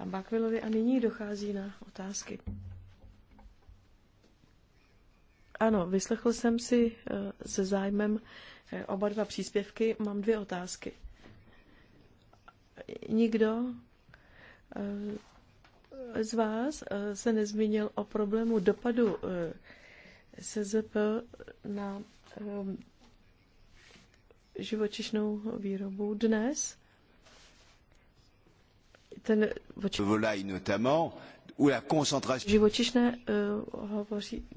a Bakvilovi a nyní dochází na otázky. Ano, vyslechl jsem si eh, se zájmem oba dva příspěvky. Mám dvě otázky nikdo eh, z vás eh, se nezmínil o problému dopadu eh, SZP na živočišnou výrobu dnes. Ten notamment, où la concentration... Živočišné uh, hovoří...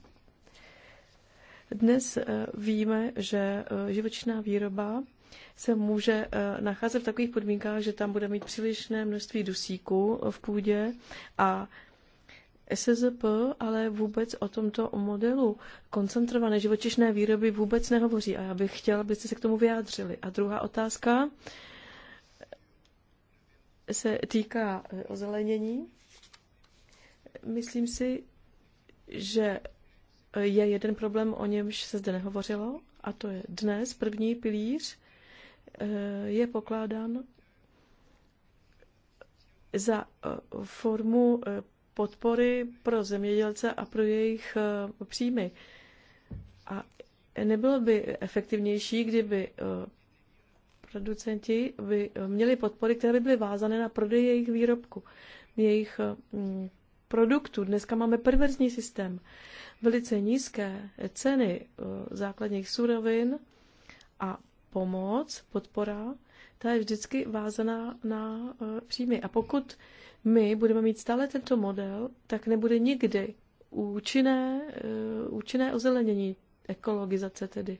Dnes uh, víme, že uh, živočišná výroba se může eh, nacházet v takových podmínkách, že tam bude mít přílišné množství dusíku eh, v půdě a SZP ale vůbec o tomto modelu koncentrované živočišné výroby vůbec nehovoří a já bych chtěla, abyste se k tomu vyjádřili. A druhá otázka se týká eh, ozelenění. Myslím si, že je jeden problém, o němž se zde nehovořilo, a to je dnes první pilíř je pokládán za eh, formu eh, podpory pro zemědělce a pro jejich eh, příjmy. A nebylo by efektivnější, kdyby producenti by měli podpory, které by byly vázané na prodej jejich výrobku, jejich mm, produktů. Dneska máme perverzní systém. Velice nízké ceny základních surovin a pomoc, podpora, ta je vždycky vázaná na e, příjmy. A pokud my budeme mít stále tento model, tak nebude nikdy účinné, e, účinné ozelenění, ekologizace tedy.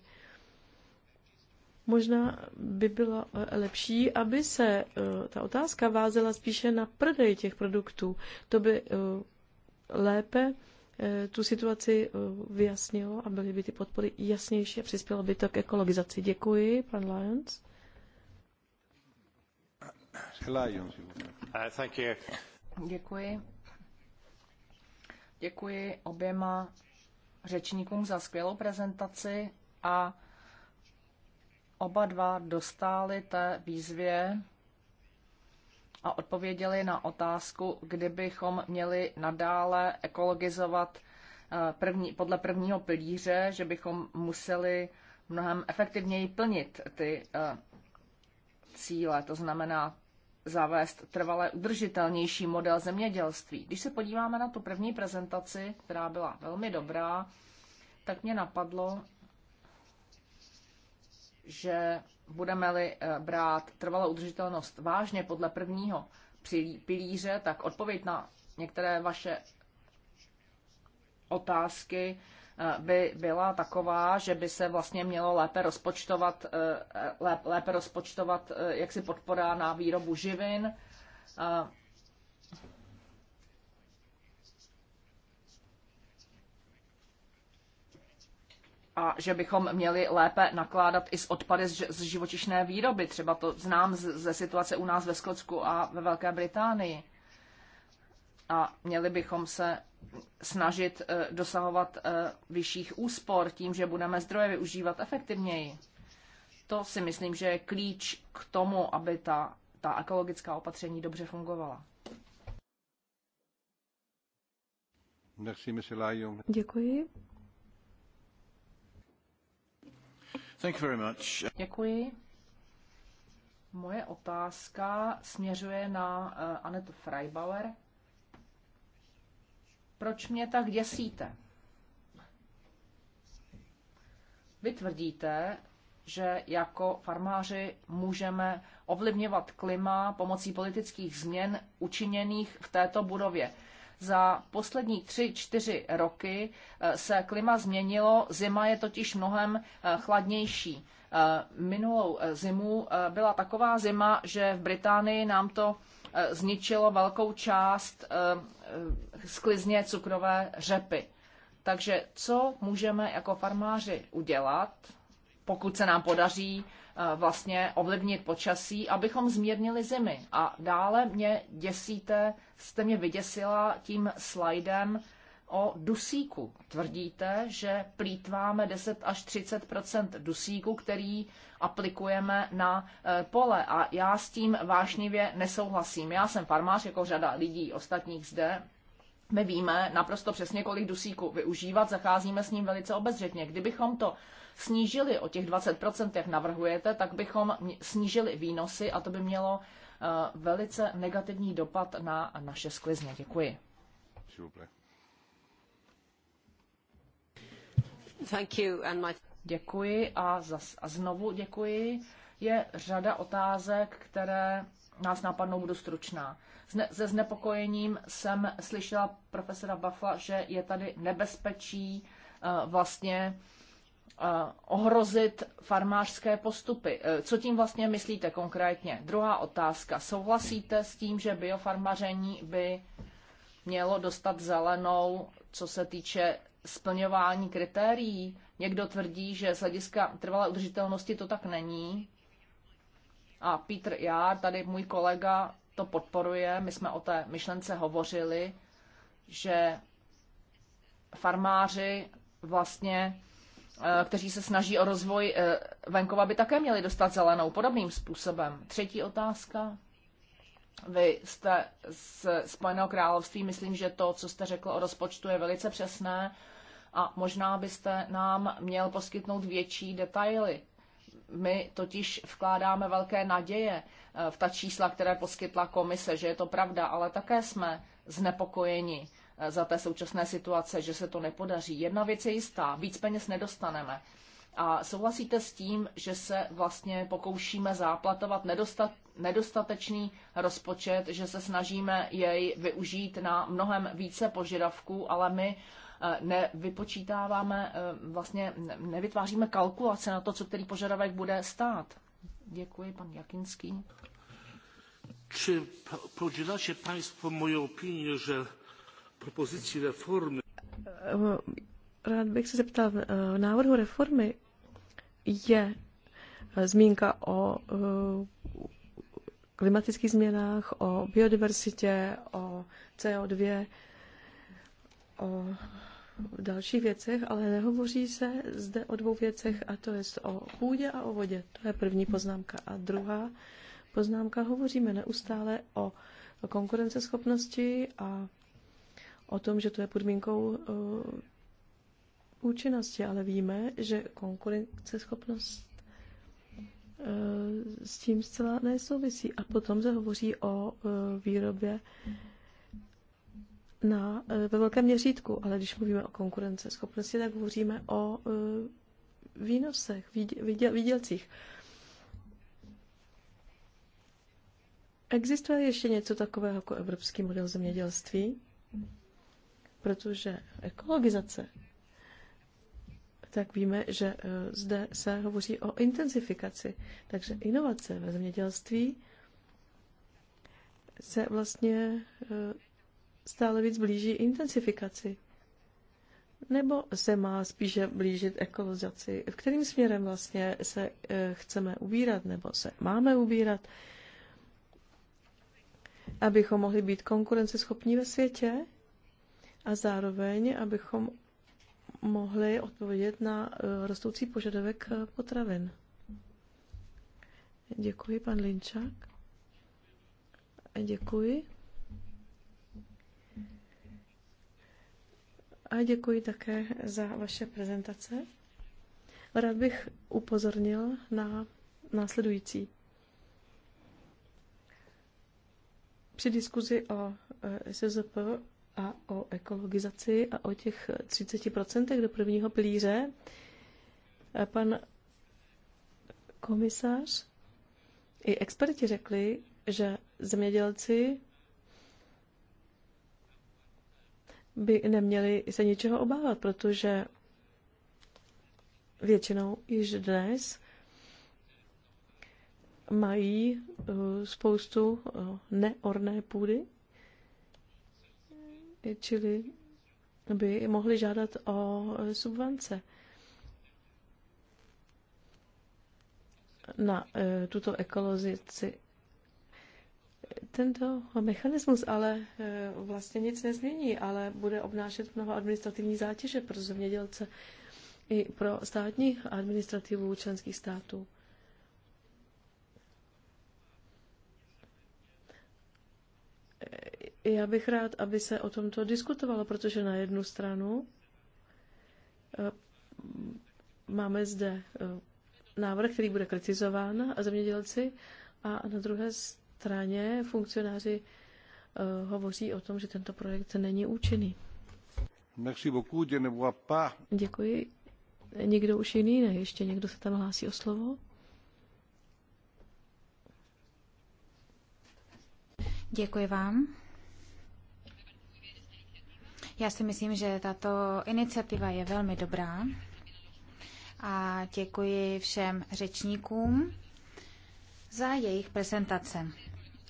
Možná by bylo e, lepší, aby se ta otázka vázela spíše na prodej těch produktů. To by lépe Eh, tu situaci eh, vyjasnilo a byly by ty podpory jasnější a přispělo by to k ekologizaci. Děkuji, pan Lyons. Uh, Děkuji. Děkuji oběma řečníkům za skvělou prezentaci a oba dva dostali té výzvě a odpověděli na otázku, kdybychom měli nadále ekologizovat eh, první, podle prvního pilíře, že bychom museli mnohem efektivněji plnit ty eh, cíle, to znamená zavést trvalé udržitelnější model zemědělství. Když se podíváme na tu první prezentaci, která byla velmi dobrá, tak mě napadlo, že budeme-li eh, brát trvalou udržitelnost vážně podle prvního pilíře, tak odpověď na některé vaše otázky eh, by byla taková, že by se vlastně mělo lépe rozpočtovat, eh, lépe rozpočtovat jaksi podpora na výrobu živin, a že bychom měli lépe nakládat i s odpady z živočišné výroby. Třeba to znám ze situace u nás ve Skotsku a ve Velké Británii. A měli bychom se snažit e, dosahovat e, vyšších úspor tím, že budeme zdroje využívat efektivněji. To si myslím, že je klíč k tomu, aby ta, ta ekologická opatření dobře fungovala. Děkuji. Děkuji. Moje otázka směřuje na uh, Anetu Freibauer. Proč mě tak děsíte? Vy tvrdíte, že jako farmáři můžeme ovlivňovat klima pomocí politických změn učiněných v této budově. Za poslední tři, čtyři roky eh, se klima změnilo, zima je totiž mnohem eh, chladnější. Eh, minulou zimu byla taková zima, že v Británii nám to zničilo velkou část sklizně cukrové řepy. Takže co můžeme jako farmáři udělat, pokud se nám podaří Eh, vlastně ovlivnit počasí, abychom zmírnili zimy. A dále mě děsíte, jste mě vyděsila tím slajdem o dusíku. Tvrdíte, že plítváme 10 až 30 dusíku, který aplikujeme na eh, pole. A já s tím vášnivě nesouhlasím. Já jsem farmář, jako řada lidí ostatních zde, my víme naprosto přesně, kolik dusíku využívat, zacházíme s ním velice obezřetně. Kdybychom to snížili o těch 20%, jak navrhujete, tak bychom snížili výnosy a to by mělo eh, velice negativní dopad na naše sklizně. Děkuji. Thank you and my... Děkuji a, zas, a znovu děkuji. Je řada otázek, které nás nápadnou, budu stručná. Zne, se znepokojením jsem slyšela profesora Bafla, že je tady nebezpečí uh, vlastně Eh, ohrozit farmářské postupy. Eh, co tím vlastně myslíte konkrétně? Druhá otázka. Souhlasíte s tím, že biofarmaření by mělo dostat zelenou, co se týče splňování kritérií? Někdo tvrdí, že z hlediska trvalé udržitelnosti to tak není. A Petr já, tady můj kolega, to podporuje. My jsme o té myšlence hovořili, že farmáři vlastně Eh, kteří se snaží o rozvoj eh, venkova, by také měli dostat zelenou podobným způsobem. Třetí otázka. Vy jste z Spojeného království, myslím, že to, co jste řekl o rozpočtu, je velice přesné a možná byste nám měl poskytnout větší detaily. My totiž vkládáme velké naděje eh, v ta čísla, které poskytla komise, že je to pravda, ale také jsme znepokojeni Eh, za té současné situace, že se to nepodaří. Jedna věc je jistá, víc peněz nedostaneme. A souhlasíte s tím, že se vlastně pokoušíme záplatovat nedostat, nedostatečný rozpočet, že se snažíme jej využít na mnohem více požadavků, ale my eh, nevypočítáváme, eh, vlastně nevytváříme kalkulace na to, co který požadavek bude stát. Děkuji, pan Jakinský. Czy podzielacie Państwo moją opinię, že propozici reformy. Eh, rád bych se zeptal, v eh, návrhu reformy je eh, zmínka o klimatických změnách, o biodiverzitě, o CO2, o dalších věcech, ale nehovoří se zde o dvou věcech, a to je o půdě a o vodě. To je první poznámka. A druhá poznámka, hovoříme neustále o konkurenceschopnosti a o tom, že to je podmínkou uh, účinnosti, ale víme, že konkurenceschopnost uh, s tím zcela nesouvisí. A potom se hovoří o uh, výrobě na, ve velkém měřítku, ale když mluvíme o konkurenceschopnosti, tak hovoříme o výnosech, výděl, výdělcích. Existuje ještě něco takového jako evropský model zemědělství? protože ekologizace, tak víme, že e, zde se hovoří o intenzifikaci. Takže inovace ve zemědělství se vlastně e, stále víc blíží intenzifikaci. Nebo se má spíše blížit ekologizaci? V kterým směrem vlastně se e, chceme ubírat, nebo se máme ubírat, abychom mohli být konkurenceschopní ve světě? a zároveň, abychom mohli odpovědět na eh, rostoucí požadavek eh, potravin. Děkuji, pan Linčák. Děkuji. A děkuji také za vaše prezentace. Rád bych upozornil na následující. Při diskuzi o eh, SZP a o ekologizaci a o těch 30% do prvního pilíře. Pan komisař i experti řekli, že zemědělci by neměli se ničeho obávat, protože většinou již dnes mají eh, spoustu eh, neorné půdy čili by mohli žádat o subvence. na e, tuto ekolozici. Tento mechanismus ale e, vlastně nic nezmění, ale bude obnášet mnoho administrativní zátěže pro zemědělce i pro státní administrativu členských států. já bych rád, aby se o tomto diskutovalo, protože na jednu stranu eh, máme zde eh, návrh, který bude kritizován a zemědělci, a na druhé straně funkcionáři eh, hovoří o tom, že tento projekt není účinný. Merci beaucoup, je ne vois pas. Děkuji. Někdo už jiný? Ne, ještě někdo se tam hlásí o slovo? Děkuji vám. Já si myslím, že tato iniciativa je velmi dobrá a děkuji všem řečníkům za jejich prezentace.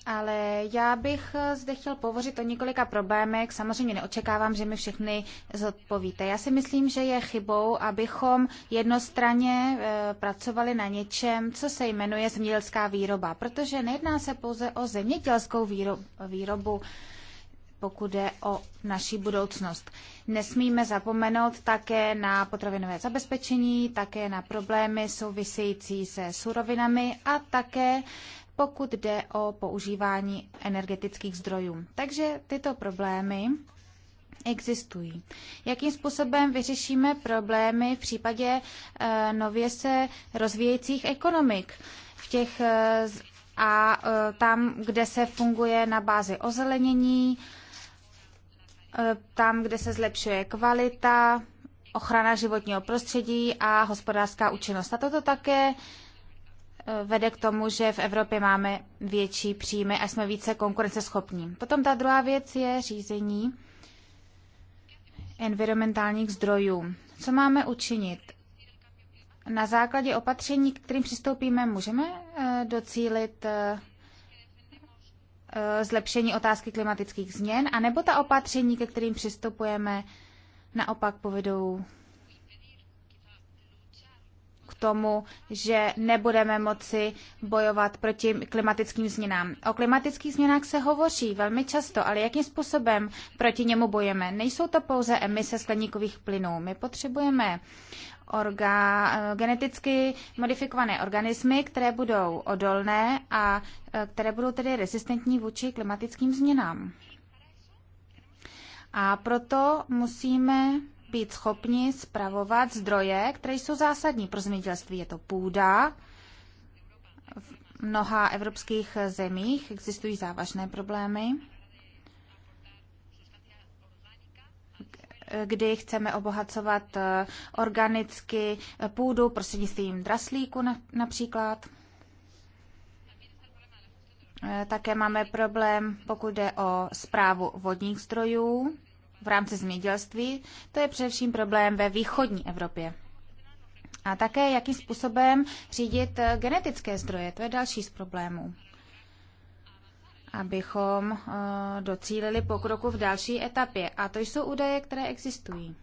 Ale já bych zde chtěl povořit o několika problémech. Samozřejmě neočekávám, že mi všechny zodpovíte. Já si myslím, že je chybou, abychom jednostranně e, pracovali na něčem, co se jmenuje zemědělská výroba, protože nejedná se pouze o zemědělskou výrobu, výrobu pokud jde o naši budoucnost. Nesmíme zapomenout také na potravinové zabezpečení, také na problémy související se surovinami a také pokud jde o používání energetických zdrojů. Takže tyto problémy existují. Jakým způsobem vyřešíme problémy v případě e, nově se rozvíjejících ekonomik? V těch e, a e, tam, kde se funguje na bázi ozelenění, e, E, tam, kde se zlepšuje kvalita, ochrana životního prostředí a hospodářská účinnost. A toto také e, vede k tomu, že v Evropě máme větší příjmy a jsme více konkurenceschopní. Potom ta druhá věc je řízení environmentálních zdrojů. Co máme učinit? Na základě opatření, kterým přistoupíme, můžeme e, docílit Eh, zlepšení otázky klimatických změn, anebo ta opatření, ke kterým přistupujeme, naopak povedou k tomu, že nebudeme moci bojovat proti klimatickým změnám. O klimatických změnách se hovoří velmi často, ale jakým způsobem proti němu bojeme? Nejsou to pouze emise skleníkových plynů. My potřebujeme orga, eh, geneticky modifikované organismy, které budou odolné a eh, které budou tedy rezistentní vůči klimatickým změnám. A proto musíme být schopni spravovat zdroje, které jsou zásadní pro zemědělství. Je to půda. V mnoha evropských zemích existují závažné problémy kdy chceme obohacovat eh, organicky eh, půdu prostřednictvím draslíku například. Eh, také máme problém, pokud jde o zprávu vodních zdrojů v rámci zemědělství. To je především problém ve východní Evropě. A také, jakým způsobem řídit genetické zdroje. To je další z problémů abychom eh, docílili pokroku v další etapě. A to jsou údaje, které existují.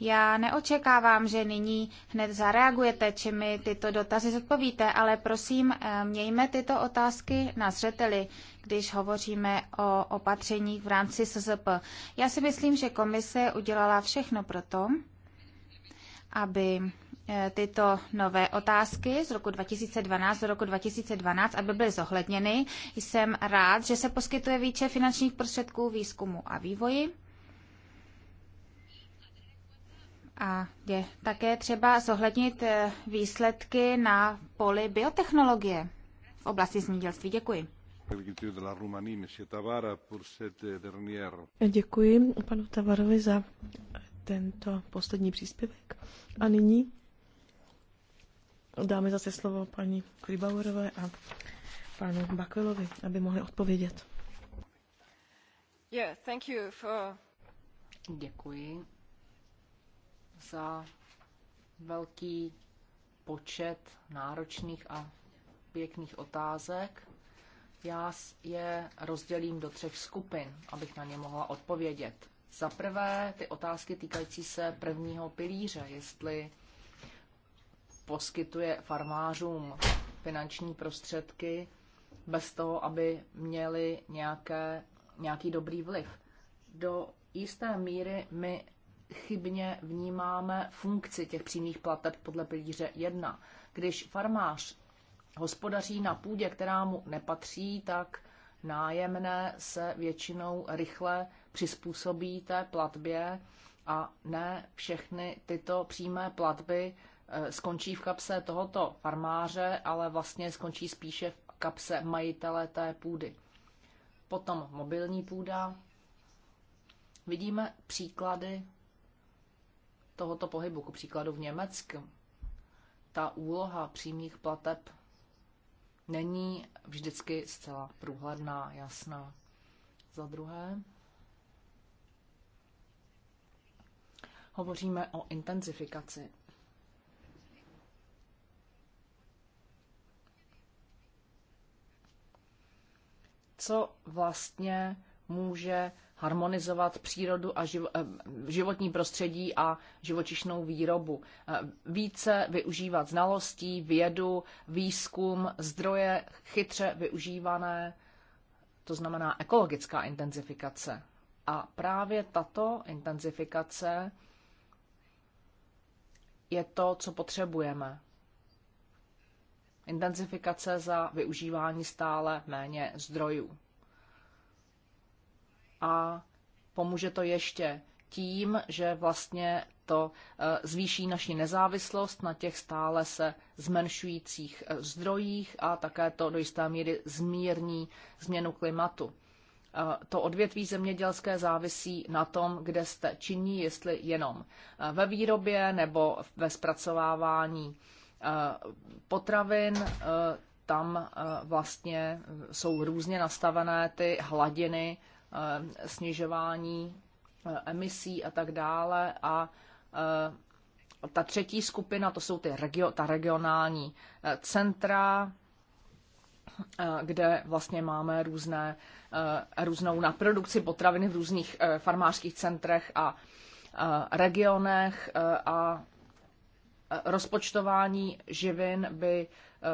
Já neočekávám, že nyní hned zareagujete, či mi tyto dotazy zodpovíte, ale prosím, eh, mějme tyto otázky na zřeteli, když hovoříme o opatřeních v rámci SZP. Já si myslím, že komise udělala všechno pro to, aby Eh, tyto nové otázky z roku 2012 do roku 2012, aby byly zohledněny. Jsem rád, že se poskytuje více finančních prostředků výzkumu a vývoji. A je také třeba zohlednit eh, výsledky na poli biotechnologie v oblasti zemědělství. Děkuji. Děkuji panu Tavarovi za tento poslední příspěvek. A nyní dáme zase slovo paní Klibauerové a panu Bakvelovi, aby mohli odpovědět. Yeah, thank you for... Děkuji za velký počet náročných a pěkných otázek. Já je rozdělím do třech skupin, abych na ně mohla odpovědět. Za prvé ty otázky týkající se prvního pilíře, jestli poskytuje farmářům finanční prostředky bez toho, aby měli nějaké, nějaký dobrý vliv. Do jisté míry my chybně vnímáme funkci těch přímých plateb podle pilíře 1. Když farmář hospodaří na půdě, která mu nepatří, tak nájemné se většinou rychle přizpůsobí té platbě a ne všechny tyto přímé platby Eh, skončí v kapse tohoto farmáře, ale vlastně skončí spíše v kapse majitele té půdy. Potom mobilní půda. Vidíme příklady tohoto pohybu, k příkladu v Německu. Ta úloha přímých plateb není vždycky zcela průhledná, jasná. Za druhé, hovoříme o intenzifikaci co vlastně může harmonizovat přírodu a eh, životní prostředí a živočišnou výrobu. Eh, více využívat znalostí, vědu, výzkum, zdroje chytře využívané, to znamená ekologická intenzifikace. A právě tato intenzifikace je to, co potřebujeme intenzifikace za využívání stále méně zdrojů. A pomůže to ještě tím, že vlastně to eh, zvýší naši nezávislost na těch stále se zmenšujících eh, zdrojích a také to do jisté míry zmírní změnu klimatu. Eh, to odvětví zemědělské závisí na tom, kde jste činní, jestli jenom ve výrobě nebo ve zpracovávání Eh, potravin, eh, tam eh, vlastně jsou různě nastavené ty hladiny snižování emisí a tak dále. A ta třetí skupina, to jsou ty regio, ta regionální centra, kde vlastně máme různé, různou produkci potraviny v různých farmářských centrech a regionech a rozpočtování živin by eh,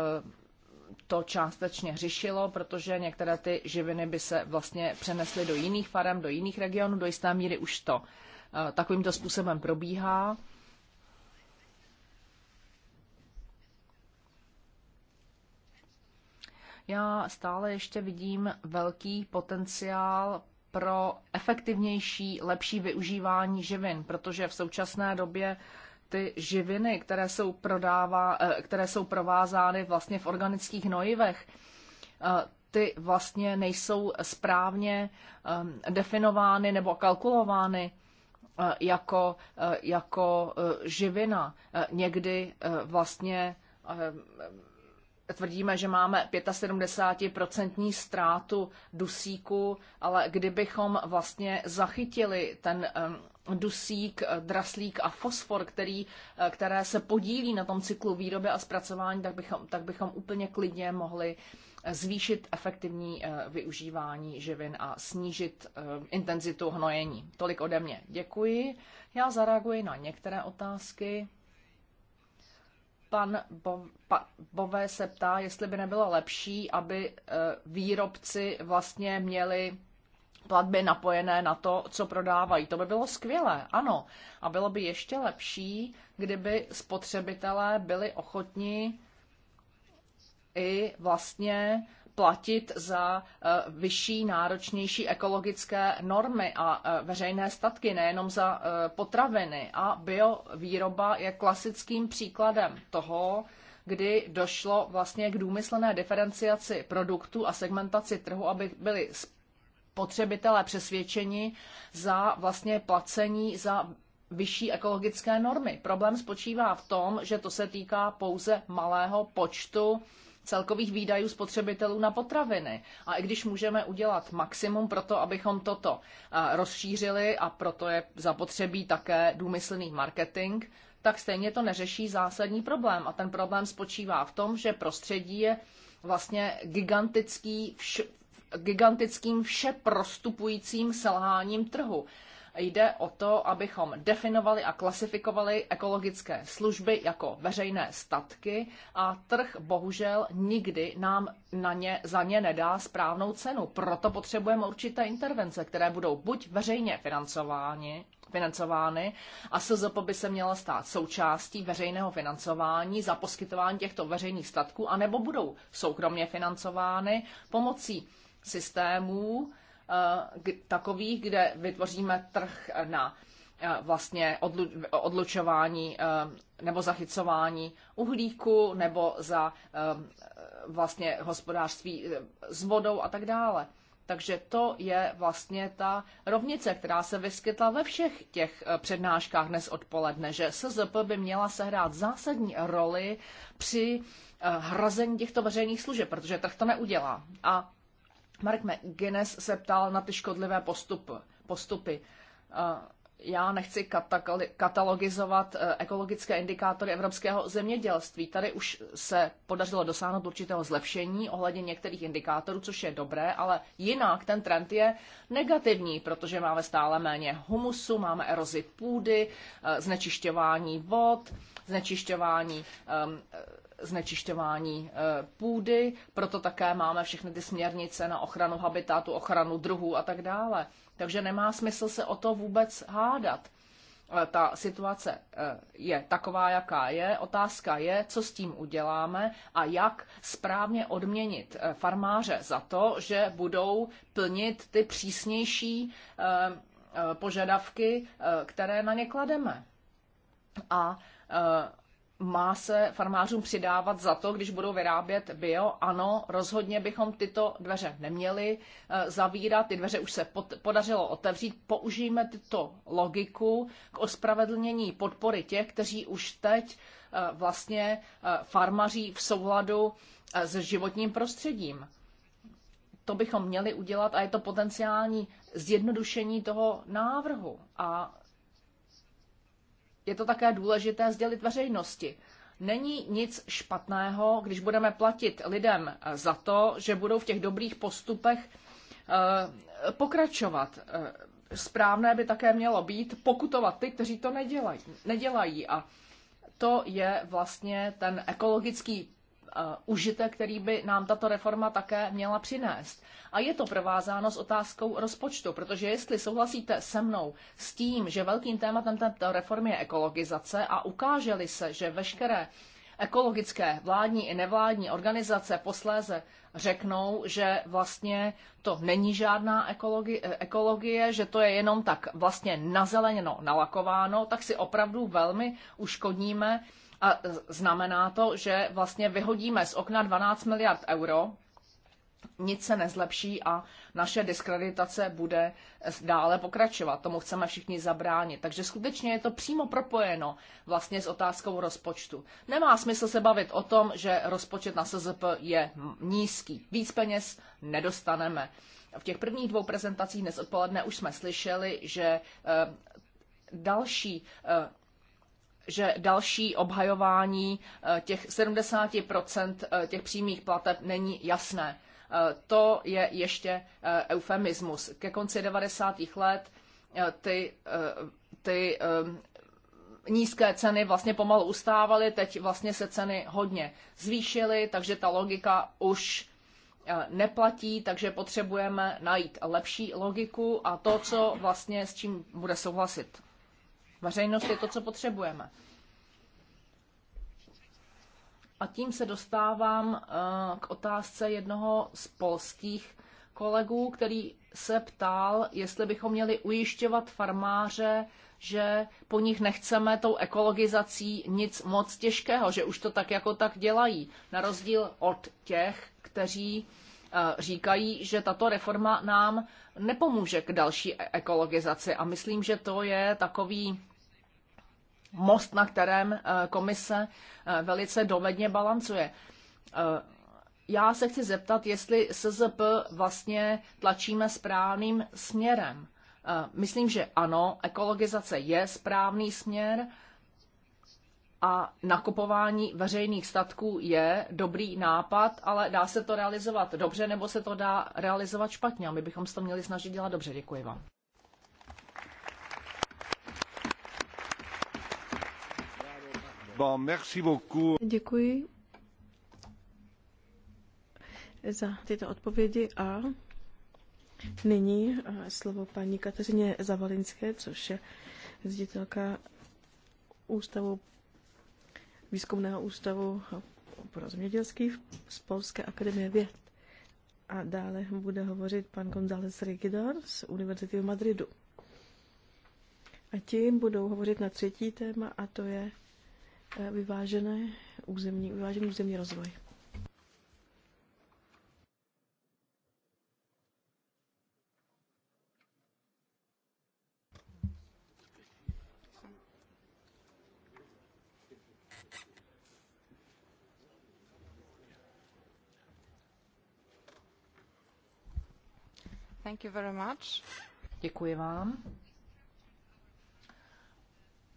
to částečně řešilo, protože některé ty živiny by se vlastně přenesly do jiných farem, do jiných regionů, do jisté míry už to eh, takovýmto způsobem probíhá. Já stále ještě vidím velký potenciál pro efektivnější, lepší využívání živin, protože v současné době uh, ty živiny, které jsou, prodává, eh, které jsou provázány vlastně v organických hnojivech, eh, ty vlastně nejsou správně eh, definovány nebo kalkulovány jako, jako živina. Někdy vlastně tvrdíme, že máme 75% ztrátu dusíku, ale kdybychom vlastně zachytili ten dusík, eh, draslík a fosfor, který, eh, které se podílí na tom cyklu výroby a zpracování, tak bychom, tak bychom úplně klidně mohli eh, zvýšit efektivní využívání živin a snížit intenzitu hnojení. Tolik ode mě. Děkuji. Já zareaguji na některé otázky. Pan Bo, pa, Bové se ptá, jestli by nebylo lepší, aby výrobci vlastně měli platby napojené na to, co prodávají. To by bylo skvělé, ano. A bylo by ještě lepší, kdyby spotřebitelé byli ochotni i vlastně platit za eh, vyšší, náročnější ekologické normy a eh, veřejné statky, nejenom za eh, potraviny. A biovýroba je klasickým příkladem toho, kdy došlo vlastně k důmyslné diferenciaci produktů a segmentaci trhu, aby byly spotřebitelé přesvědčeni za vlastně placení za vyšší ekologické normy. Problém spočívá v tom, že to se týká pouze malého počtu celkových výdajů spotřebitelů na potraviny. A i když můžeme udělat maximum pro to, abychom toto eh, rozšířili a proto je zapotřebí také důmyslný marketing, tak stejně to neřeší zásadní problém. A ten problém spočívá v tom, že prostředí je vlastně gigantický, vš- gigantickým všeprostupujícím selháním trhu. Jde o to, abychom definovali a klasifikovali ekologické služby jako veřejné statky a trh bohužel nikdy nám na ně, za ně nedá správnou cenu. Proto potřebujeme určité intervence, které budou buď veřejně financovány, financovány a SZP by se měla stát součástí veřejného financování za poskytování těchto veřejných statků, anebo budou soukromně financovány pomocí systémů, eh, takových, kde vytvoříme trh na eh, vlastně odlučování eh, nebo zachycování uhlíku nebo za vlastně hospodářství s vodou a tak dále. Takže to je vlastně ta rovnice, která se vyskytla ve všech těch přednáškách dnes odpoledne, že SZP by měla sehrát zásadní roli při hrazení těchto veřejných služeb, protože trh to neudělá. A Mark McGuinness se ptal na ty škodlivé postupy. postupy. Eh, já nechci katalogizovat eh, ekologické indikátory evropského zemědělství. Tady už se podařilo dosáhnout určitého zlepšení ohledně některých indikátorů, což je dobré, ale jinak ten trend je negativní, protože máme stále méně humusu, máme erozi půdy, eh, znečišťování vod, znečišťování um, znečišťování eh, půdy, proto také máme všechny ty směrnice na ochranu habitatu, ochranu druhů a tak dále. Takže nemá smysl se o to vůbec hádat. Eh, ta situace eh, je taková, jaká je. Otázka je, co s tím uděláme a jak správně odměnit farmáře za to, že budou plnit ty přísnější požadavky, které na ně klademe. A má se farmářům přidávat za to, když budou vyrábět bio. Ano, rozhodně bychom tyto dveře neměli eh, zavírat. Ty dveře už se podařilo otevřít. Použijeme tyto logiku k ospravedlnění podpory těch, kteří už teď eh, vlastně eh, farmaří v souladu s životním prostředím. To bychom měli udělat a je to potenciální zjednodušení toho návrhu. A je to také důležité sdělit veřejnosti. Není nic špatného, když budeme platit lidem eh, za to, že budou v těch dobrých postupech eh, pokračovat. Eh, správné by také mělo být pokutovat ty, kteří to nedělají. nedělají. A to je vlastně ten ekologický Eh, užitek, který by nám tato reforma také měla přinést. A je to provázáno s otázkou rozpočtu, protože jestli souhlasíte se mnou s tím, že velkým tématem této reformy je ekologizace a ukáželi se, že veškeré ekologické vládní i nevládní organizace posléze řeknou, že vlastně to není žádná ekologi- ekologie, že to je jenom tak vlastně nazeleněno, nalakováno, tak si opravdu velmi uškodníme a znamená to, že vlastně vyhodíme z okna 12 miliard euro, nic se nezlepší a naše diskreditace bude dále pokračovat. Tomu chceme všichni zabránit. Takže skutečně je to přímo propojeno vlastně s otázkou rozpočtu. Nemá smysl se bavit o tom, že rozpočet na SZP je nízký. Víc peněz nedostaneme. V těch prvních dvou prezentacích dnes odpoledne už jsme slyšeli, že eh, další eh, že další obhajování eh, těch 70 eh, těch přímých plateb není jasné. Eh, to je ještě eufemismus. Ke konci 90. let ty, ty nízké ceny vlastně pomalu ustávaly, teď vlastně se ceny hodně zvýšily, takže ta logika už neplatí, takže potřebujeme najít lepší logiku a to, co vlastně s čím bude souhlasit Vařejnost je to, co potřebujeme. A tím se dostávám eh, k otázce jednoho z polských kolegů, který se ptal, jestli bychom měli ujišťovat farmáře, že po nich nechceme tou ekologizací nic moc těžkého, že už to tak jako tak dělají, na rozdíl od těch, kteří eh, říkají, že tato reforma nám nepomůže k další ekologizaci. A myslím, že to je takový most, na kterém eh, komise eh, velice dovedně balancuje. Eh, já se chci zeptat, jestli SZP vlastně tlačíme správným směrem. Myslím, že ano, ekologizace je správný směr a nakupování veřejných statků je dobrý nápad, ale dá se to realizovat dobře nebo se to dá realizovat špatně a my bychom se to měli snažit dělat dobře. Děkuji vám. Děkuji za tyto odpovědi a nyní eh, slovo paní Kateřině Zavalinské, což je ředitelka ústavu výzkumného ústavu pro zemědělský z Polské akademie věd. A dále bude hovořit pan González Rigidor z Univerzity v Madridu. A ti budou hovořit na třetí téma, a to je E, vyvážené územní, vyvážený územní rozvoj. Thank you very much. Děkuji vám.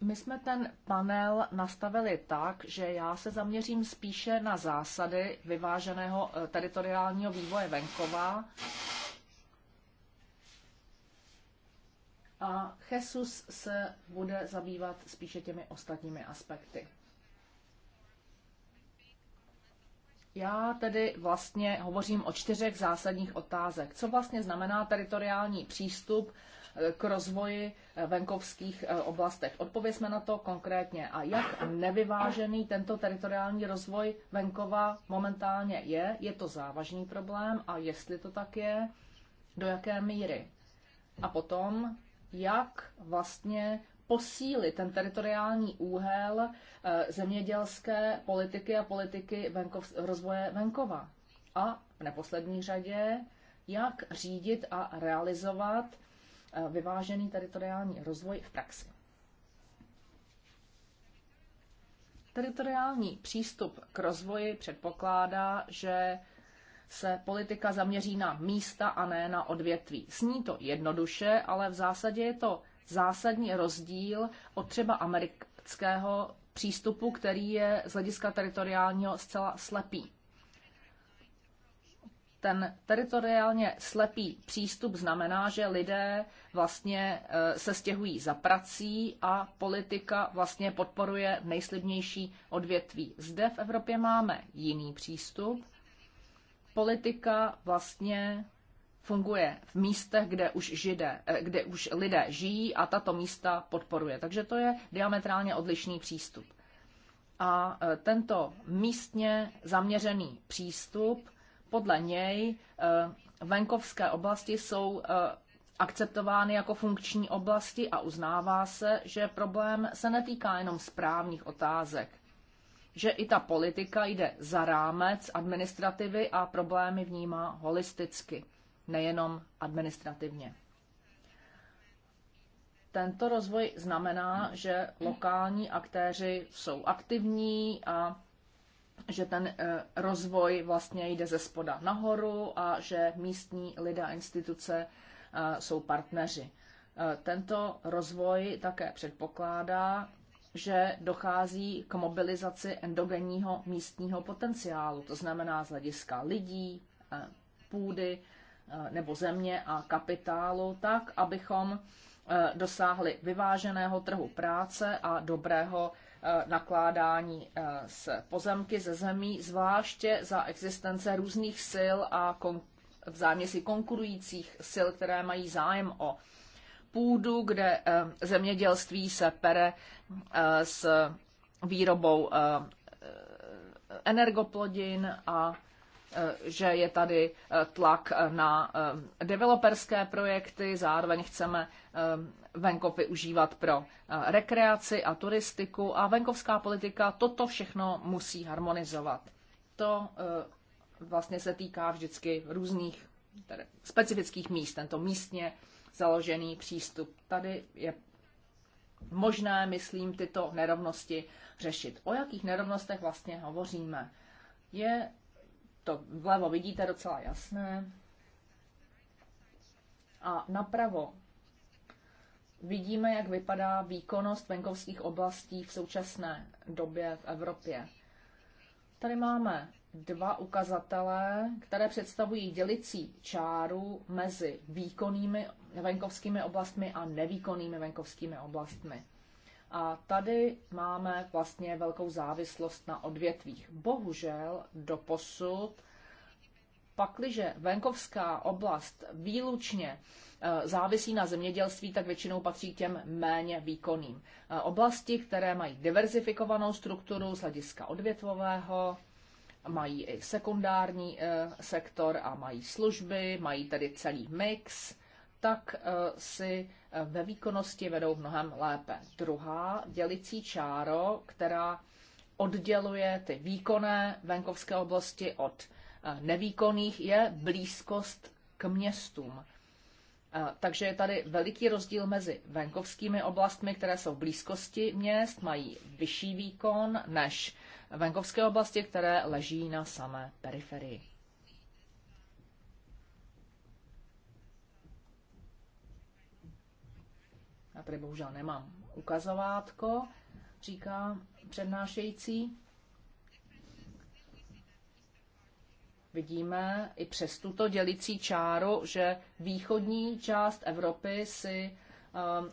My jsme ten panel nastavili tak, že já se zaměřím spíše na zásady vyváženého eh, teritoriálního vývoje venkova. A Jesus se bude zabývat spíše těmi ostatními aspekty. Já tedy vlastně hovořím o čtyřech zásadních otázek. Co vlastně znamená teritoriální přístup k rozvoji venkovských eh, oblastech. Odpovězme na to konkrétně. A jak nevyvážený tento teritoriální rozvoj venkova momentálně je? Je to závažný problém a jestli to tak je, do jaké míry? A potom, jak vlastně posílit ten teritoriální úhel eh, zemědělské politiky a politiky venkov, rozvoje venkova. A v neposlední řadě, jak řídit a realizovat Eh, vyvážený teritoriální rozvoj v praxi. Teritoriální přístup k rozvoji předpokládá, že se politika zaměří na místa a ne na odvětví. Sní to jednoduše, ale v zásadě je to zásadní rozdíl od třeba amerického přístupu, který je z hlediska teritoriálního zcela slepý ten teritoriálně slepý přístup znamená, že lidé vlastně e, se stěhují za prací a politika vlastně podporuje nejslibnější odvětví. Zde v Evropě máme jiný přístup. Politika vlastně funguje v místech, kde už, žide, kde už lidé žijí a tato místa podporuje. Takže to je diametrálně odlišný přístup. A e, tento místně zaměřený přístup podle něj eh, venkovské oblasti jsou eh, akceptovány jako funkční oblasti a uznává se, že problém se netýká jenom správních otázek, že i ta politika jde za rámec administrativy a problémy vnímá holisticky, nejenom administrativně. Tento rozvoj znamená, že lokální aktéři jsou aktivní a že ten eh, rozvoj vlastně jde ze spoda nahoru a že místní lidé a instituce eh, jsou partneři. Eh, tento rozvoj také předpokládá, že dochází k mobilizaci endogenního místního potenciálu, to znamená z hlediska lidí, půdy nebo země a kapitálu, tak, abychom dosáhli vyváženého trhu práce a dobrého Eh, nakládání eh, s pozemky ze zemí, zvláště za existence různých sil a vzájemně si konkurujících sil, které mají zájem o půdu, kde eh, zemědělství se pere s výrobou energoplodin a že je tady tlak na developerské projekty, zároveň chceme venkov využívat pro eh, rekreaci a turistiku a venkovská politika toto všechno musí harmonizovat. To eh, vlastně se týká vždycky různých tedy specifických míst, tento místně založený přístup. Tady je možné, myslím, tyto nerovnosti řešit. O jakých nerovnostech vlastně hovoříme? Je to vlevo vidíte docela jasné. A napravo vidíme, jak vypadá výkonnost venkovských oblastí v současné době v Evropě. Tady máme dva ukazatele, které představují dělicí čáru mezi výkonnými venkovskými oblastmi a nevýkonnými venkovskými oblastmi. A tady máme vlastně velkou závislost na odvětvích. Bohužel do posud pakliže venkovská oblast výlučně e, závisí na zemědělství, tak většinou patří k těm méně výkonným. E, oblasti, které mají diverzifikovanou strukturu z hlediska odvětvového, mají i sekundární e, sektor a mají služby, mají tedy celý mix, tak si ve výkonnosti vedou mnohem lépe. Druhá dělicí čáro, která odděluje ty výkonné venkovské oblasti od nevýkonných je blízkost k městům. Takže je tady veliký rozdíl mezi venkovskými oblastmi, které jsou v blízkosti měst, mají vyšší výkon než venkovské oblasti, které leží na samé periferii. Já tady bohužel nemám ukazovátko, říká přednášející. Vidíme i přes tuto dělicí čáru, že východní část Evropy si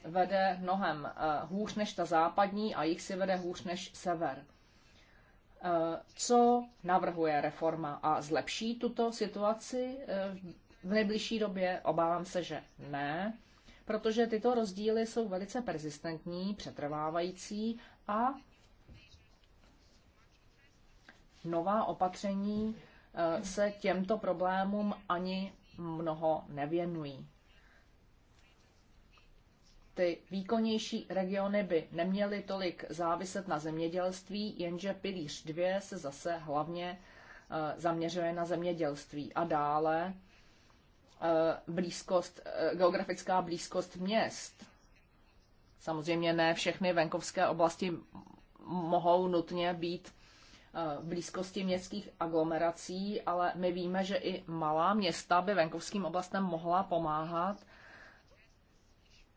um, vede mnohem uh, hůř než ta západní a jich si vede hůř než sever. Uh, co navrhuje reforma a zlepší tuto situaci uh, v nejbližší době? Obávám se, že ne, protože tyto rozdíly jsou velice persistentní, přetrvávající a nová opatření Eh, se těmto problémům ani mnoho nevěnují. Ty výkonnější regiony by neměly tolik záviset na zemědělství, jenže pilíř 2 se zase hlavně eh, zaměřuje na zemědělství. A dále eh, blízkost, geografická blízkost měst. Samozřejmě ne všechny venkovské oblasti mohou nutně být v eh, blízkosti městských aglomerací, ale my víme, že i malá města by venkovským oblastem mohla pomáhat,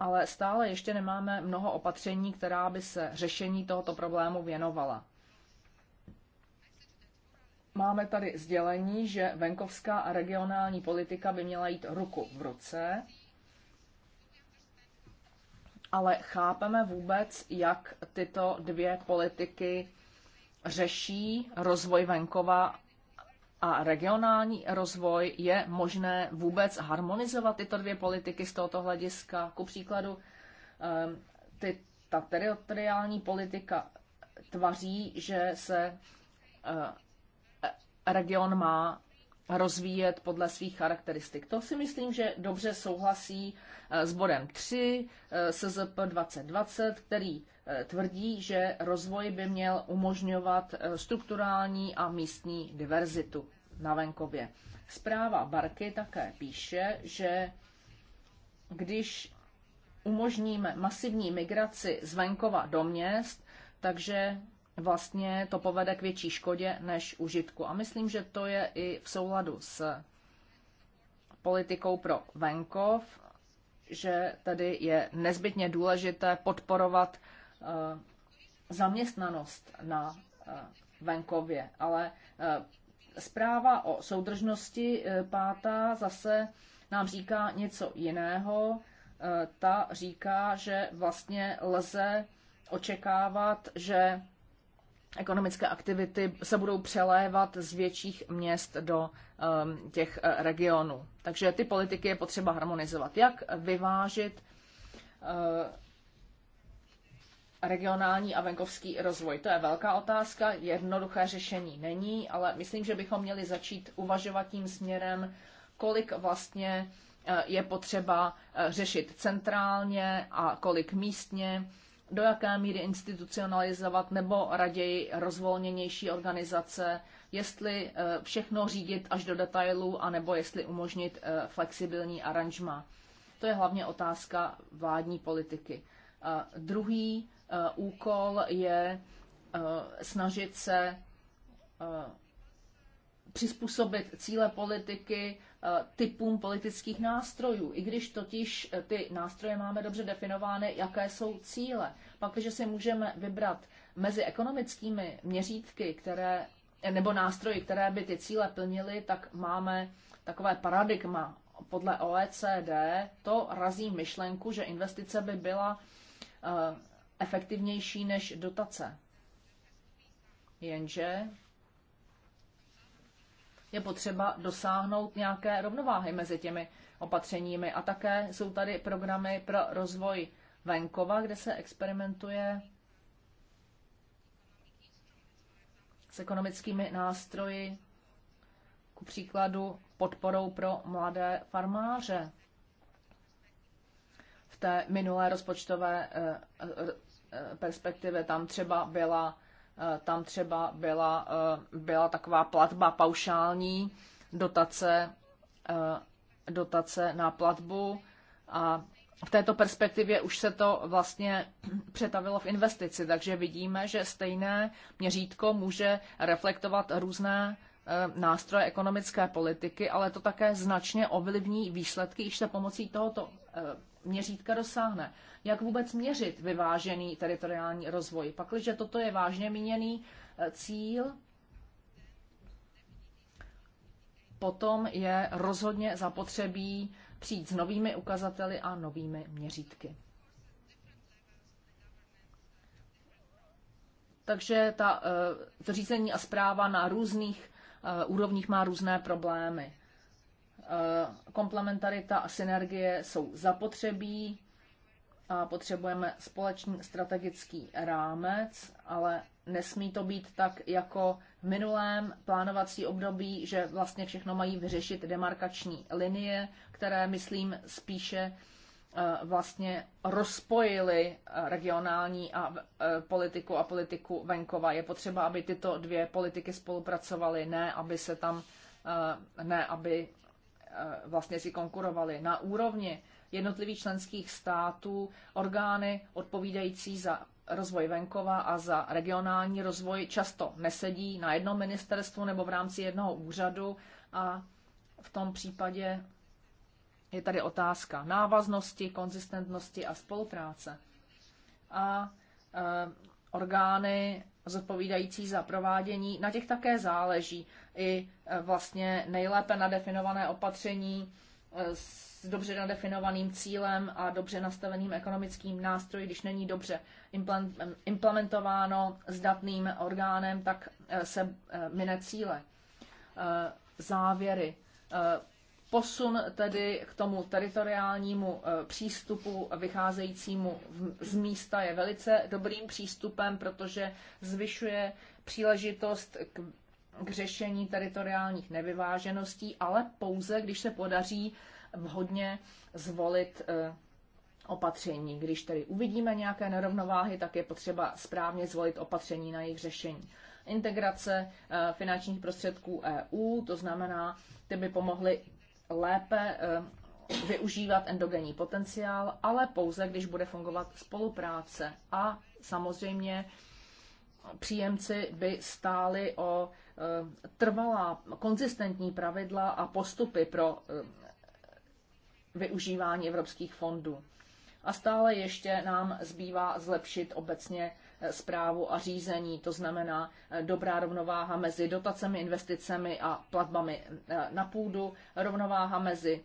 ale stále ještě nemáme mnoho opatření, která by se řešení tohoto problému věnovala. Máme tady sdělení, že venkovská a regionální politika by měla jít ruku v ruce, ale chápeme vůbec, jak tyto dvě politiky řeší rozvoj venkova a regionální rozvoj, je možné vůbec harmonizovat tyto dvě politiky z tohoto hlediska. Ku příkladu, ehm, ty, ta teritoriální politika tvaří, že se eh, region má rozvíjet podle svých charakteristik. To si myslím, že dobře souhlasí eh, s bodem 3 SZP 2020, který Eh, tvrdí, že rozvoj by měl umožňovat eh, strukturální a místní diverzitu na venkově. Zpráva Barky také píše, že když umožníme masivní migraci z venkova do měst, takže vlastně to povede k větší škodě než užitku. A myslím, že to je i v souladu s politikou pro venkov, že tady je nezbytně důležité podporovat Eh, zaměstnanost na eh, venkově, ale eh, zpráva o soudržnosti pátá zase nám říká něco jiného. Ta říká, že vlastně lze očekávat, že ekonomické aktivity se budou přelévat z větších měst do těch regionů. Takže ty politiky je potřeba harmonizovat. Jak vyvážit regionální a venkovský rozvoj. To je velká otázka, jednoduché řešení není, ale myslím, že bychom měli začít uvažovat tím směrem, kolik vlastně eh, je potřeba eh, řešit centrálně a kolik místně, do jaké míry institucionalizovat nebo raději rozvolněnější organizace, jestli eh, všechno řídit až do detailů, anebo jestli umožnit flexibilní aranžma. To je hlavně otázka vládní politiky. Druhý Eh, úkol je eh, snažit se eh, přizpůsobit cíle politiky typům politických nástrojů, i když totiž ty nástroje máme dobře definovány, jaké jsou cíle. Pak, když si můžeme vybrat mezi ekonomickými měřítky, které, nebo nástroji, které by ty cíle plnily, tak máme takové paradigma podle OECD. To razí myšlenku, že investice by byla efektivnější než dotace. Jenže je potřeba dosáhnout nějaké rovnováhy mezi těmi opatřeními. A také jsou tady programy pro rozvoj venkova, kde se experimentuje s ekonomickými nástroji, ku příkladu podporou pro mladé farmáře. V té minulé rozpočtové eh, Eh, perspektive tam třeba byla, eh, tam třeba byla, eh, byla taková platba paušální, dotace, dotace na platbu a v této perspektivě už se to vlastně přetavilo v investici, takže vidíme, že stejné měřítko může reflektovat různé nástroje ekonomické politiky, ale to také značně ovlivní výsledky, již se pomocí tohoto měřítka dosáhne. Jak vůbec měřit vyvážený teritoriální rozvoj? Pakliže toto je vážně míněný eh, cíl, potom je rozhodně zapotřebí přijít s novými ukazateli a novými měřítky. Takže ta, eh, to řízení a zpráva na různých eh, úrovních má různé problémy. Eh, komplementarita a synergie jsou zapotřebí a potřebujeme společný strategický rámec, ale nesmí to být tak jako v minulém plánovací období, že vlastně všechno mají vyřešit demarkační linie, které, myslím, spíše eh, vlastně rozpojily regionální a eh, politiku a politiku venkova. Je potřeba, aby tyto dvě politiky spolupracovaly, ne aby se tam ne aby Eh, vlastně si konkurovali. Na úrovni jednotlivých členských států orgány odpovídající za rozvoj venkova a za regionální rozvoj často nesedí na jednom ministerstvu nebo v rámci jednoho úřadu a v tom případě je tady otázka návaznosti, konzistentnosti a spolupráce. A e, orgány zodpovídající za provádění, na těch také záleží. I e, vlastně nejlépe nadefinované opatření e, s dobře nadefinovaným cílem a dobře nastaveným ekonomickým nástroji, když není dobře implementováno zdatným orgánem, tak e, se mine cíle. Závěry posun tedy k tomu teritoriálnímu e, přístupu vycházejícímu z místa je velice dobrým přístupem, protože zvyšuje příležitost k, k řešení teritoriálních nevyvážeností, ale pouze, když se podaří vhodně zvolit e, opatření. Když tedy uvidíme nějaké nerovnováhy, tak je potřeba správně zvolit opatření na jejich řešení. Integrace e, finančních prostředků EU, to znamená, ty by pomohly lépe eh, využívat endogenní potenciál, ale pouze, když bude fungovat spolupráce. A samozřejmě příjemci by stáli o eh, trvalá, konzistentní pravidla a postupy pro eh, využívání evropských fondů. A stále ještě nám zbývá zlepšit obecně zprávu a řízení, to znamená eh, dobrá rovnováha mezi dotacemi, investicemi a platbami eh, na půdu, rovnováha mezi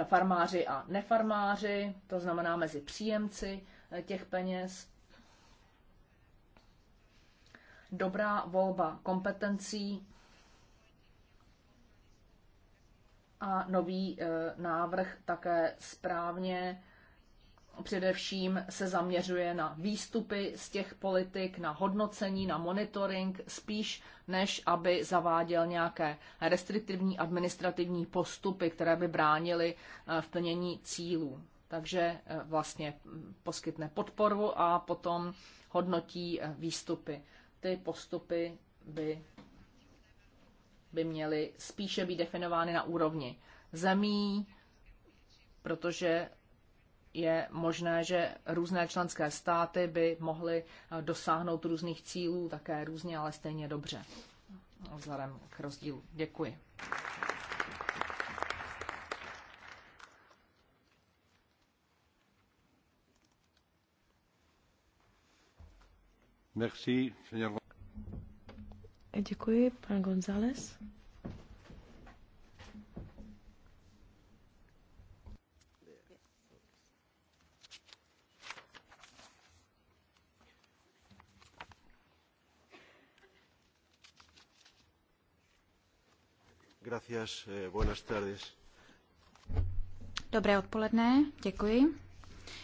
eh, farmáři a nefarmáři, to znamená mezi příjemci těch peněz, dobrá volba kompetencí a nový návrh také správně především se zaměřuje na výstupy z těch politik, na hodnocení, na monitoring, spíš než aby zaváděl nějaké restriktivní administrativní postupy, které by bránily eh, v plnění cílů. Takže eh, vlastně mm, poskytne podporu a potom hodnotí eh, výstupy. Ty postupy by, by měly spíše být definovány na úrovni zemí, protože je možné, že různé členské státy by mohly eh, dosáhnout různých cílů také různě, ale stejně dobře. Vzhledem k rozdílu. Děkuji. Merci, Děkuji, pan González. Eh, Dobré odpoledne, děkuji.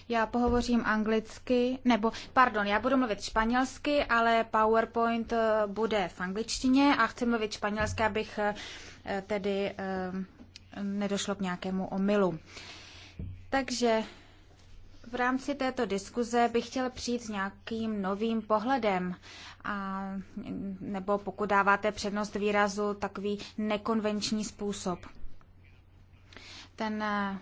Já pohovořím anglicky, nebo, pardon, já budu mluvit španělsky, ale PowerPoint eh, bude v angličtině a chci mluvit španělsky, abych eh, tedy nedošlo k nějakému omylu. Takže v rámci této diskuze bych chtěl přijít s nějakým novým pohledem, a, nebo pokud dáváte přednost výrazu, takový nekonvenční způsob. Ten eh,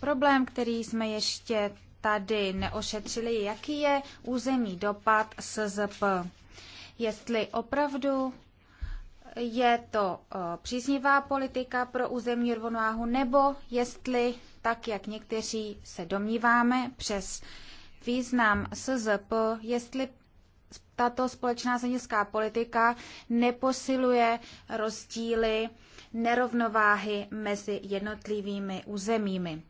problém, který jsme ještě tady neošetřili, jaký je územní dopad SZP. Jestli opravdu je to eh, příznivá politika pro územní rovnováhu, nebo jestli tak jak někteří se domníváme, přes význam SZP, jestli tato společná zeměská politika neposiluje rozdíly, nerovnováhy mezi jednotlivými územími.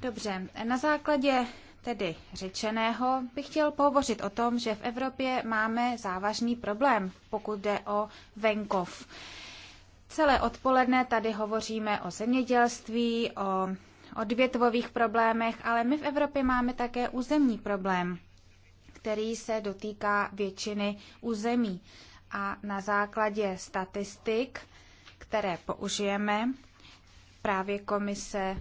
Dobře, na základě tedy řečeného bych chtěl pohovořit o tom, že v Evropě máme závažný problém, pokud jde o venkov. Celé odpoledne tady hovoříme o zemědělství, o odvětvových problémech, ale my v Evropě máme také územní problém, který se dotýká většiny území. A na základě statistik, které použijeme, právě komise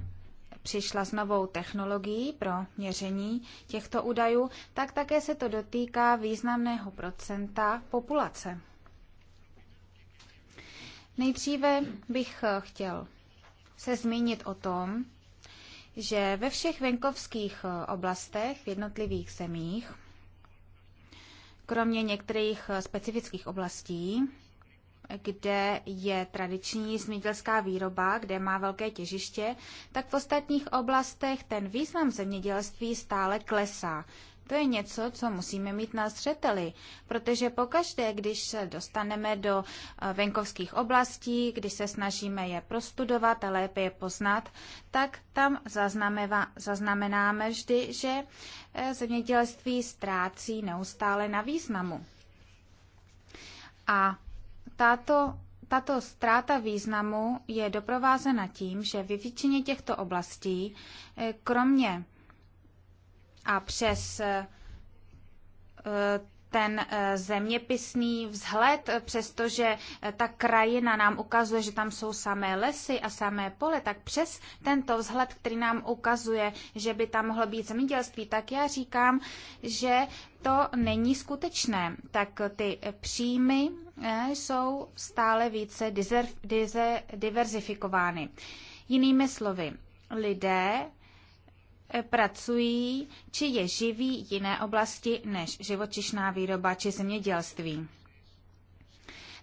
přišla s novou technologií pro měření těchto údajů, tak také se to dotýká významného procenta populace. Nejdříve bych chtěl se zmínit o tom, že ve všech venkovských eh, oblastech v jednotlivých zemích, kromě některých eh, specifických oblastí, kde je tradiční zemědělská výroba, kde má velké těžiště, tak v ostatních oblastech ten význam zemědělství stále klesá. To je něco, co musíme mít na zřeteli, protože pokaždé, když se dostaneme do eh, venkovských oblastí, když se snažíme je prostudovat a lépe je poznat, tak tam zaznamenáme vždy, že eh, zemědělství ztrácí neustále na významu. A tato tato ztráta významu je doprovázena tím, že ve většině těchto oblastí, eh, kromě a přes eh, ten eh, zeměpisný vzhled, eh, přestože ta krajina nám ukazuje, že tam jsou samé lesy a samé pole, tak přes tento vzhled, který nám ukazuje, že by tam mohlo být zemědělství, tak já říkám, že to není skutečné. Tak ty příjmy jsou stále více diverzifikovány. Jinými slovy, lidé pracují či je živí jiné oblasti než živočišná výroba či zemědělství.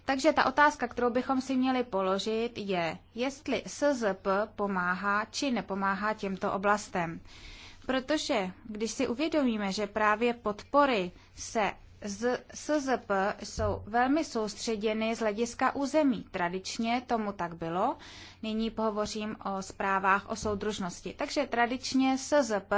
Takže ta otázka, kterou bychom si měli položit, je, jestli SZP pomáhá či nepomáhá těmto oblastem. Protože když si uvědomíme, že právě podpory se z SZP jsou velmi soustředěny z hlediska území. Tradičně tomu tak bylo. Nyní pohovořím o zprávách o soudružnosti. Takže tradičně SZP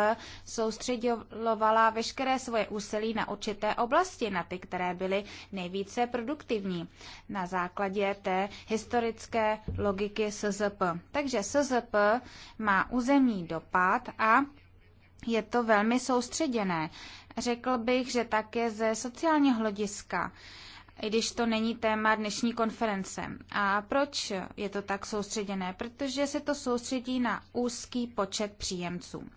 soustředilovala veškeré svoje úsilí na určité oblasti, na ty, které byly nejvíce produktivní na základě té historické logiky SZP. Takže SZP má územní dopad a je to velmi soustředěné. Řekl bych, že také ze sociálního hlediska, i když to není téma dnešní konference. A proč je to tak soustředěné? Protože se to soustředí na úzký počet příjemců.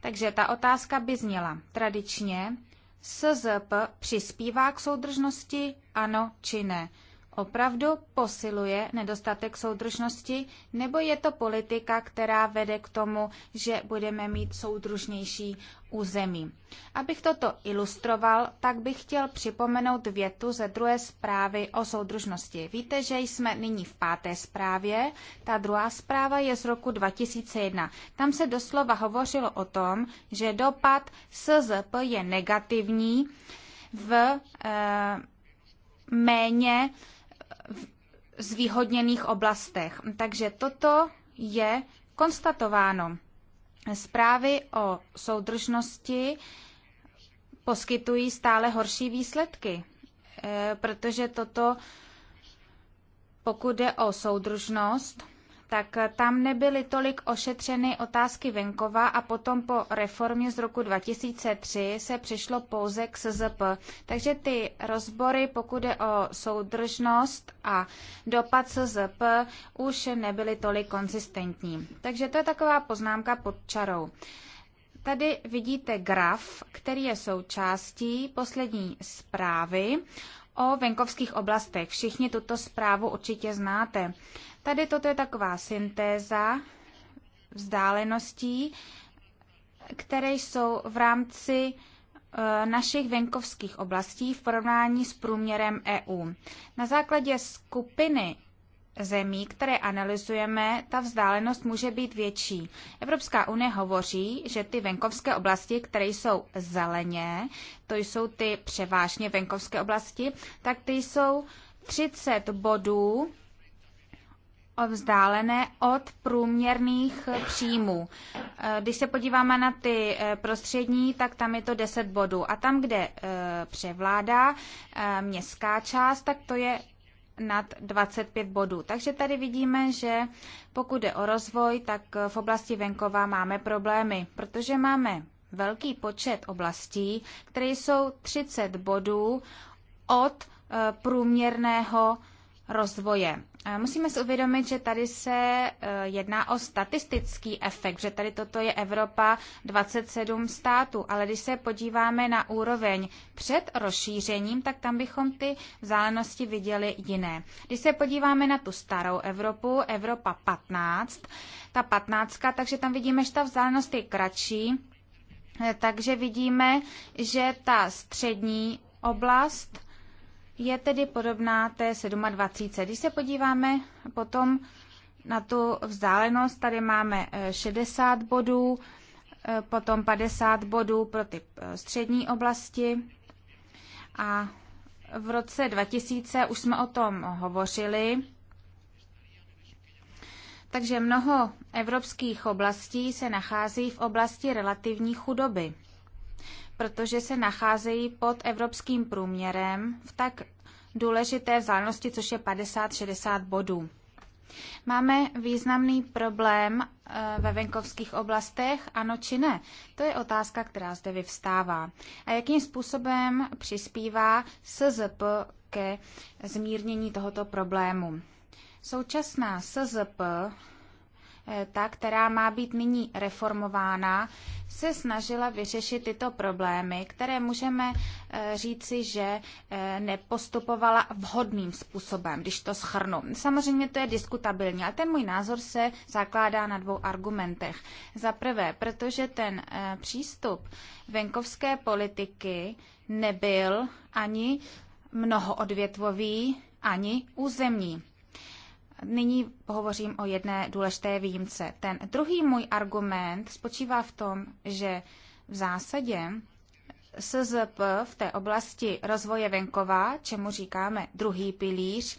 Takže ta otázka by zněla tradičně, SZP přispívá k soudržnosti, ano či ne? opravdu posiluje nedostatek soudržnosti, nebo je to politika, která vede k tomu, že budeme mít soudružnější území. Abych toto ilustroval, tak bych chtěl připomenout větu ze druhé zprávy o soudružnosti. Víte, že jsme nyní v páté zprávě, ta druhá zpráva je z roku 2001. Tam se doslova hovořilo o tom, že dopad SZP je negativní v e, méně zvýhodněných oblastech. Takže toto je konstatováno. Zprávy o soudržnosti poskytují stále horší výsledky, e, protože toto, pokud jde o soudržnost, tak tam nebyly tolik ošetřeny otázky venkova a potom po reformě z roku 2003 se přišlo pouze k SZP. Takže ty rozbory, pokud je o soudržnost a dopad SZP, už nebyly tolik konzistentní. Takže to je taková poznámka pod čarou. Tady vidíte graf, který je součástí poslední zprávy o venkovských oblastech. Všichni tuto zprávu určitě znáte. Tady toto je taková syntéza vzdáleností, které jsou v rámci e, našich venkovských oblastí v porovnání s průměrem EU. Na základě skupiny zemí, které analyzujeme, ta vzdálenost může být větší. Evropská unie hovoří, že ty venkovské oblasti, které jsou zeleně, to jsou ty převážně venkovské oblasti, tak ty jsou 30 bodů vzdálené od průměrných příjmů. Eh, když se podíváme na ty eh, prostřední, tak tam je to 10 bodů. A tam, kde eh, převládá městská část, tak to je nad 25 bodů. Takže tady vidíme, že pokud jde o rozvoj, tak v oblasti venkova máme problémy, protože máme velký počet oblastí, které jsou 30 bodů od průměrného rozvoje. Musíme si uvědomit, že tady se e, jedná o statistický efekt, že tady toto je Evropa 27 států, ale když se podíváme na úroveň před rozšířením, tak tam bychom ty vzdálenosti viděli jiné. Když se podíváme na tu starou Evropu, Evropa 15, ta 15, takže tam vidíme, že ta vzdálenost je kratší, e, takže vidíme, že ta střední oblast je tedy podobná té 27. Když se podíváme potom na tu vzdálenost, tady máme 60 eh, bodů, eh, potom 50 bodů pro ty eh, střední oblasti a v roce 2000 už jsme o tom hovořili. Takže mnoho evropských oblastí se nachází v oblasti relativní chudoby protože se nacházejí pod evropským průměrem v tak důležité vzdálenosti, což je 50-60 bodů. Máme významný problém eh, ve venkovských oblastech, ano či ne? To je otázka, která zde vyvstává. A jakým způsobem přispívá SZP ke zmírnění tohoto problému? Současná SZP Eh, ta, která má být nyní reformována, se snažila vyřešit tyto problémy, které můžeme eh, říci, že eh, nepostupovala vhodným způsobem, když to schrnu. Samozřejmě to je diskutabilní, ale ten můj názor se zakládá na dvou argumentech. Za prvé, protože ten přístup venkovské politiky nebyl ani mnohoodvětvový, ani územní nyní pohovořím o jedné důležité výjimce. Ten druhý můj argument spočívá v tom, že v zásadě SZP v té oblasti rozvoje venkova, čemu říkáme druhý pilíř,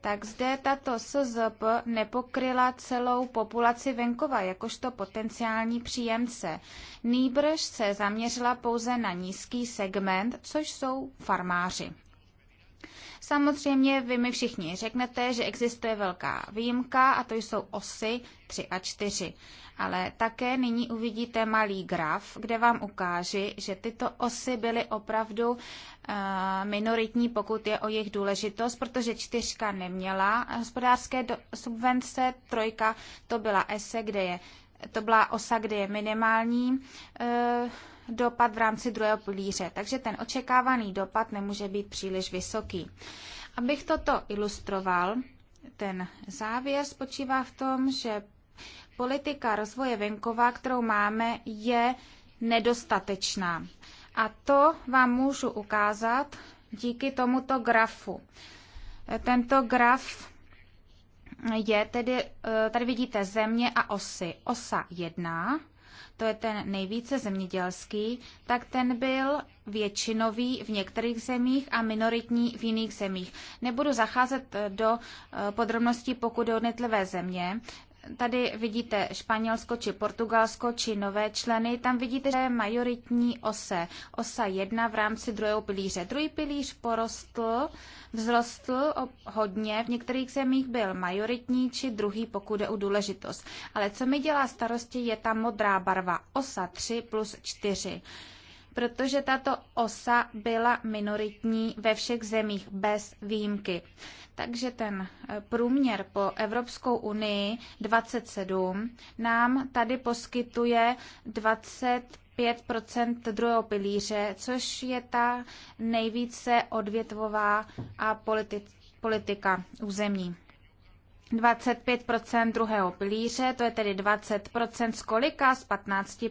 tak zde tato SZP nepokryla celou populaci venkova jakožto potenciální příjemce. Nýbrž se zaměřila pouze na nízký segment, což jsou farmáři. Samozřejmě vy mi všichni řeknete, že existuje velká výjimka a to jsou osy 3 a 4. Ale také nyní uvidíte malý graf, kde vám ukáži, že tyto osy byly opravdu eh, minoritní, pokud je o jejich důležitost, protože čtyřka neměla hospodářské subvence, trojka to byla ESE, kde je to byla osa, kde je minimální eh, dopad v rámci druhého pilíře, takže ten očekávaný dopad nemůže být příliš vysoký. Abych toto ilustroval, ten závěr spočívá v tom, že politika rozvoje venkova, kterou máme, je nedostatečná. A to vám můžu ukázat díky tomuto grafu. Tento graf je tedy, eh, tady vidíte země a osy. Osa 1 to je ten nejvíce zemědělský, tak ten byl většinový v některých zemích a minoritní v jiných zemích. Nebudu zacházet eh, do eh, podrobností, pokud je jednotlivé země tady vidíte Španělsko či Portugalsko či nové členy, tam vidíte, že je majoritní ose. Osa jedna v rámci druhého pilíře. Druhý pilíř porostl, vzrostl hodně, v některých zemích byl majoritní či druhý, pokud je u důležitost. Ale co mi dělá starosti, je ta modrá barva. Osa 3 plus 4 protože tato osa byla minoritní ve všech zemích bez výjimky. Takže ten eh, průměr po Evropskou unii 27 nám tady poskytuje 20 5 druhého pilíře, což je ta nejvíce odvětvová a politi- politika území. 25 druhého pilíře, to je tedy 20 z kolika? Z 15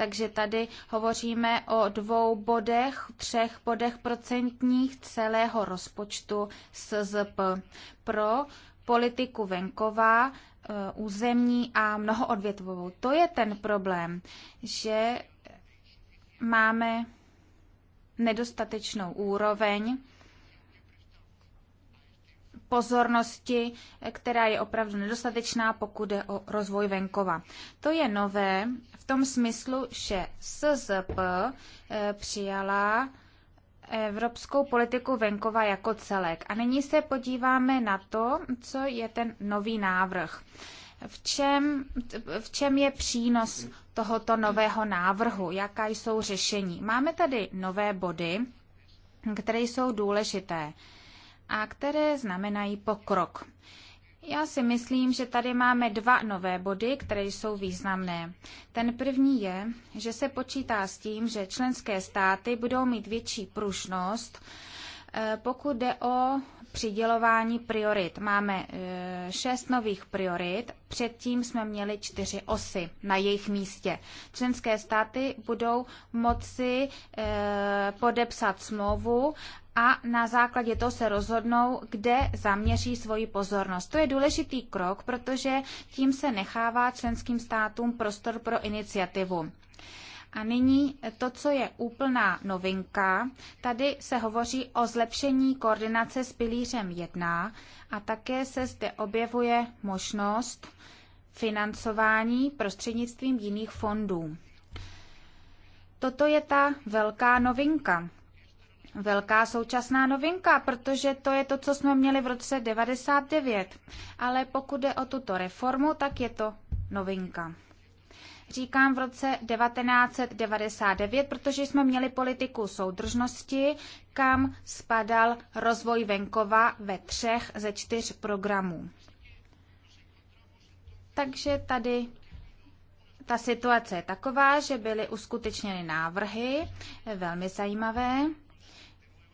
takže tady hovoříme o dvou bodech, třech bodech procentních celého rozpočtu SZP pro politiku venková, eh, územní a mnohoodvětvovou. To je ten problém, že máme nedostatečnou úroveň pozornosti, která je opravdu nedostatečná, pokud jde o rozvoj venkova. To je nové v tom smyslu, že SZP eh, přijala evropskou politiku venkova jako celek. A nyní se podíváme na to, co je ten nový návrh. V čem, v čem je přínos tohoto nového návrhu? Jaká jsou řešení? Máme tady nové body, které jsou důležité a které znamenají pokrok. Já si myslím, že tady máme dva nové body, které jsou významné. Ten první je, že se počítá s tím, že členské státy budou mít větší pružnost, eh, pokud jde o přidělování priorit. Máme e, šest nových priorit, předtím jsme měli čtyři osy na jejich místě. Členské státy budou moci e, podepsat smlouvu a na základě toho se rozhodnou, kde zaměří svoji pozornost. To je důležitý krok, protože tím se nechává členským státům prostor pro iniciativu. A nyní to, co je úplná novinka. Tady se hovoří o zlepšení koordinace s pilířem 1 a také se zde objevuje možnost financování prostřednictvím jiných fondů. Toto je ta velká novinka. Velká současná novinka, protože to je to, co jsme měli v roce 99. Ale pokud jde o tuto reformu, tak je to novinka. Říkám v roce 1999, protože jsme měli politiku soudržnosti, kam spadal rozvoj venkova ve třech ze čtyř programů. Takže tady ta situace je taková, že byly uskutečněny návrhy, velmi zajímavé,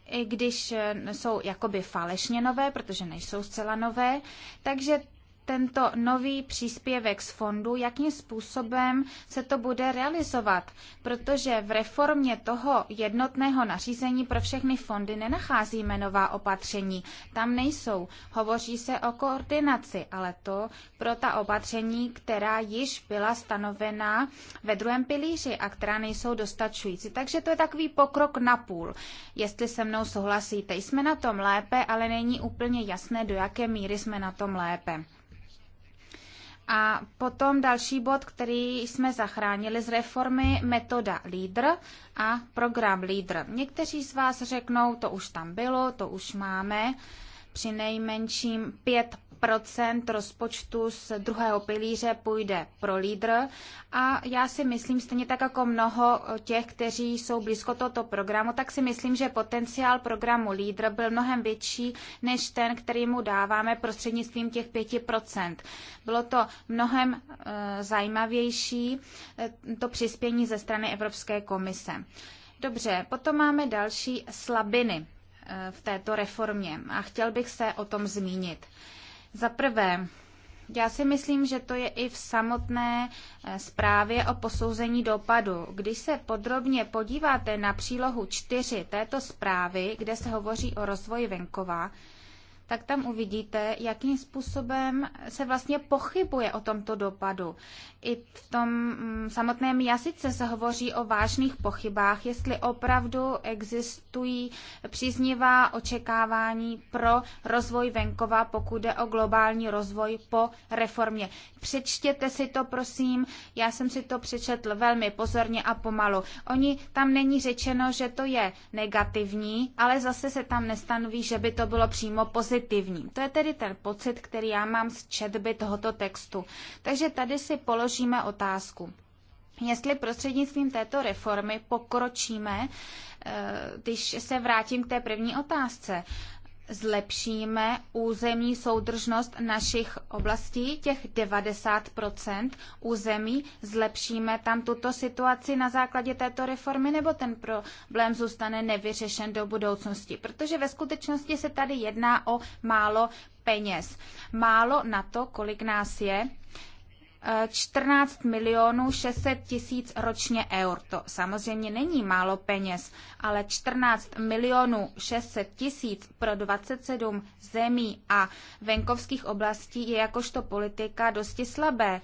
i když jsou jakoby falešně nové, protože nejsou zcela nové. Takže tento nový příspěvek z fondu, jakým způsobem se to bude realizovat, protože v reformě toho jednotného nařízení pro všechny fondy nenacházíme nová opatření. Tam nejsou. Hovoří se o koordinaci, ale to pro ta opatření, která již byla stanovena ve druhém pilíři a která nejsou dostačující. Takže to je takový pokrok na půl. Jestli se mnou souhlasíte, jsme na tom lépe, ale není úplně jasné, do jaké míry jsme na tom lépe. A potom další bod, který jsme zachránili z reformy, metoda LEADER a program LEADER. Někteří z vás řeknou, to už tam bylo, to už máme, při nejmenším pět procent rozpočtu z druhého pilíře půjde pro lídr a já si myslím, stejně tak jako mnoho těch, kteří jsou blízko tohoto programu, tak si myslím, že potenciál programu lídr byl mnohem větší než ten, který mu dáváme prostřednictvím těch 5%. Bylo to mnohem eh, zajímavější eh, to přispění ze strany Evropské komise. Dobře, potom máme další slabiny eh, v této reformě a chtěl bych se o tom zmínit. Za prvé, já si myslím, že to je i v samotné eh, zprávě o posouzení dopadu. Když se podrobně podíváte na přílohu 4 této zprávy, kde se hovoří o rozvoji venkova, tak tam uvidíte, jakým způsobem se vlastně pochybuje o tomto dopadu i v tom mm, samotném jazyce se hovoří o vážných pochybách, jestli opravdu existují příznivá očekávání pro rozvoj venkova, pokud jde o globální rozvoj po reformě. Přečtěte si to, prosím, já jsem si to přečetl velmi pozorně a pomalu. Oni tam není řečeno, že to je negativní, ale zase se tam nestanoví, že by to bylo přímo pozitivní. To je tedy ten pocit, který já mám z četby tohoto textu. Takže tady si položím položíme otázku, jestli prostřednictvím této reformy pokročíme, eh, když se vrátím k té první otázce, zlepšíme územní soudržnost našich oblastí, těch 90 území, zlepšíme tam tuto situaci na základě této reformy, nebo ten problém zůstane nevyřešen do budoucnosti. Protože ve skutečnosti se tady jedná o málo peněz. Málo na to, kolik nás je, 14 milionů 600 tisíc ročně eur. To samozřejmě není málo peněz, ale 14 milionů 600 tisíc pro 27 zemí a venkovských oblastí je jakožto politika dosti slabé.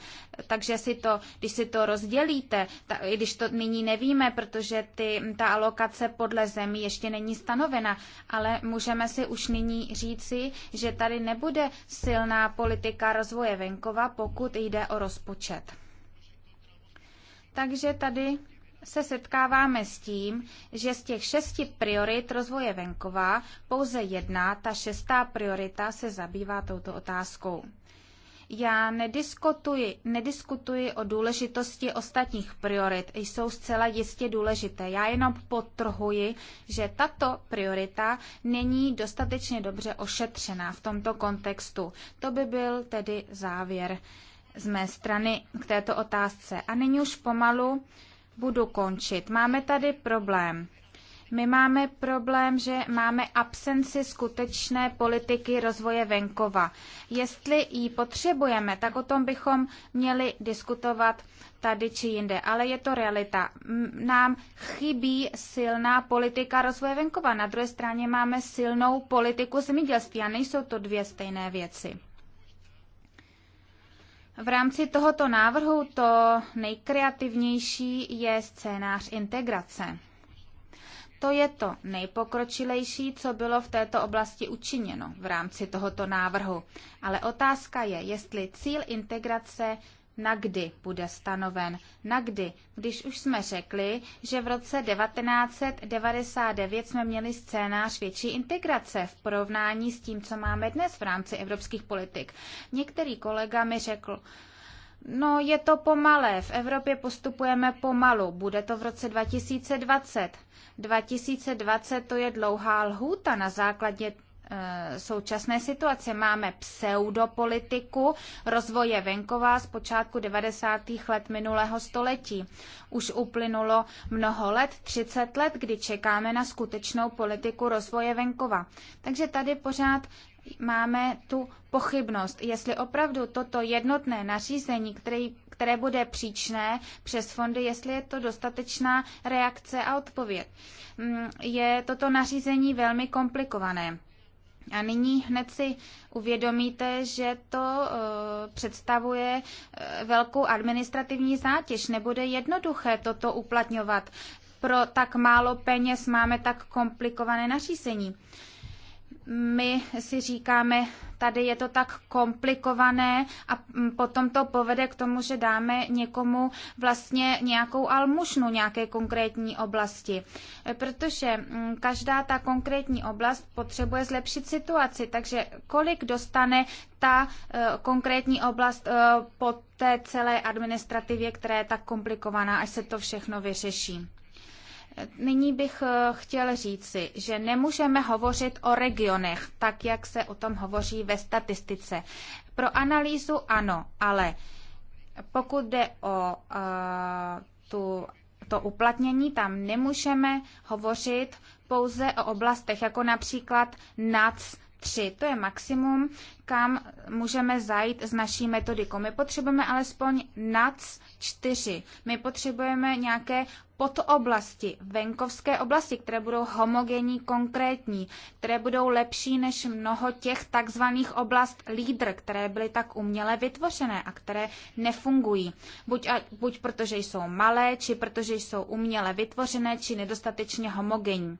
Takže si to, když si to rozdělíte, ta, i když to nyní nevíme, protože ty, ta alokace podle zemí ještě není stanovena, ale můžeme si už nyní říci, že tady nebude silná politika rozvoje venkova, pokud jde o rozpočet. Takže tady se setkáváme s tím, že z těch šesti priorit rozvoje venkova pouze jedna, ta šestá priorita, se zabývá touto otázkou. Já nediskutuji, nediskutuji o důležitosti ostatních priorit, jsou zcela jistě důležité. Já jenom potrhuji, že tato priorita není dostatečně dobře ošetřená v tomto kontextu. To by byl tedy závěr z mé strany k této otázce. A nyní už pomalu budu končit. Máme tady problém. My máme problém, že máme absenci skutečné politiky rozvoje venkova. Jestli ji potřebujeme, tak o tom bychom měli diskutovat tady či jinde. Ale je to realita. Nám chybí silná politika rozvoje venkova. Na druhé straně máme silnou politiku zemědělství a nejsou to dvě stejné věci. V rámci tohoto návrhu to nejkreativnější je scénář integrace. To je to nejpokročilejší, co bylo v této oblasti učiněno v rámci tohoto návrhu. Ale otázka je, jestli cíl integrace na kdy bude stanoven. Na kdy, když už jsme řekli, že v roce 1999 jsme měli scénář větší integrace v porovnání s tím, co máme dnes v rámci evropských politik. Některý kolega mi řekl, No, je to pomalé. V Evropě postupujeme pomalu. Bude to v roce 2020. 2020 to je dlouhá lhůta na základě Eh, současné situace. Máme pseudopolitiku rozvoje venková z počátku 90. let minulého století. Už uplynulo mnoho let, 30 let, kdy čekáme na skutečnou politiku rozvoje venkova. Takže tady pořád máme tu pochybnost, jestli opravdu toto jednotné nařízení, které, které bude příčné přes fondy, jestli je to dostatečná reakce a odpověď. Mm, je toto nařízení velmi komplikované. A nyní hned si uvědomíte, že to eh, představuje eh, velkou administrativní zátěž. Nebude jednoduché toto uplatňovat. Pro tak málo peněz máme tak komplikované nařízení my si říkáme, tady je to tak komplikované a mm, potom to povede k tomu, že dáme někomu vlastně nějakou almužnu nějaké konkrétní oblasti. Protože mm, každá ta konkrétní oblast potřebuje zlepšit situaci, takže kolik dostane ta e, konkrétní oblast e, po té celé administrativě, která je tak komplikovaná, až se to všechno vyřeší. Nyní bych eh, chtěl říci, že nemůžeme hovořit o regionech, tak jak se o tom hovoří ve statistice. Pro analýzu ano, ale pokud jde o uh, tu, to uplatnění, tam nemůžeme hovořit pouze o oblastech, jako například NAC Tři, To je maximum, kam můžeme zajít s naší metodikou. My potřebujeme alespoň nad čtyři. My potřebujeme nějaké podoblasti, venkovské oblasti, které budou homogenní, konkrétní, které budou lepší než mnoho těch takzvaných oblast lídr, které byly tak uměle vytvořené a které nefungují. Buď, a, buď protože jsou malé, či protože jsou uměle vytvořené, či nedostatečně homogenní.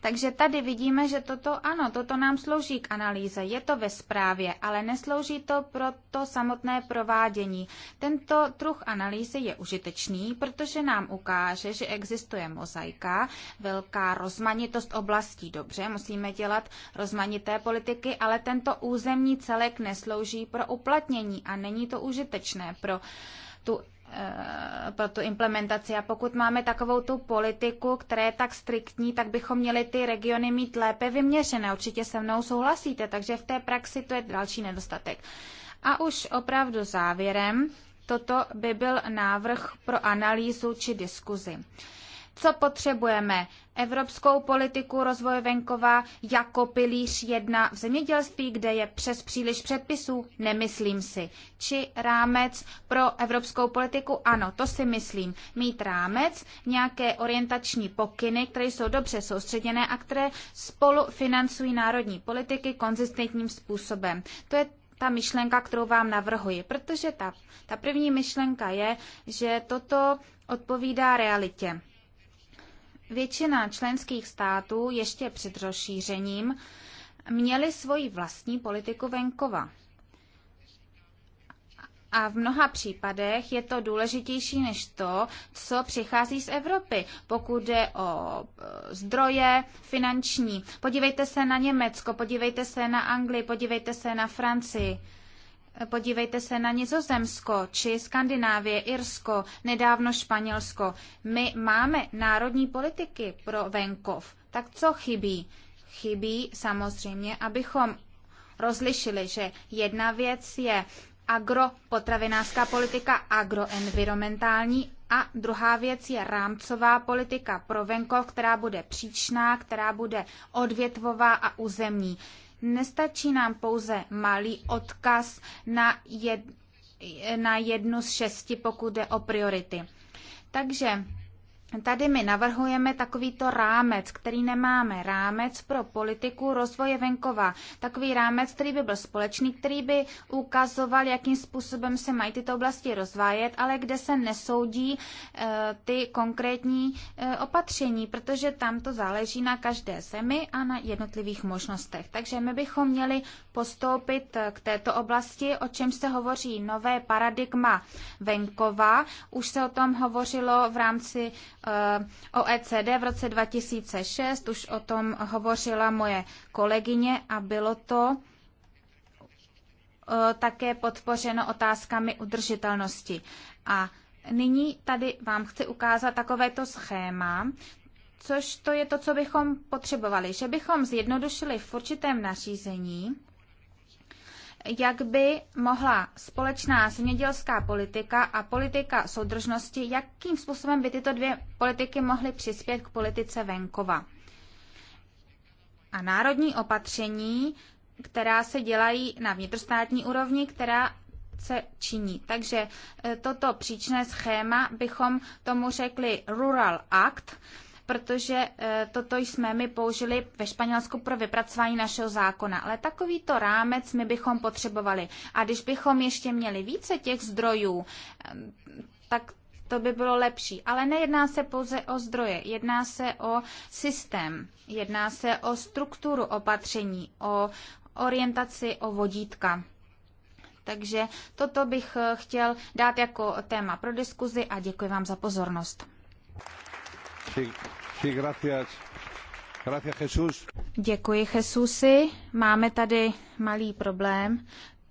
Takže tady vidíme, že toto ano, toto nám slouží k analýze, je to ve zprávě, ale neslouží to pro to samotné provádění. Tento druh analýzy je užitečný, protože nám ukáže, že existuje mozaika, velká rozmanitost oblastí. Dobře, musíme dělat rozmanité politiky, ale tento územní celek neslouží pro uplatnění a není to užitečné pro tu Eh, pro tu implementaci. A pokud máme takovou tu politiku, která je tak striktní, tak bychom měli ty regiony mít lépe vyměřené. Určitě se mnou souhlasíte, takže v té praxi to je další nedostatek. A už opravdu závěrem, toto by byl návrh pro analýzu či diskuzi. Co potřebujeme? Evropskou politiku rozvoje venkova jako pilíř jedna v zemědělství, kde je přes příliš předpisů? Nemyslím si. Či rámec pro evropskou politiku? Ano, to si myslím. Mít rámec, nějaké orientační pokyny, které jsou dobře soustředěné a které spolu financují národní politiky konzistentním způsobem. To je ta myšlenka, kterou vám navrhuji. Protože ta, ta první myšlenka je, že toto odpovídá realitě. Většina členských států ještě před rozšířením měly svoji vlastní politiku venkova. A v mnoha případech je to důležitější než to, co přichází z Evropy, pokud jde o e, zdroje finanční. Podívejte se na Německo, podívejte se na Anglii, podívejte se na Francii. Podívejte se na Nizozemsko či Skandinávie, Irsko, nedávno Španělsko. My máme národní politiky pro venkov. Tak co chybí? Chybí samozřejmě, abychom rozlišili, že jedna věc je agropotravinářská politika, agroenvironmentální a druhá věc je rámcová politika pro venkov, která bude příčná, která bude odvětvová a územní. Nestačí nám pouze malý odkaz na, jed, na jednu z šesti, pokud jde o priority. Takže Tady my navrhujeme takovýto rámec, který nemáme. Rámec pro politiku rozvoje venkova. Takový rámec, který by byl společný, který by ukazoval, jakým způsobem se mají tyto oblasti rozvájet, ale kde se nesoudí e, ty konkrétní e, opatření, protože tam to záleží na každé zemi a na jednotlivých možnostech. Takže my bychom měli postoupit eh, k této oblasti, o čem se hovoří nové paradigma venkova. Už se o tom hovořilo v rámci Eh, OECD v roce 2006, už o tom hovořila moje kolegyně a bylo to eh, také podpořeno otázkami udržitelnosti. A nyní tady vám chci ukázat takovéto schéma, což to je to, co bychom potřebovali, že bychom zjednodušili v určitém nařízení jak by mohla společná zemědělská politika a politika soudržnosti, jakým způsobem by tyto dvě politiky mohly přispět k politice venkova. A národní opatření, která se dělají na vnitrostátní úrovni, která se činí. Takže e, toto příčné schéma bychom tomu řekli Rural Act, protože e, toto jsme my použili ve Španělsku pro vypracování našeho zákona. Ale takovýto rámec my bychom potřebovali. A když bychom ještě měli více těch zdrojů, e, tak to by bylo lepší. Ale nejedná se pouze o zdroje, jedná se o systém, jedná se o strukturu opatření, o orientaci, o vodítka. Takže toto bych e, chtěl dát jako téma pro diskuzi a děkuji vám za pozornost. you. Sí, gracias. Gracias, Děkuji, Jesusi. Máme tady malý problém,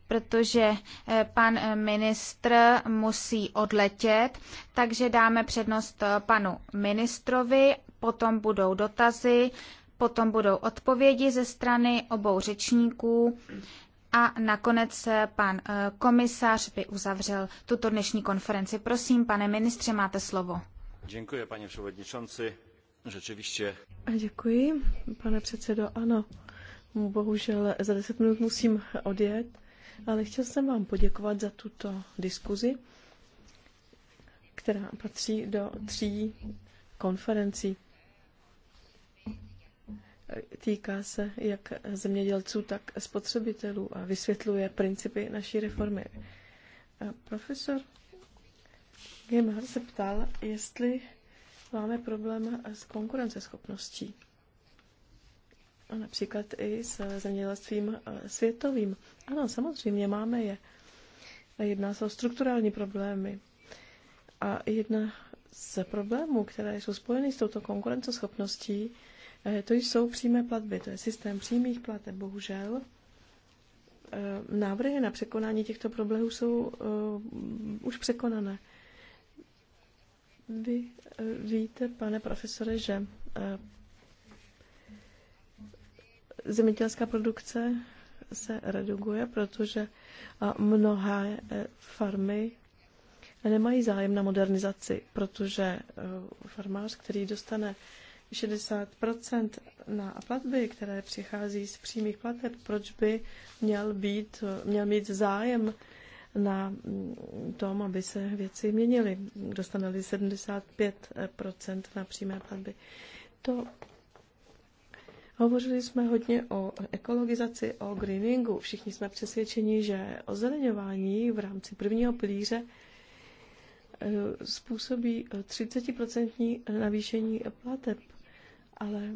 protože eh, pan eh, ministr musí odletět, takže dáme přednost eh, panu ministrovi, potom budou dotazy, potom budou odpovědi ze strany obou řečníků a nakonec pan komisař by uzavřel tuto dnešní konferenci. Prosím, pane ministře, máte slovo. Děkuji, pane předsedající. Rzeczywiście. Děkuji, pane przewodniczący. Ano, bohužel za deset minut musím odjet, ale chtěl jsem vám poděkovat za tuto diskuzi, která patří do tří konferencí. Týká se jak zemědělců, tak spotřebitelů a vysvětluje principy naší reformy. Profesor Gemar se ptal, jestli máme problém s konkurenceschopností. A například i s zemědělstvím eh, světovým. Ano, samozřejmě máme je. Jedná se o strukturální problémy. A jedna z problémů, které jsou spojeny s touto konkurenceschopností, eh, to jsou přímé platby, to je systém přímých plateb. Bohužel eh, návrhy na překonání těchto problémů jsou už překonané. Vy eh, víte, pane profesore, že eh, zemědělská produkce se redukuje, protože mnohé eh, farmy nemají zájem na modernizaci, protože farmář, který dostane 60 na platby, které přichází z přímých plateb, proč by měl, být, měl mít zájem na tom, aby se věci měnily. Dostaneli 75 na přímé platby. To Hovořili jsme hodně o ekologizaci, o greeningu. Všichni jsme přesvědčeni, že ozeleňování v rámci prvního pilíře eh, způsobí 30% navýšení plateb. Ale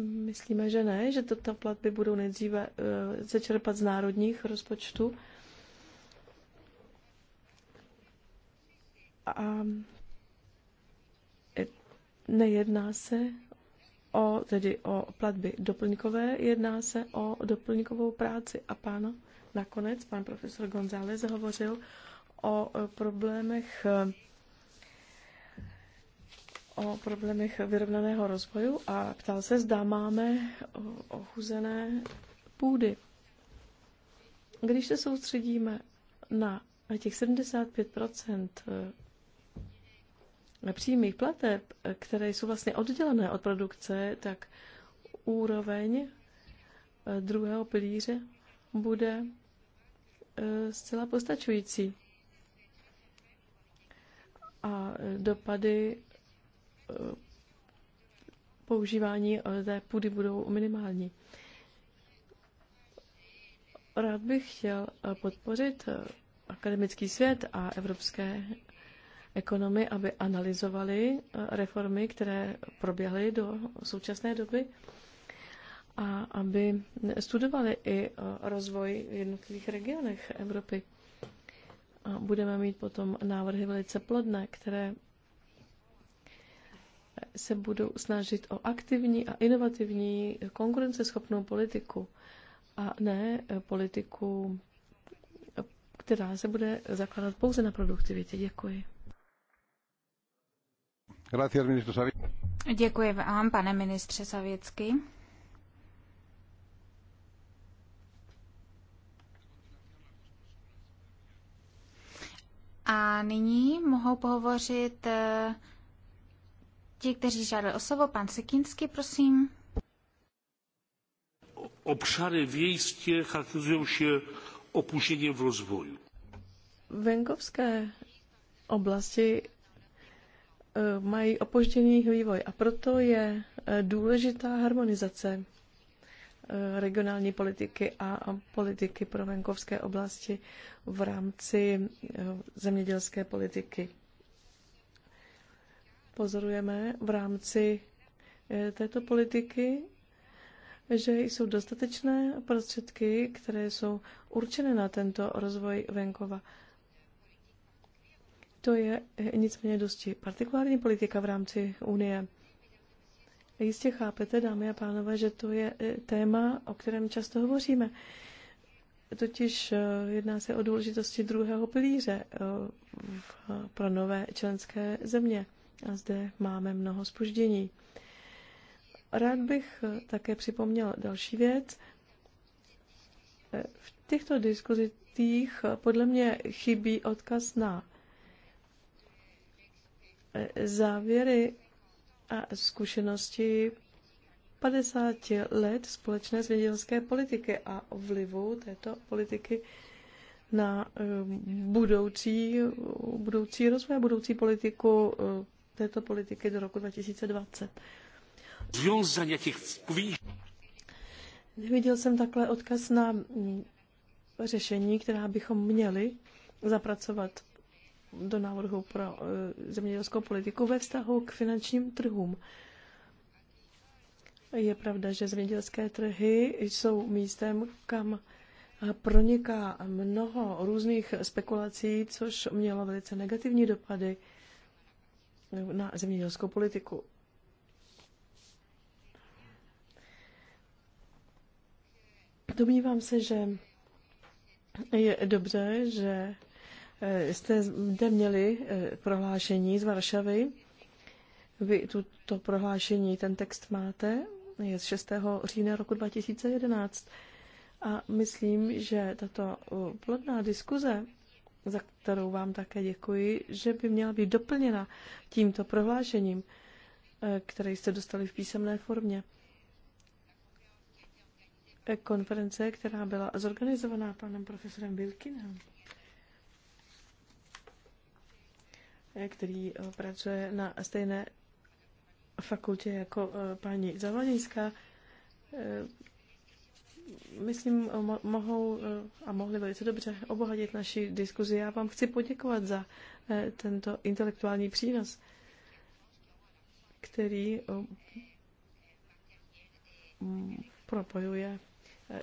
myslíme, že ne, že to platby budou nejdříve začerpat eh, z národních rozpočtů A nejedná se o, tedy o platby doplňkové, jedná se o doplňkovou práci. A pán nakonec, pan profesor González hovořil o problémech o problémech vyrovnaného rozvoju a ptal se, zda máme ochuzené půdy. Když se soustředíme na těch 75 přímých plateb, které jsou vlastně oddělené od produkce, tak úroveň eh, druhého pilíře bude eh, zcela postačující. A eh, dopady používání té půdy budou minimální. Rád bych chtěl podpořit akademický svět a evropské ekonomy, aby analyzovali eh, reformy, které proběhly do současné doby a aby studovali i eh, rozvoj v jednotlivých regionech Evropy. A budeme mít potom návrhy velice plodné, které se budou snažit o aktivní a inovativní konkurenceschopnou politiku a ne eh, politiku, která se bude zakládat pouze na produktivitě. Děkuji. Gracias, ministro Děkuji vám, pane ministře Savěcky. A nyní mohou pohovořit eh, ti, kteří žádali o slovo. Pan Sekínský, prosím. Obszary wiejskie charakteryzują się opóźnieniem v rozwoju. Venkovské oblasti Eh, mají opožděný vývoj a proto je eh, důležitá harmonizace eh, regionální politiky a politiky pro venkovské oblasti v rámci zemědělské politiky. Pozorujeme v rámci této politiky, že jsou dostatečné prostředky, které jsou určené na tento rozvoj venkova to je eh, nicméně dosti partikulární politika v rámci Unie. Jistě chápete, dámy a pánové, že to je eh, téma, o kterém často hovoříme. Totiž eh, jedná se o důležitosti druhého pilíře pro nové členské země. A zde máme mnoho spoždění. Rád bych také připomněl další věc. V těchto diskuzitích podle mě chybí odkaz na závěry a zkušenosti 50 let společné zvědělské politiky a vlivu této politiky na eh, budoucí, budoucí rozvoj, a budoucí politiku eh, této politiky do roku 2020. Związania Viděl jsem takhle odkaz na mm, řešení, která bychom měli zapracovat do návrhu pro eh, zemědělskou politiku ve vztahu k finančním trhům. Je pravda, že zemědělské trhy jsou místem, kam eh, proniká mnoho různých spekulací, což mělo velice negativní dopady na zemědělskou politiku. Domnívám se, že je dobře, že Eh, jste zde měli eh, prohlášení z Varšavy. Vy tuto prohlášení, ten text máte, je z 6. října roku 2011. A myslím, že tato eh, plodná diskuze, za kterou vám také děkuji, že by měla být doplněna tímto prohlášením, které jste dostali v písemné formě. Konference, která byla zorganizovaná panem profesorem Wilkinem který eh, pracuje na stejné fakultě jako eh, paní Zavadnická, eh, myslím, mohou a mohli velice dobře obohatit naši diskuzi. Já vám chci poděkovat za tento intelektuální přínos, který propojuje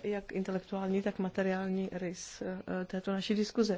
jak intelektuální, tak materiální rys této naší diskuze.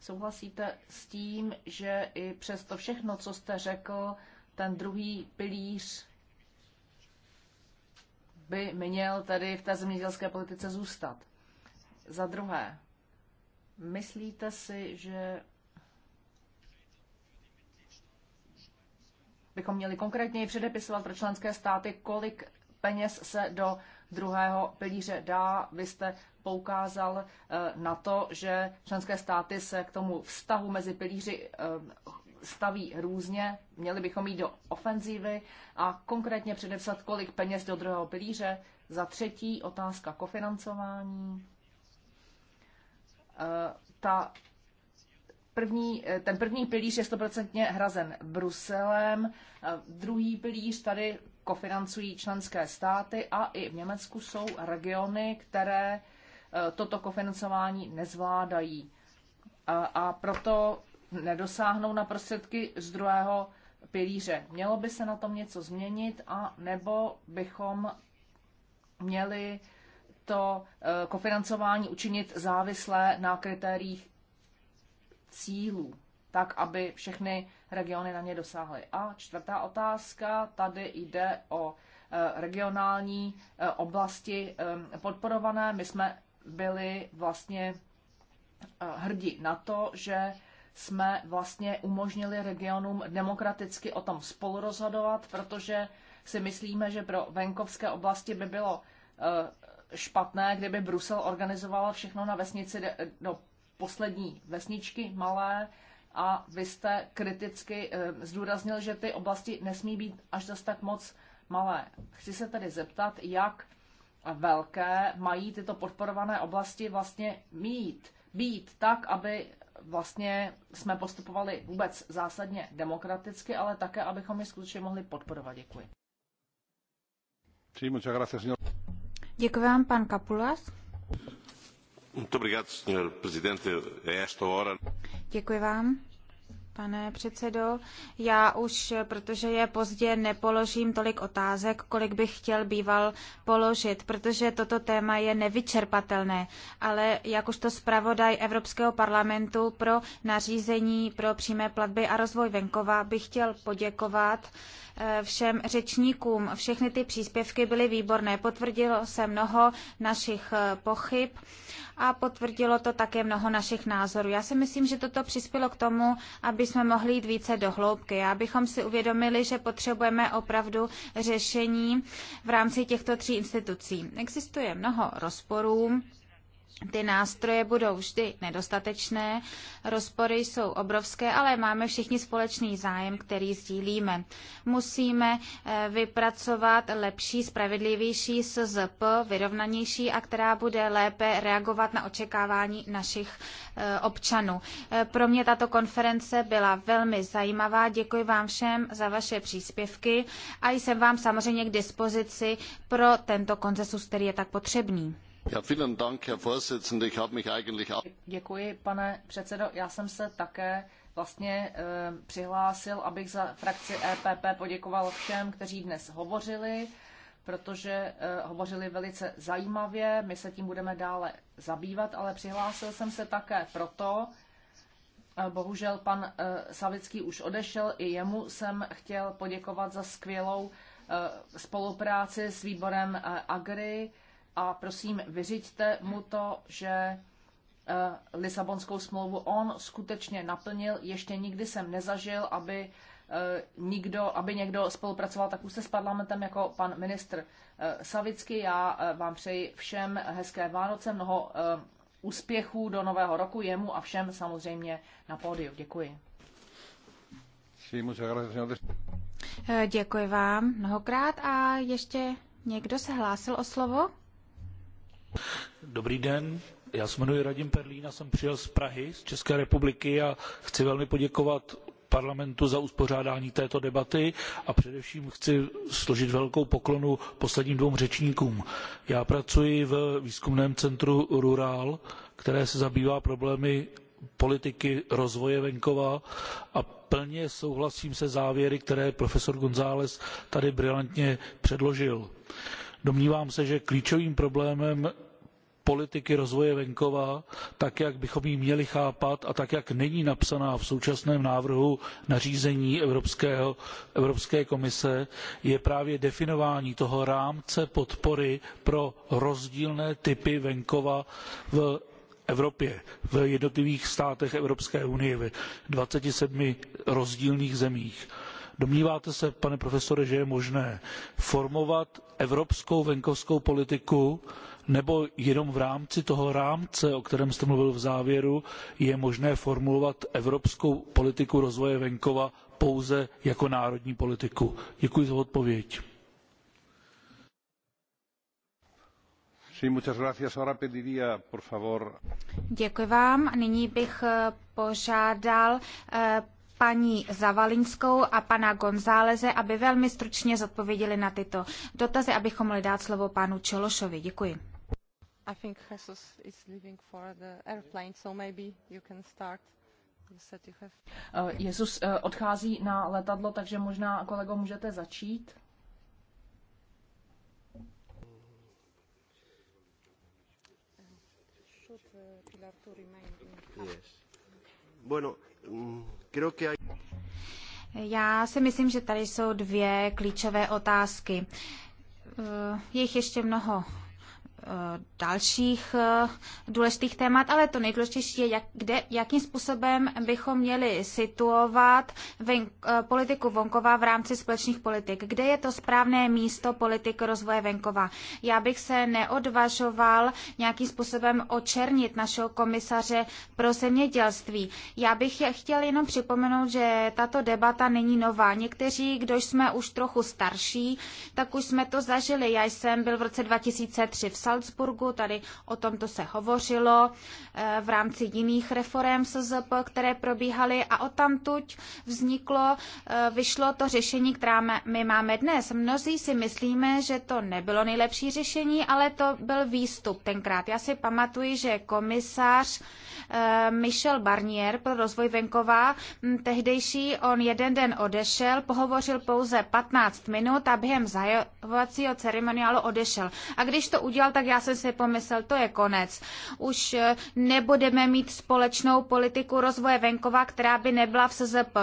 Souhlasíte s tím, že i přes to všechno, co jste řekl, ten druhý pilíř by měl tady v té zemědělské politice zůstat? Za druhé, myslíte si, že bychom měli konkrétněji předepisovat pro členské státy, kolik peněz se do druhého pilíře dá. Vy jste poukázal eh, na to, že členské státy se k tomu vztahu mezi pilíři eh, staví různě. Měli bychom jít do ofenzívy a konkrétně předepsat, kolik peněz do druhého pilíře. Za třetí otázka kofinancování. Eh, ta první, ten první pilíř je stoprocentně hrazen Bruselem, druhý pilíř tady kofinancují členské státy a i v Německu jsou regiony, které Eh, toto kofinancování nezvládají a proto nedosáhnou na prostředky z druhého pilíře. Mělo by se na tom něco změnit a nebo bychom měli to eh, kofinancování učinit závislé na kritériích cílů, tak aby všechny regiony na ně dosáhly. A čtvrtá otázka, tady jde o eh, regionální oblasti podporované. My jsme byli vlastně eh, hrdí na to, že jsme vlastně umožnili regionům demokraticky o tom spolurozhodovat, protože si myslíme, že pro venkovské oblasti by bylo eh, špatné, kdyby Brusel organizoval všechno na vesnici do eh, no, poslední vesničky malé a vy jste kriticky zdůraznil, že ty oblasti nesmí být až zas tak moc malé. Chci se tedy zeptat, jak velké mají tyto podporované oblasti vlastně mít, být tak, aby vlastně jsme postupovali vůbec zásadně demokraticky, ale také, abychom je skutečně mohli podporovat. Děkuji. Děkuji vám, pan Kapulas. Děkuji vám. Pane předsedo, já už, protože je pozdě, nepoložím tolik otázek, kolik bych chtěl býval položit, protože toto téma je nevyčerpatelné. Ale jak už to zpravodaj Evropského parlamentu pro nařízení pro přímé platby a rozvoj venkova bych chtěl poděkovat eh, všem řečníkům. Všechny ty příspěvky byly výborné. Potvrdilo se mnoho našich eh, pochyb a potvrdilo to také mnoho našich názorů. Já si myslím, že toto přispělo k tomu, aby aby jsme mohli jít více do hloubky, abychom si uvědomili, že potřebujeme opravdu řešení v rámci těchto tří institucí. Existuje mnoho rozporů ty nástroje budou vždy nedostatečné, rozpory jsou obrovské, ale máme všichni společný zájem, který sdílíme. Musíme eh, vypracovat lepší, spravedlivější SZP, vyrovnanější a která bude lépe reagovat na očekávání našich eh, občanů. Eh, pro mě tato konference byla velmi zajímavá. Děkuji vám všem za vaše příspěvky a jsem vám samozřejmě k dispozici pro tento koncesus, který je tak potřebný. Děkuji, pane předsedo. Já jsem se také vlastně eh, přihlásil, abych za frakci EPP poděkoval všem, kteří dnes hovořili, protože eh, hovořili velice zajímavě. My se tím budeme dále zabývat, ale přihlásil jsem se také proto, eh, bohužel pan Savický už odešel, i jemu jsem chtěl poděkovat za skvělou spolupráci s výborem Agri a prosím, vyřiďte mu to, že eh, Lisabonskou smlouvu on skutečně naplnil. Ještě nikdy jsem nezažil, aby eh, nikdo, aby někdo spolupracoval tak už se s parlamentem jako pan ministr eh, Savicky. Já vám přeji všem hezké Vánoce, mnoho úspěchů do nového roku jemu a všem samozřejmě na pódiu. Děkuji. Děkuji vám mnohokrát a ještě někdo se hlásil o slovo? Dobrý den, já se jmenuji Radim Perlín a jsem přijel z Prahy, z České republiky a chci velmi poděkovat parlamentu za uspořádání této debaty a především chci složit velkou poklonu posledním dvou řečníkům. Já pracuji v výzkumném centru Rural, které se zabývá problémy politiky rozvoje venkova a plně souhlasím se závěry, které profesor González tady brilantně předložil. Uh, Domnívám se, že klíčovým problémem politiky rozvoje venkova, tak jak bychom ji měli chápat a tak jak není napsaná v současném návrhu nařízení Evropského, Evropské komise, je právě definování toho rámce podpory pro rozdílné typy venkova v Evropě, v jednotlivých státech Evropské unie, ve 27 rozdílných zemích. Domníváte se, pane profesore, že je možné formovat evropskou venkovskou politiku nebo jenom v rámci toho rámce, o kterém jste mluvil v závěru, je možné formulovat evropskou politiku rozvoje venkova pouze jako národní politiku? Děkuji za odpověď. Děkuji vám. Nyní bych eh, požádal eh, paní Zavalinskou a pana Gonzáleze, aby velmi stručně zodpověděli na tyto dotazy, abychom mohli dát slovo panu Čološovi. Děkuji. I think Jesus is leaving for the airplane, so maybe you can start. Eh, Jezus eh, odchází na letadlo, takže možná, kolego, můžete začít. Should Pilar to yes. Bueno, mm, Creo que hay... Já si myslím, že tady jsou dvě klíčové otázky. Eh, je jich ještě mnoho Eh, dalších eh, důležitých témat, ale to nejdůležitější je, jak, kde, jakým způsobem bychom měli situovat ven, eh, politiku venkova v rámci společných politik. Kde je to správné místo politik rozvoje venkova? Já bych se neodvažoval nějakým způsobem očernit našeho komisaře pro zemědělství. Já bych chtěl jenom připomenout, že tato debata není nová. Někteří, kdo jsme už trochu starší, tak už jsme to zažili. Já jsem byl v roce 2003 v Salzburgu, tady o tomto se hovořilo eh, v rámci jiných reform SZP, které probíhaly a o tamtuť vzniklo, eh, vyšlo to řešení, která my máme dnes. Mnozí si myslíme, že to nebylo nejlepší řešení, ale to byl výstup tenkrát. Já si pamatuji, že komisář Eh, Michel Barnier pro rozvoj venkova. Mm, tehdejší on jeden den odešel, pohovořil pouze 15 minut a během zajovacího ceremoniálu odešel. A když to udělal, tak já jsem si pomyslel, to je konec. Už eh, nebudeme mít společnou politiku rozvoje venkova, která by nebyla v SZP.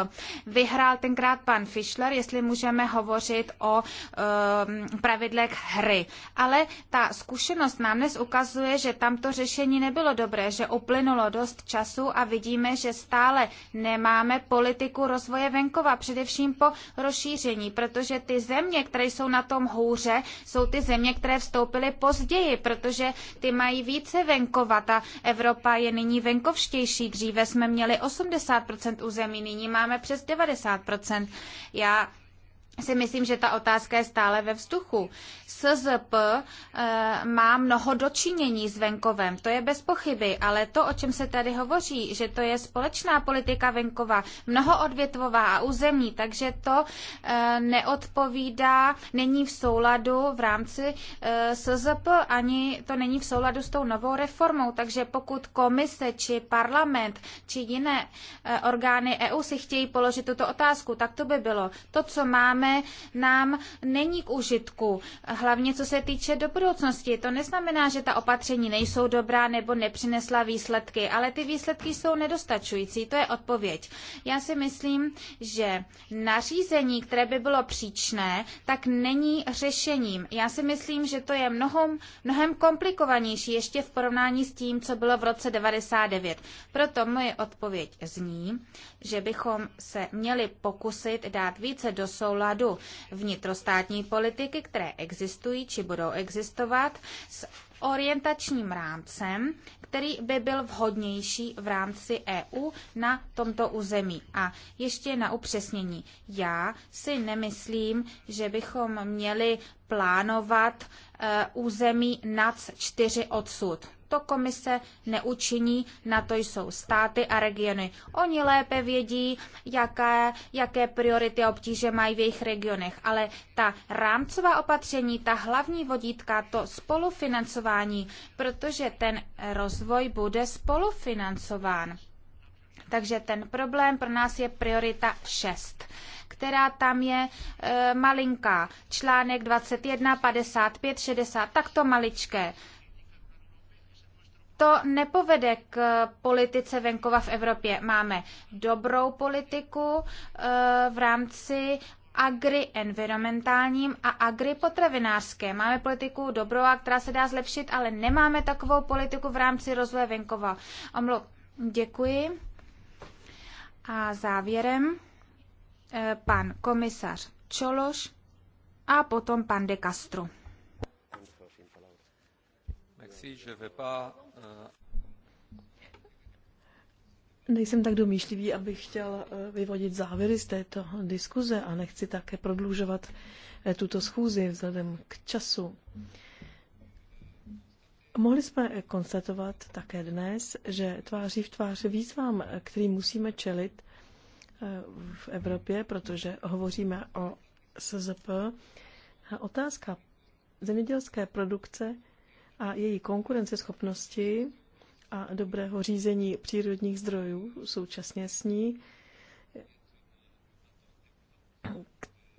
Vyhrál tenkrát pan Fischler, jestli můžeme hovořit o um, pravidlech hry. Ale ta zkušenost nám dnes ukazuje, že tamto řešení nebylo dobré, že uplynulo dost času a vidíme, že stále nemáme politiku rozvoje venkova, především po rozšíření, protože ty země, které jsou na tom hůře, jsou ty země, které vstoupily později, protože ty mají více venkova. Ta Evropa je nyní venkovštější. Dříve jsme měli 80% území, nyní máme přes 90%. Já si myslím, že ta otázka je stále ve vzduchu. SZP e, eh, má mnoho dočinění s venkovem, to je bez pochyby, ale to, o čem se tady hovoří, že to je společná politika venkova, mnohoodvětvová a územní, takže to e, neodpovídá, není v souladu v rámci e, eh, SZP, ani to není v souladu s tou novou reformou, takže pokud komise či parlament či jiné e, orgány EU si chtějí položit tuto otázku, tak to by bylo. To, co máme máme, nám není k užitku. Hlavně co se týče do budoucnosti. To neznamená, že ta opatření nejsou dobrá nebo nepřinesla výsledky, ale ty výsledky jsou nedostačující. To je odpověď. Já si myslím, že nařízení, které by bylo příčné, tak není řešením. Já si myslím, že to je mnohem, mnohem komplikovanější ještě v porovnání s tím, co bylo v roce 99. Proto moje odpověď zní, že bychom se měli pokusit dát více do souladu vnitrostátní politiky, které existují či budou existovat, s orientačním rámcem, který by byl vhodnější v rámci EU na tomto území. A ještě na upřesnění. Já si nemyslím, že bychom měli plánovat e, území nad čtyři odsud to komise neučiní, na to jsou státy a regiony. Oni lépe vědí, jaké, jaké priority a obtíže mají v jejich regionech, ale ta rámcová opatření, ta hlavní vodítka, to spolufinancování, protože ten rozvoj bude spolufinancován. Takže ten problém pro nás je priorita 6, která tam je e, malinká. Článek 21, 55, 60, takto maličké to nepovede k politice venkova v Evropě. Máme dobrou politiku eh, v rámci agri-environmentálním a agri-potravinářské. Máme politiku dobrou, která se dá zlepšit, ale nemáme takovou politiku v rámci rozvoje venkova. Omlu, děkuji. A závěrem eh, pan komisař Čološ a potom pan de Castro. Eh, Nejsem tak domýšlivý, abych chtěl eh, vyvodit závěry z této diskuze a nechci také prodlužovat eh, tuto schůzi vzhledem k času. Mohli jsme konstatovat také dnes, že tváří v tvář výzvám, který musíme čelit v Evropě, protože hovoříme o SZP, otázka zemědělské produkce a její konkurenceschopnosti a dobrého řízení přírodních zdrojů současně s ní,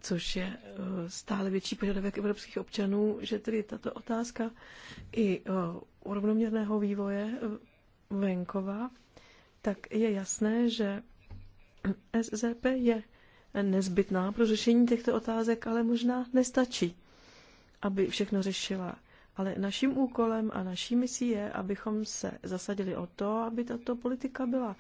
což je eh, stále větší požadavek evropských občanů, že tedy tato otázka i eh, rovnoměrného vývoje eh, venkova, tak je jasné, že SZP je nezbytná pro řešení těchto otázek, ale možná nestačí, aby všechno řešila. Ale naším úkolem a naší misí je, abychom se zasadili o to, aby tato politika byla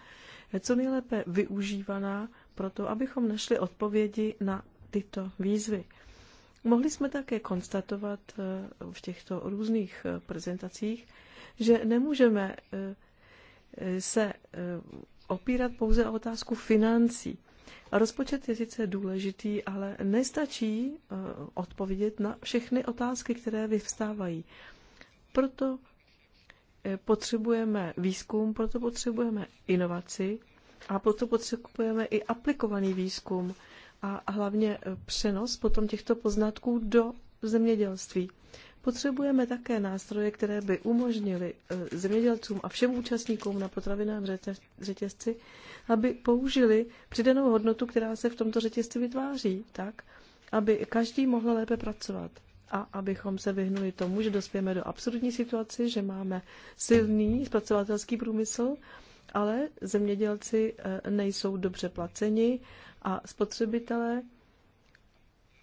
co nejlépe využívaná pro to, abychom našli odpovědi na tyto výzvy. Mohli jsme také konstatovat eh, v těchto různých eh, prezentacích, že nemůžeme eh, se opírat pouze o otázku financí. Rozpočet je sice důležitý, ale nestačí eh, odpovědět na všechny otázky, které vyvstávají. Proto eh, potřebujeme výzkum, proto potřebujeme inovaci a proto potřebujeme i aplikovaný výzkum a hlavně eh, přenos potom těchto poznatků do zemědělství. Potřebujeme také nástroje, které by umožnily eh, zemědělcům a všem účastníkům na potravinovém řetězci, aby použili přidanou hodnotu, která se v tomto řetězci vytváří, tak, aby každý mohl lépe pracovat a abychom se vyhnuli tomu, že dospějeme do absurdní situaci, že máme silný zpracovatelský průmysl, ale zemědělci eh, nejsou dobře placeni a spotřebitelé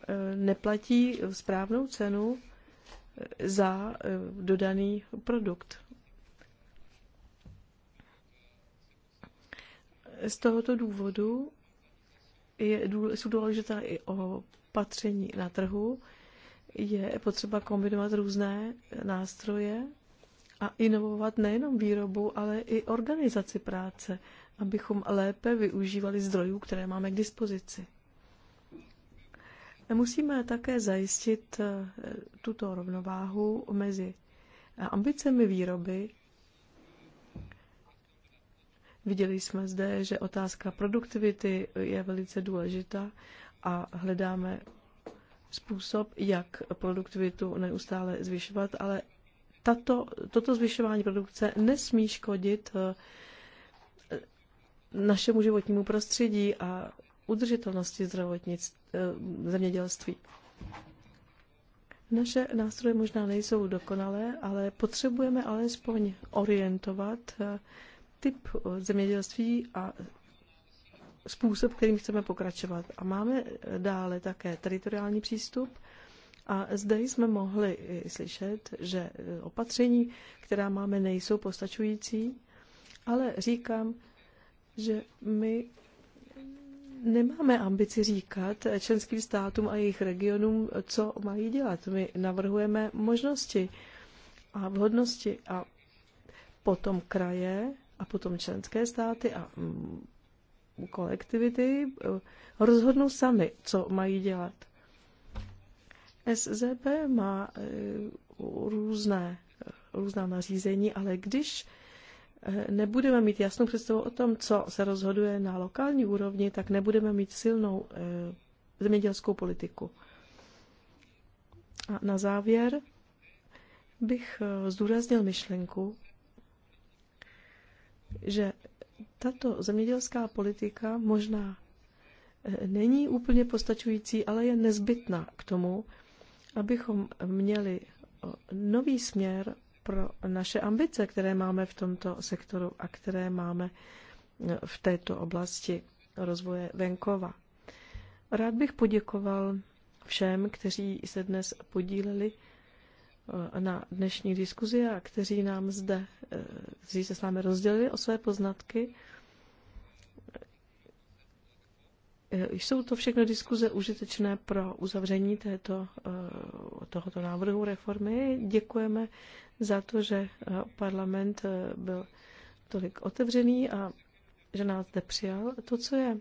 Eh, neplatí správnou cenu eh, za eh, dodaný produkt. Z tohoto důvodu je, jsou důležitá i opatření na trhu, je potřeba kombinovat různé nástroje a inovovat nejenom výrobu, ale i organizaci práce, abychom lépe využívali zdrojů, které máme k dispozici. Musíme také zajistit eh, tuto rovnováhu mezi ambicemi výroby. Viděli jsme zde, že otázka produktivity je velice důležitá a hledáme způsob, jak produktivitu neustále zvyšovat, ale tato, toto zvyšování produkce nesmí škodit eh, našemu životnímu prostředí a udržitelnosti eh, zemědělství. Naše nástroje možná nejsou dokonalé, ale potřebujeme alespoň orientovat eh, typ eh, zemědělství a způsob, kterým chceme pokračovat. A máme dále také teritoriální přístup. A zde jsme mohli slyšet, že opatření, která máme, nejsou postačující, ale říkám, že my nemáme ambici říkat členským státům a jejich regionům, co mají dělat. My navrhujeme možnosti a vhodnosti a potom kraje a potom členské státy a mm, kolektivity eh, rozhodnou sami, co mají dělat. SZP má eh, různé, různá nařízení, ale když nebudeme mít jasnou představu o tom, co se rozhoduje na lokální úrovni, tak nebudeme mít silnou eh, zemědělskou politiku. A na závěr bych eh, zdůraznil myšlenku, že tato zemědělská politika možná eh, není úplně postačující, ale je nezbytná k tomu, abychom měli nový směr pro naše ambice, které máme v tomto sektoru a které máme eh, v této oblasti rozvoje venkova. Rád bych poděkoval všem, kteří se dnes podíleli eh, na dnešní diskuzi a kteří nám zde, eh, kteří se s námi rozdělili o své poznatky Eh, jsou to všechno diskuze užitečné pro uzavření této, eh, tohoto návrhu reformy. Děkujeme za to, že eh, parlament byl tolik otevřený a že nás zde přijal. To, co je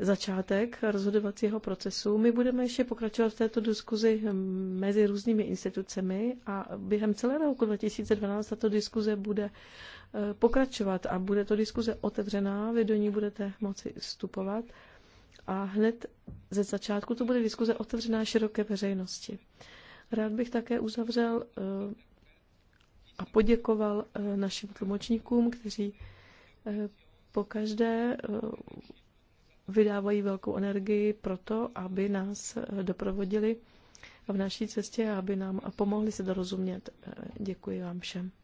začátek rozhodovacího procesu. My budeme ještě pokračovat v této diskuzi hm, mezi různými institucemi a během celého roku 2012 tato diskuze bude Eh, pokračovat a bude to diskuze otevřená, vy do ní budete moci vstupovat a hned ze začátku to bude diskuze otevřená široké veřejnosti. Rád bych také uzavřel eh, a poděkoval eh, našim tlumočníkům, kteří po každé vydávají velkou energii pro to, aby nás doprovodili v naší cestě a aby nám pomohli se dorozumět. Děkuji vám všem.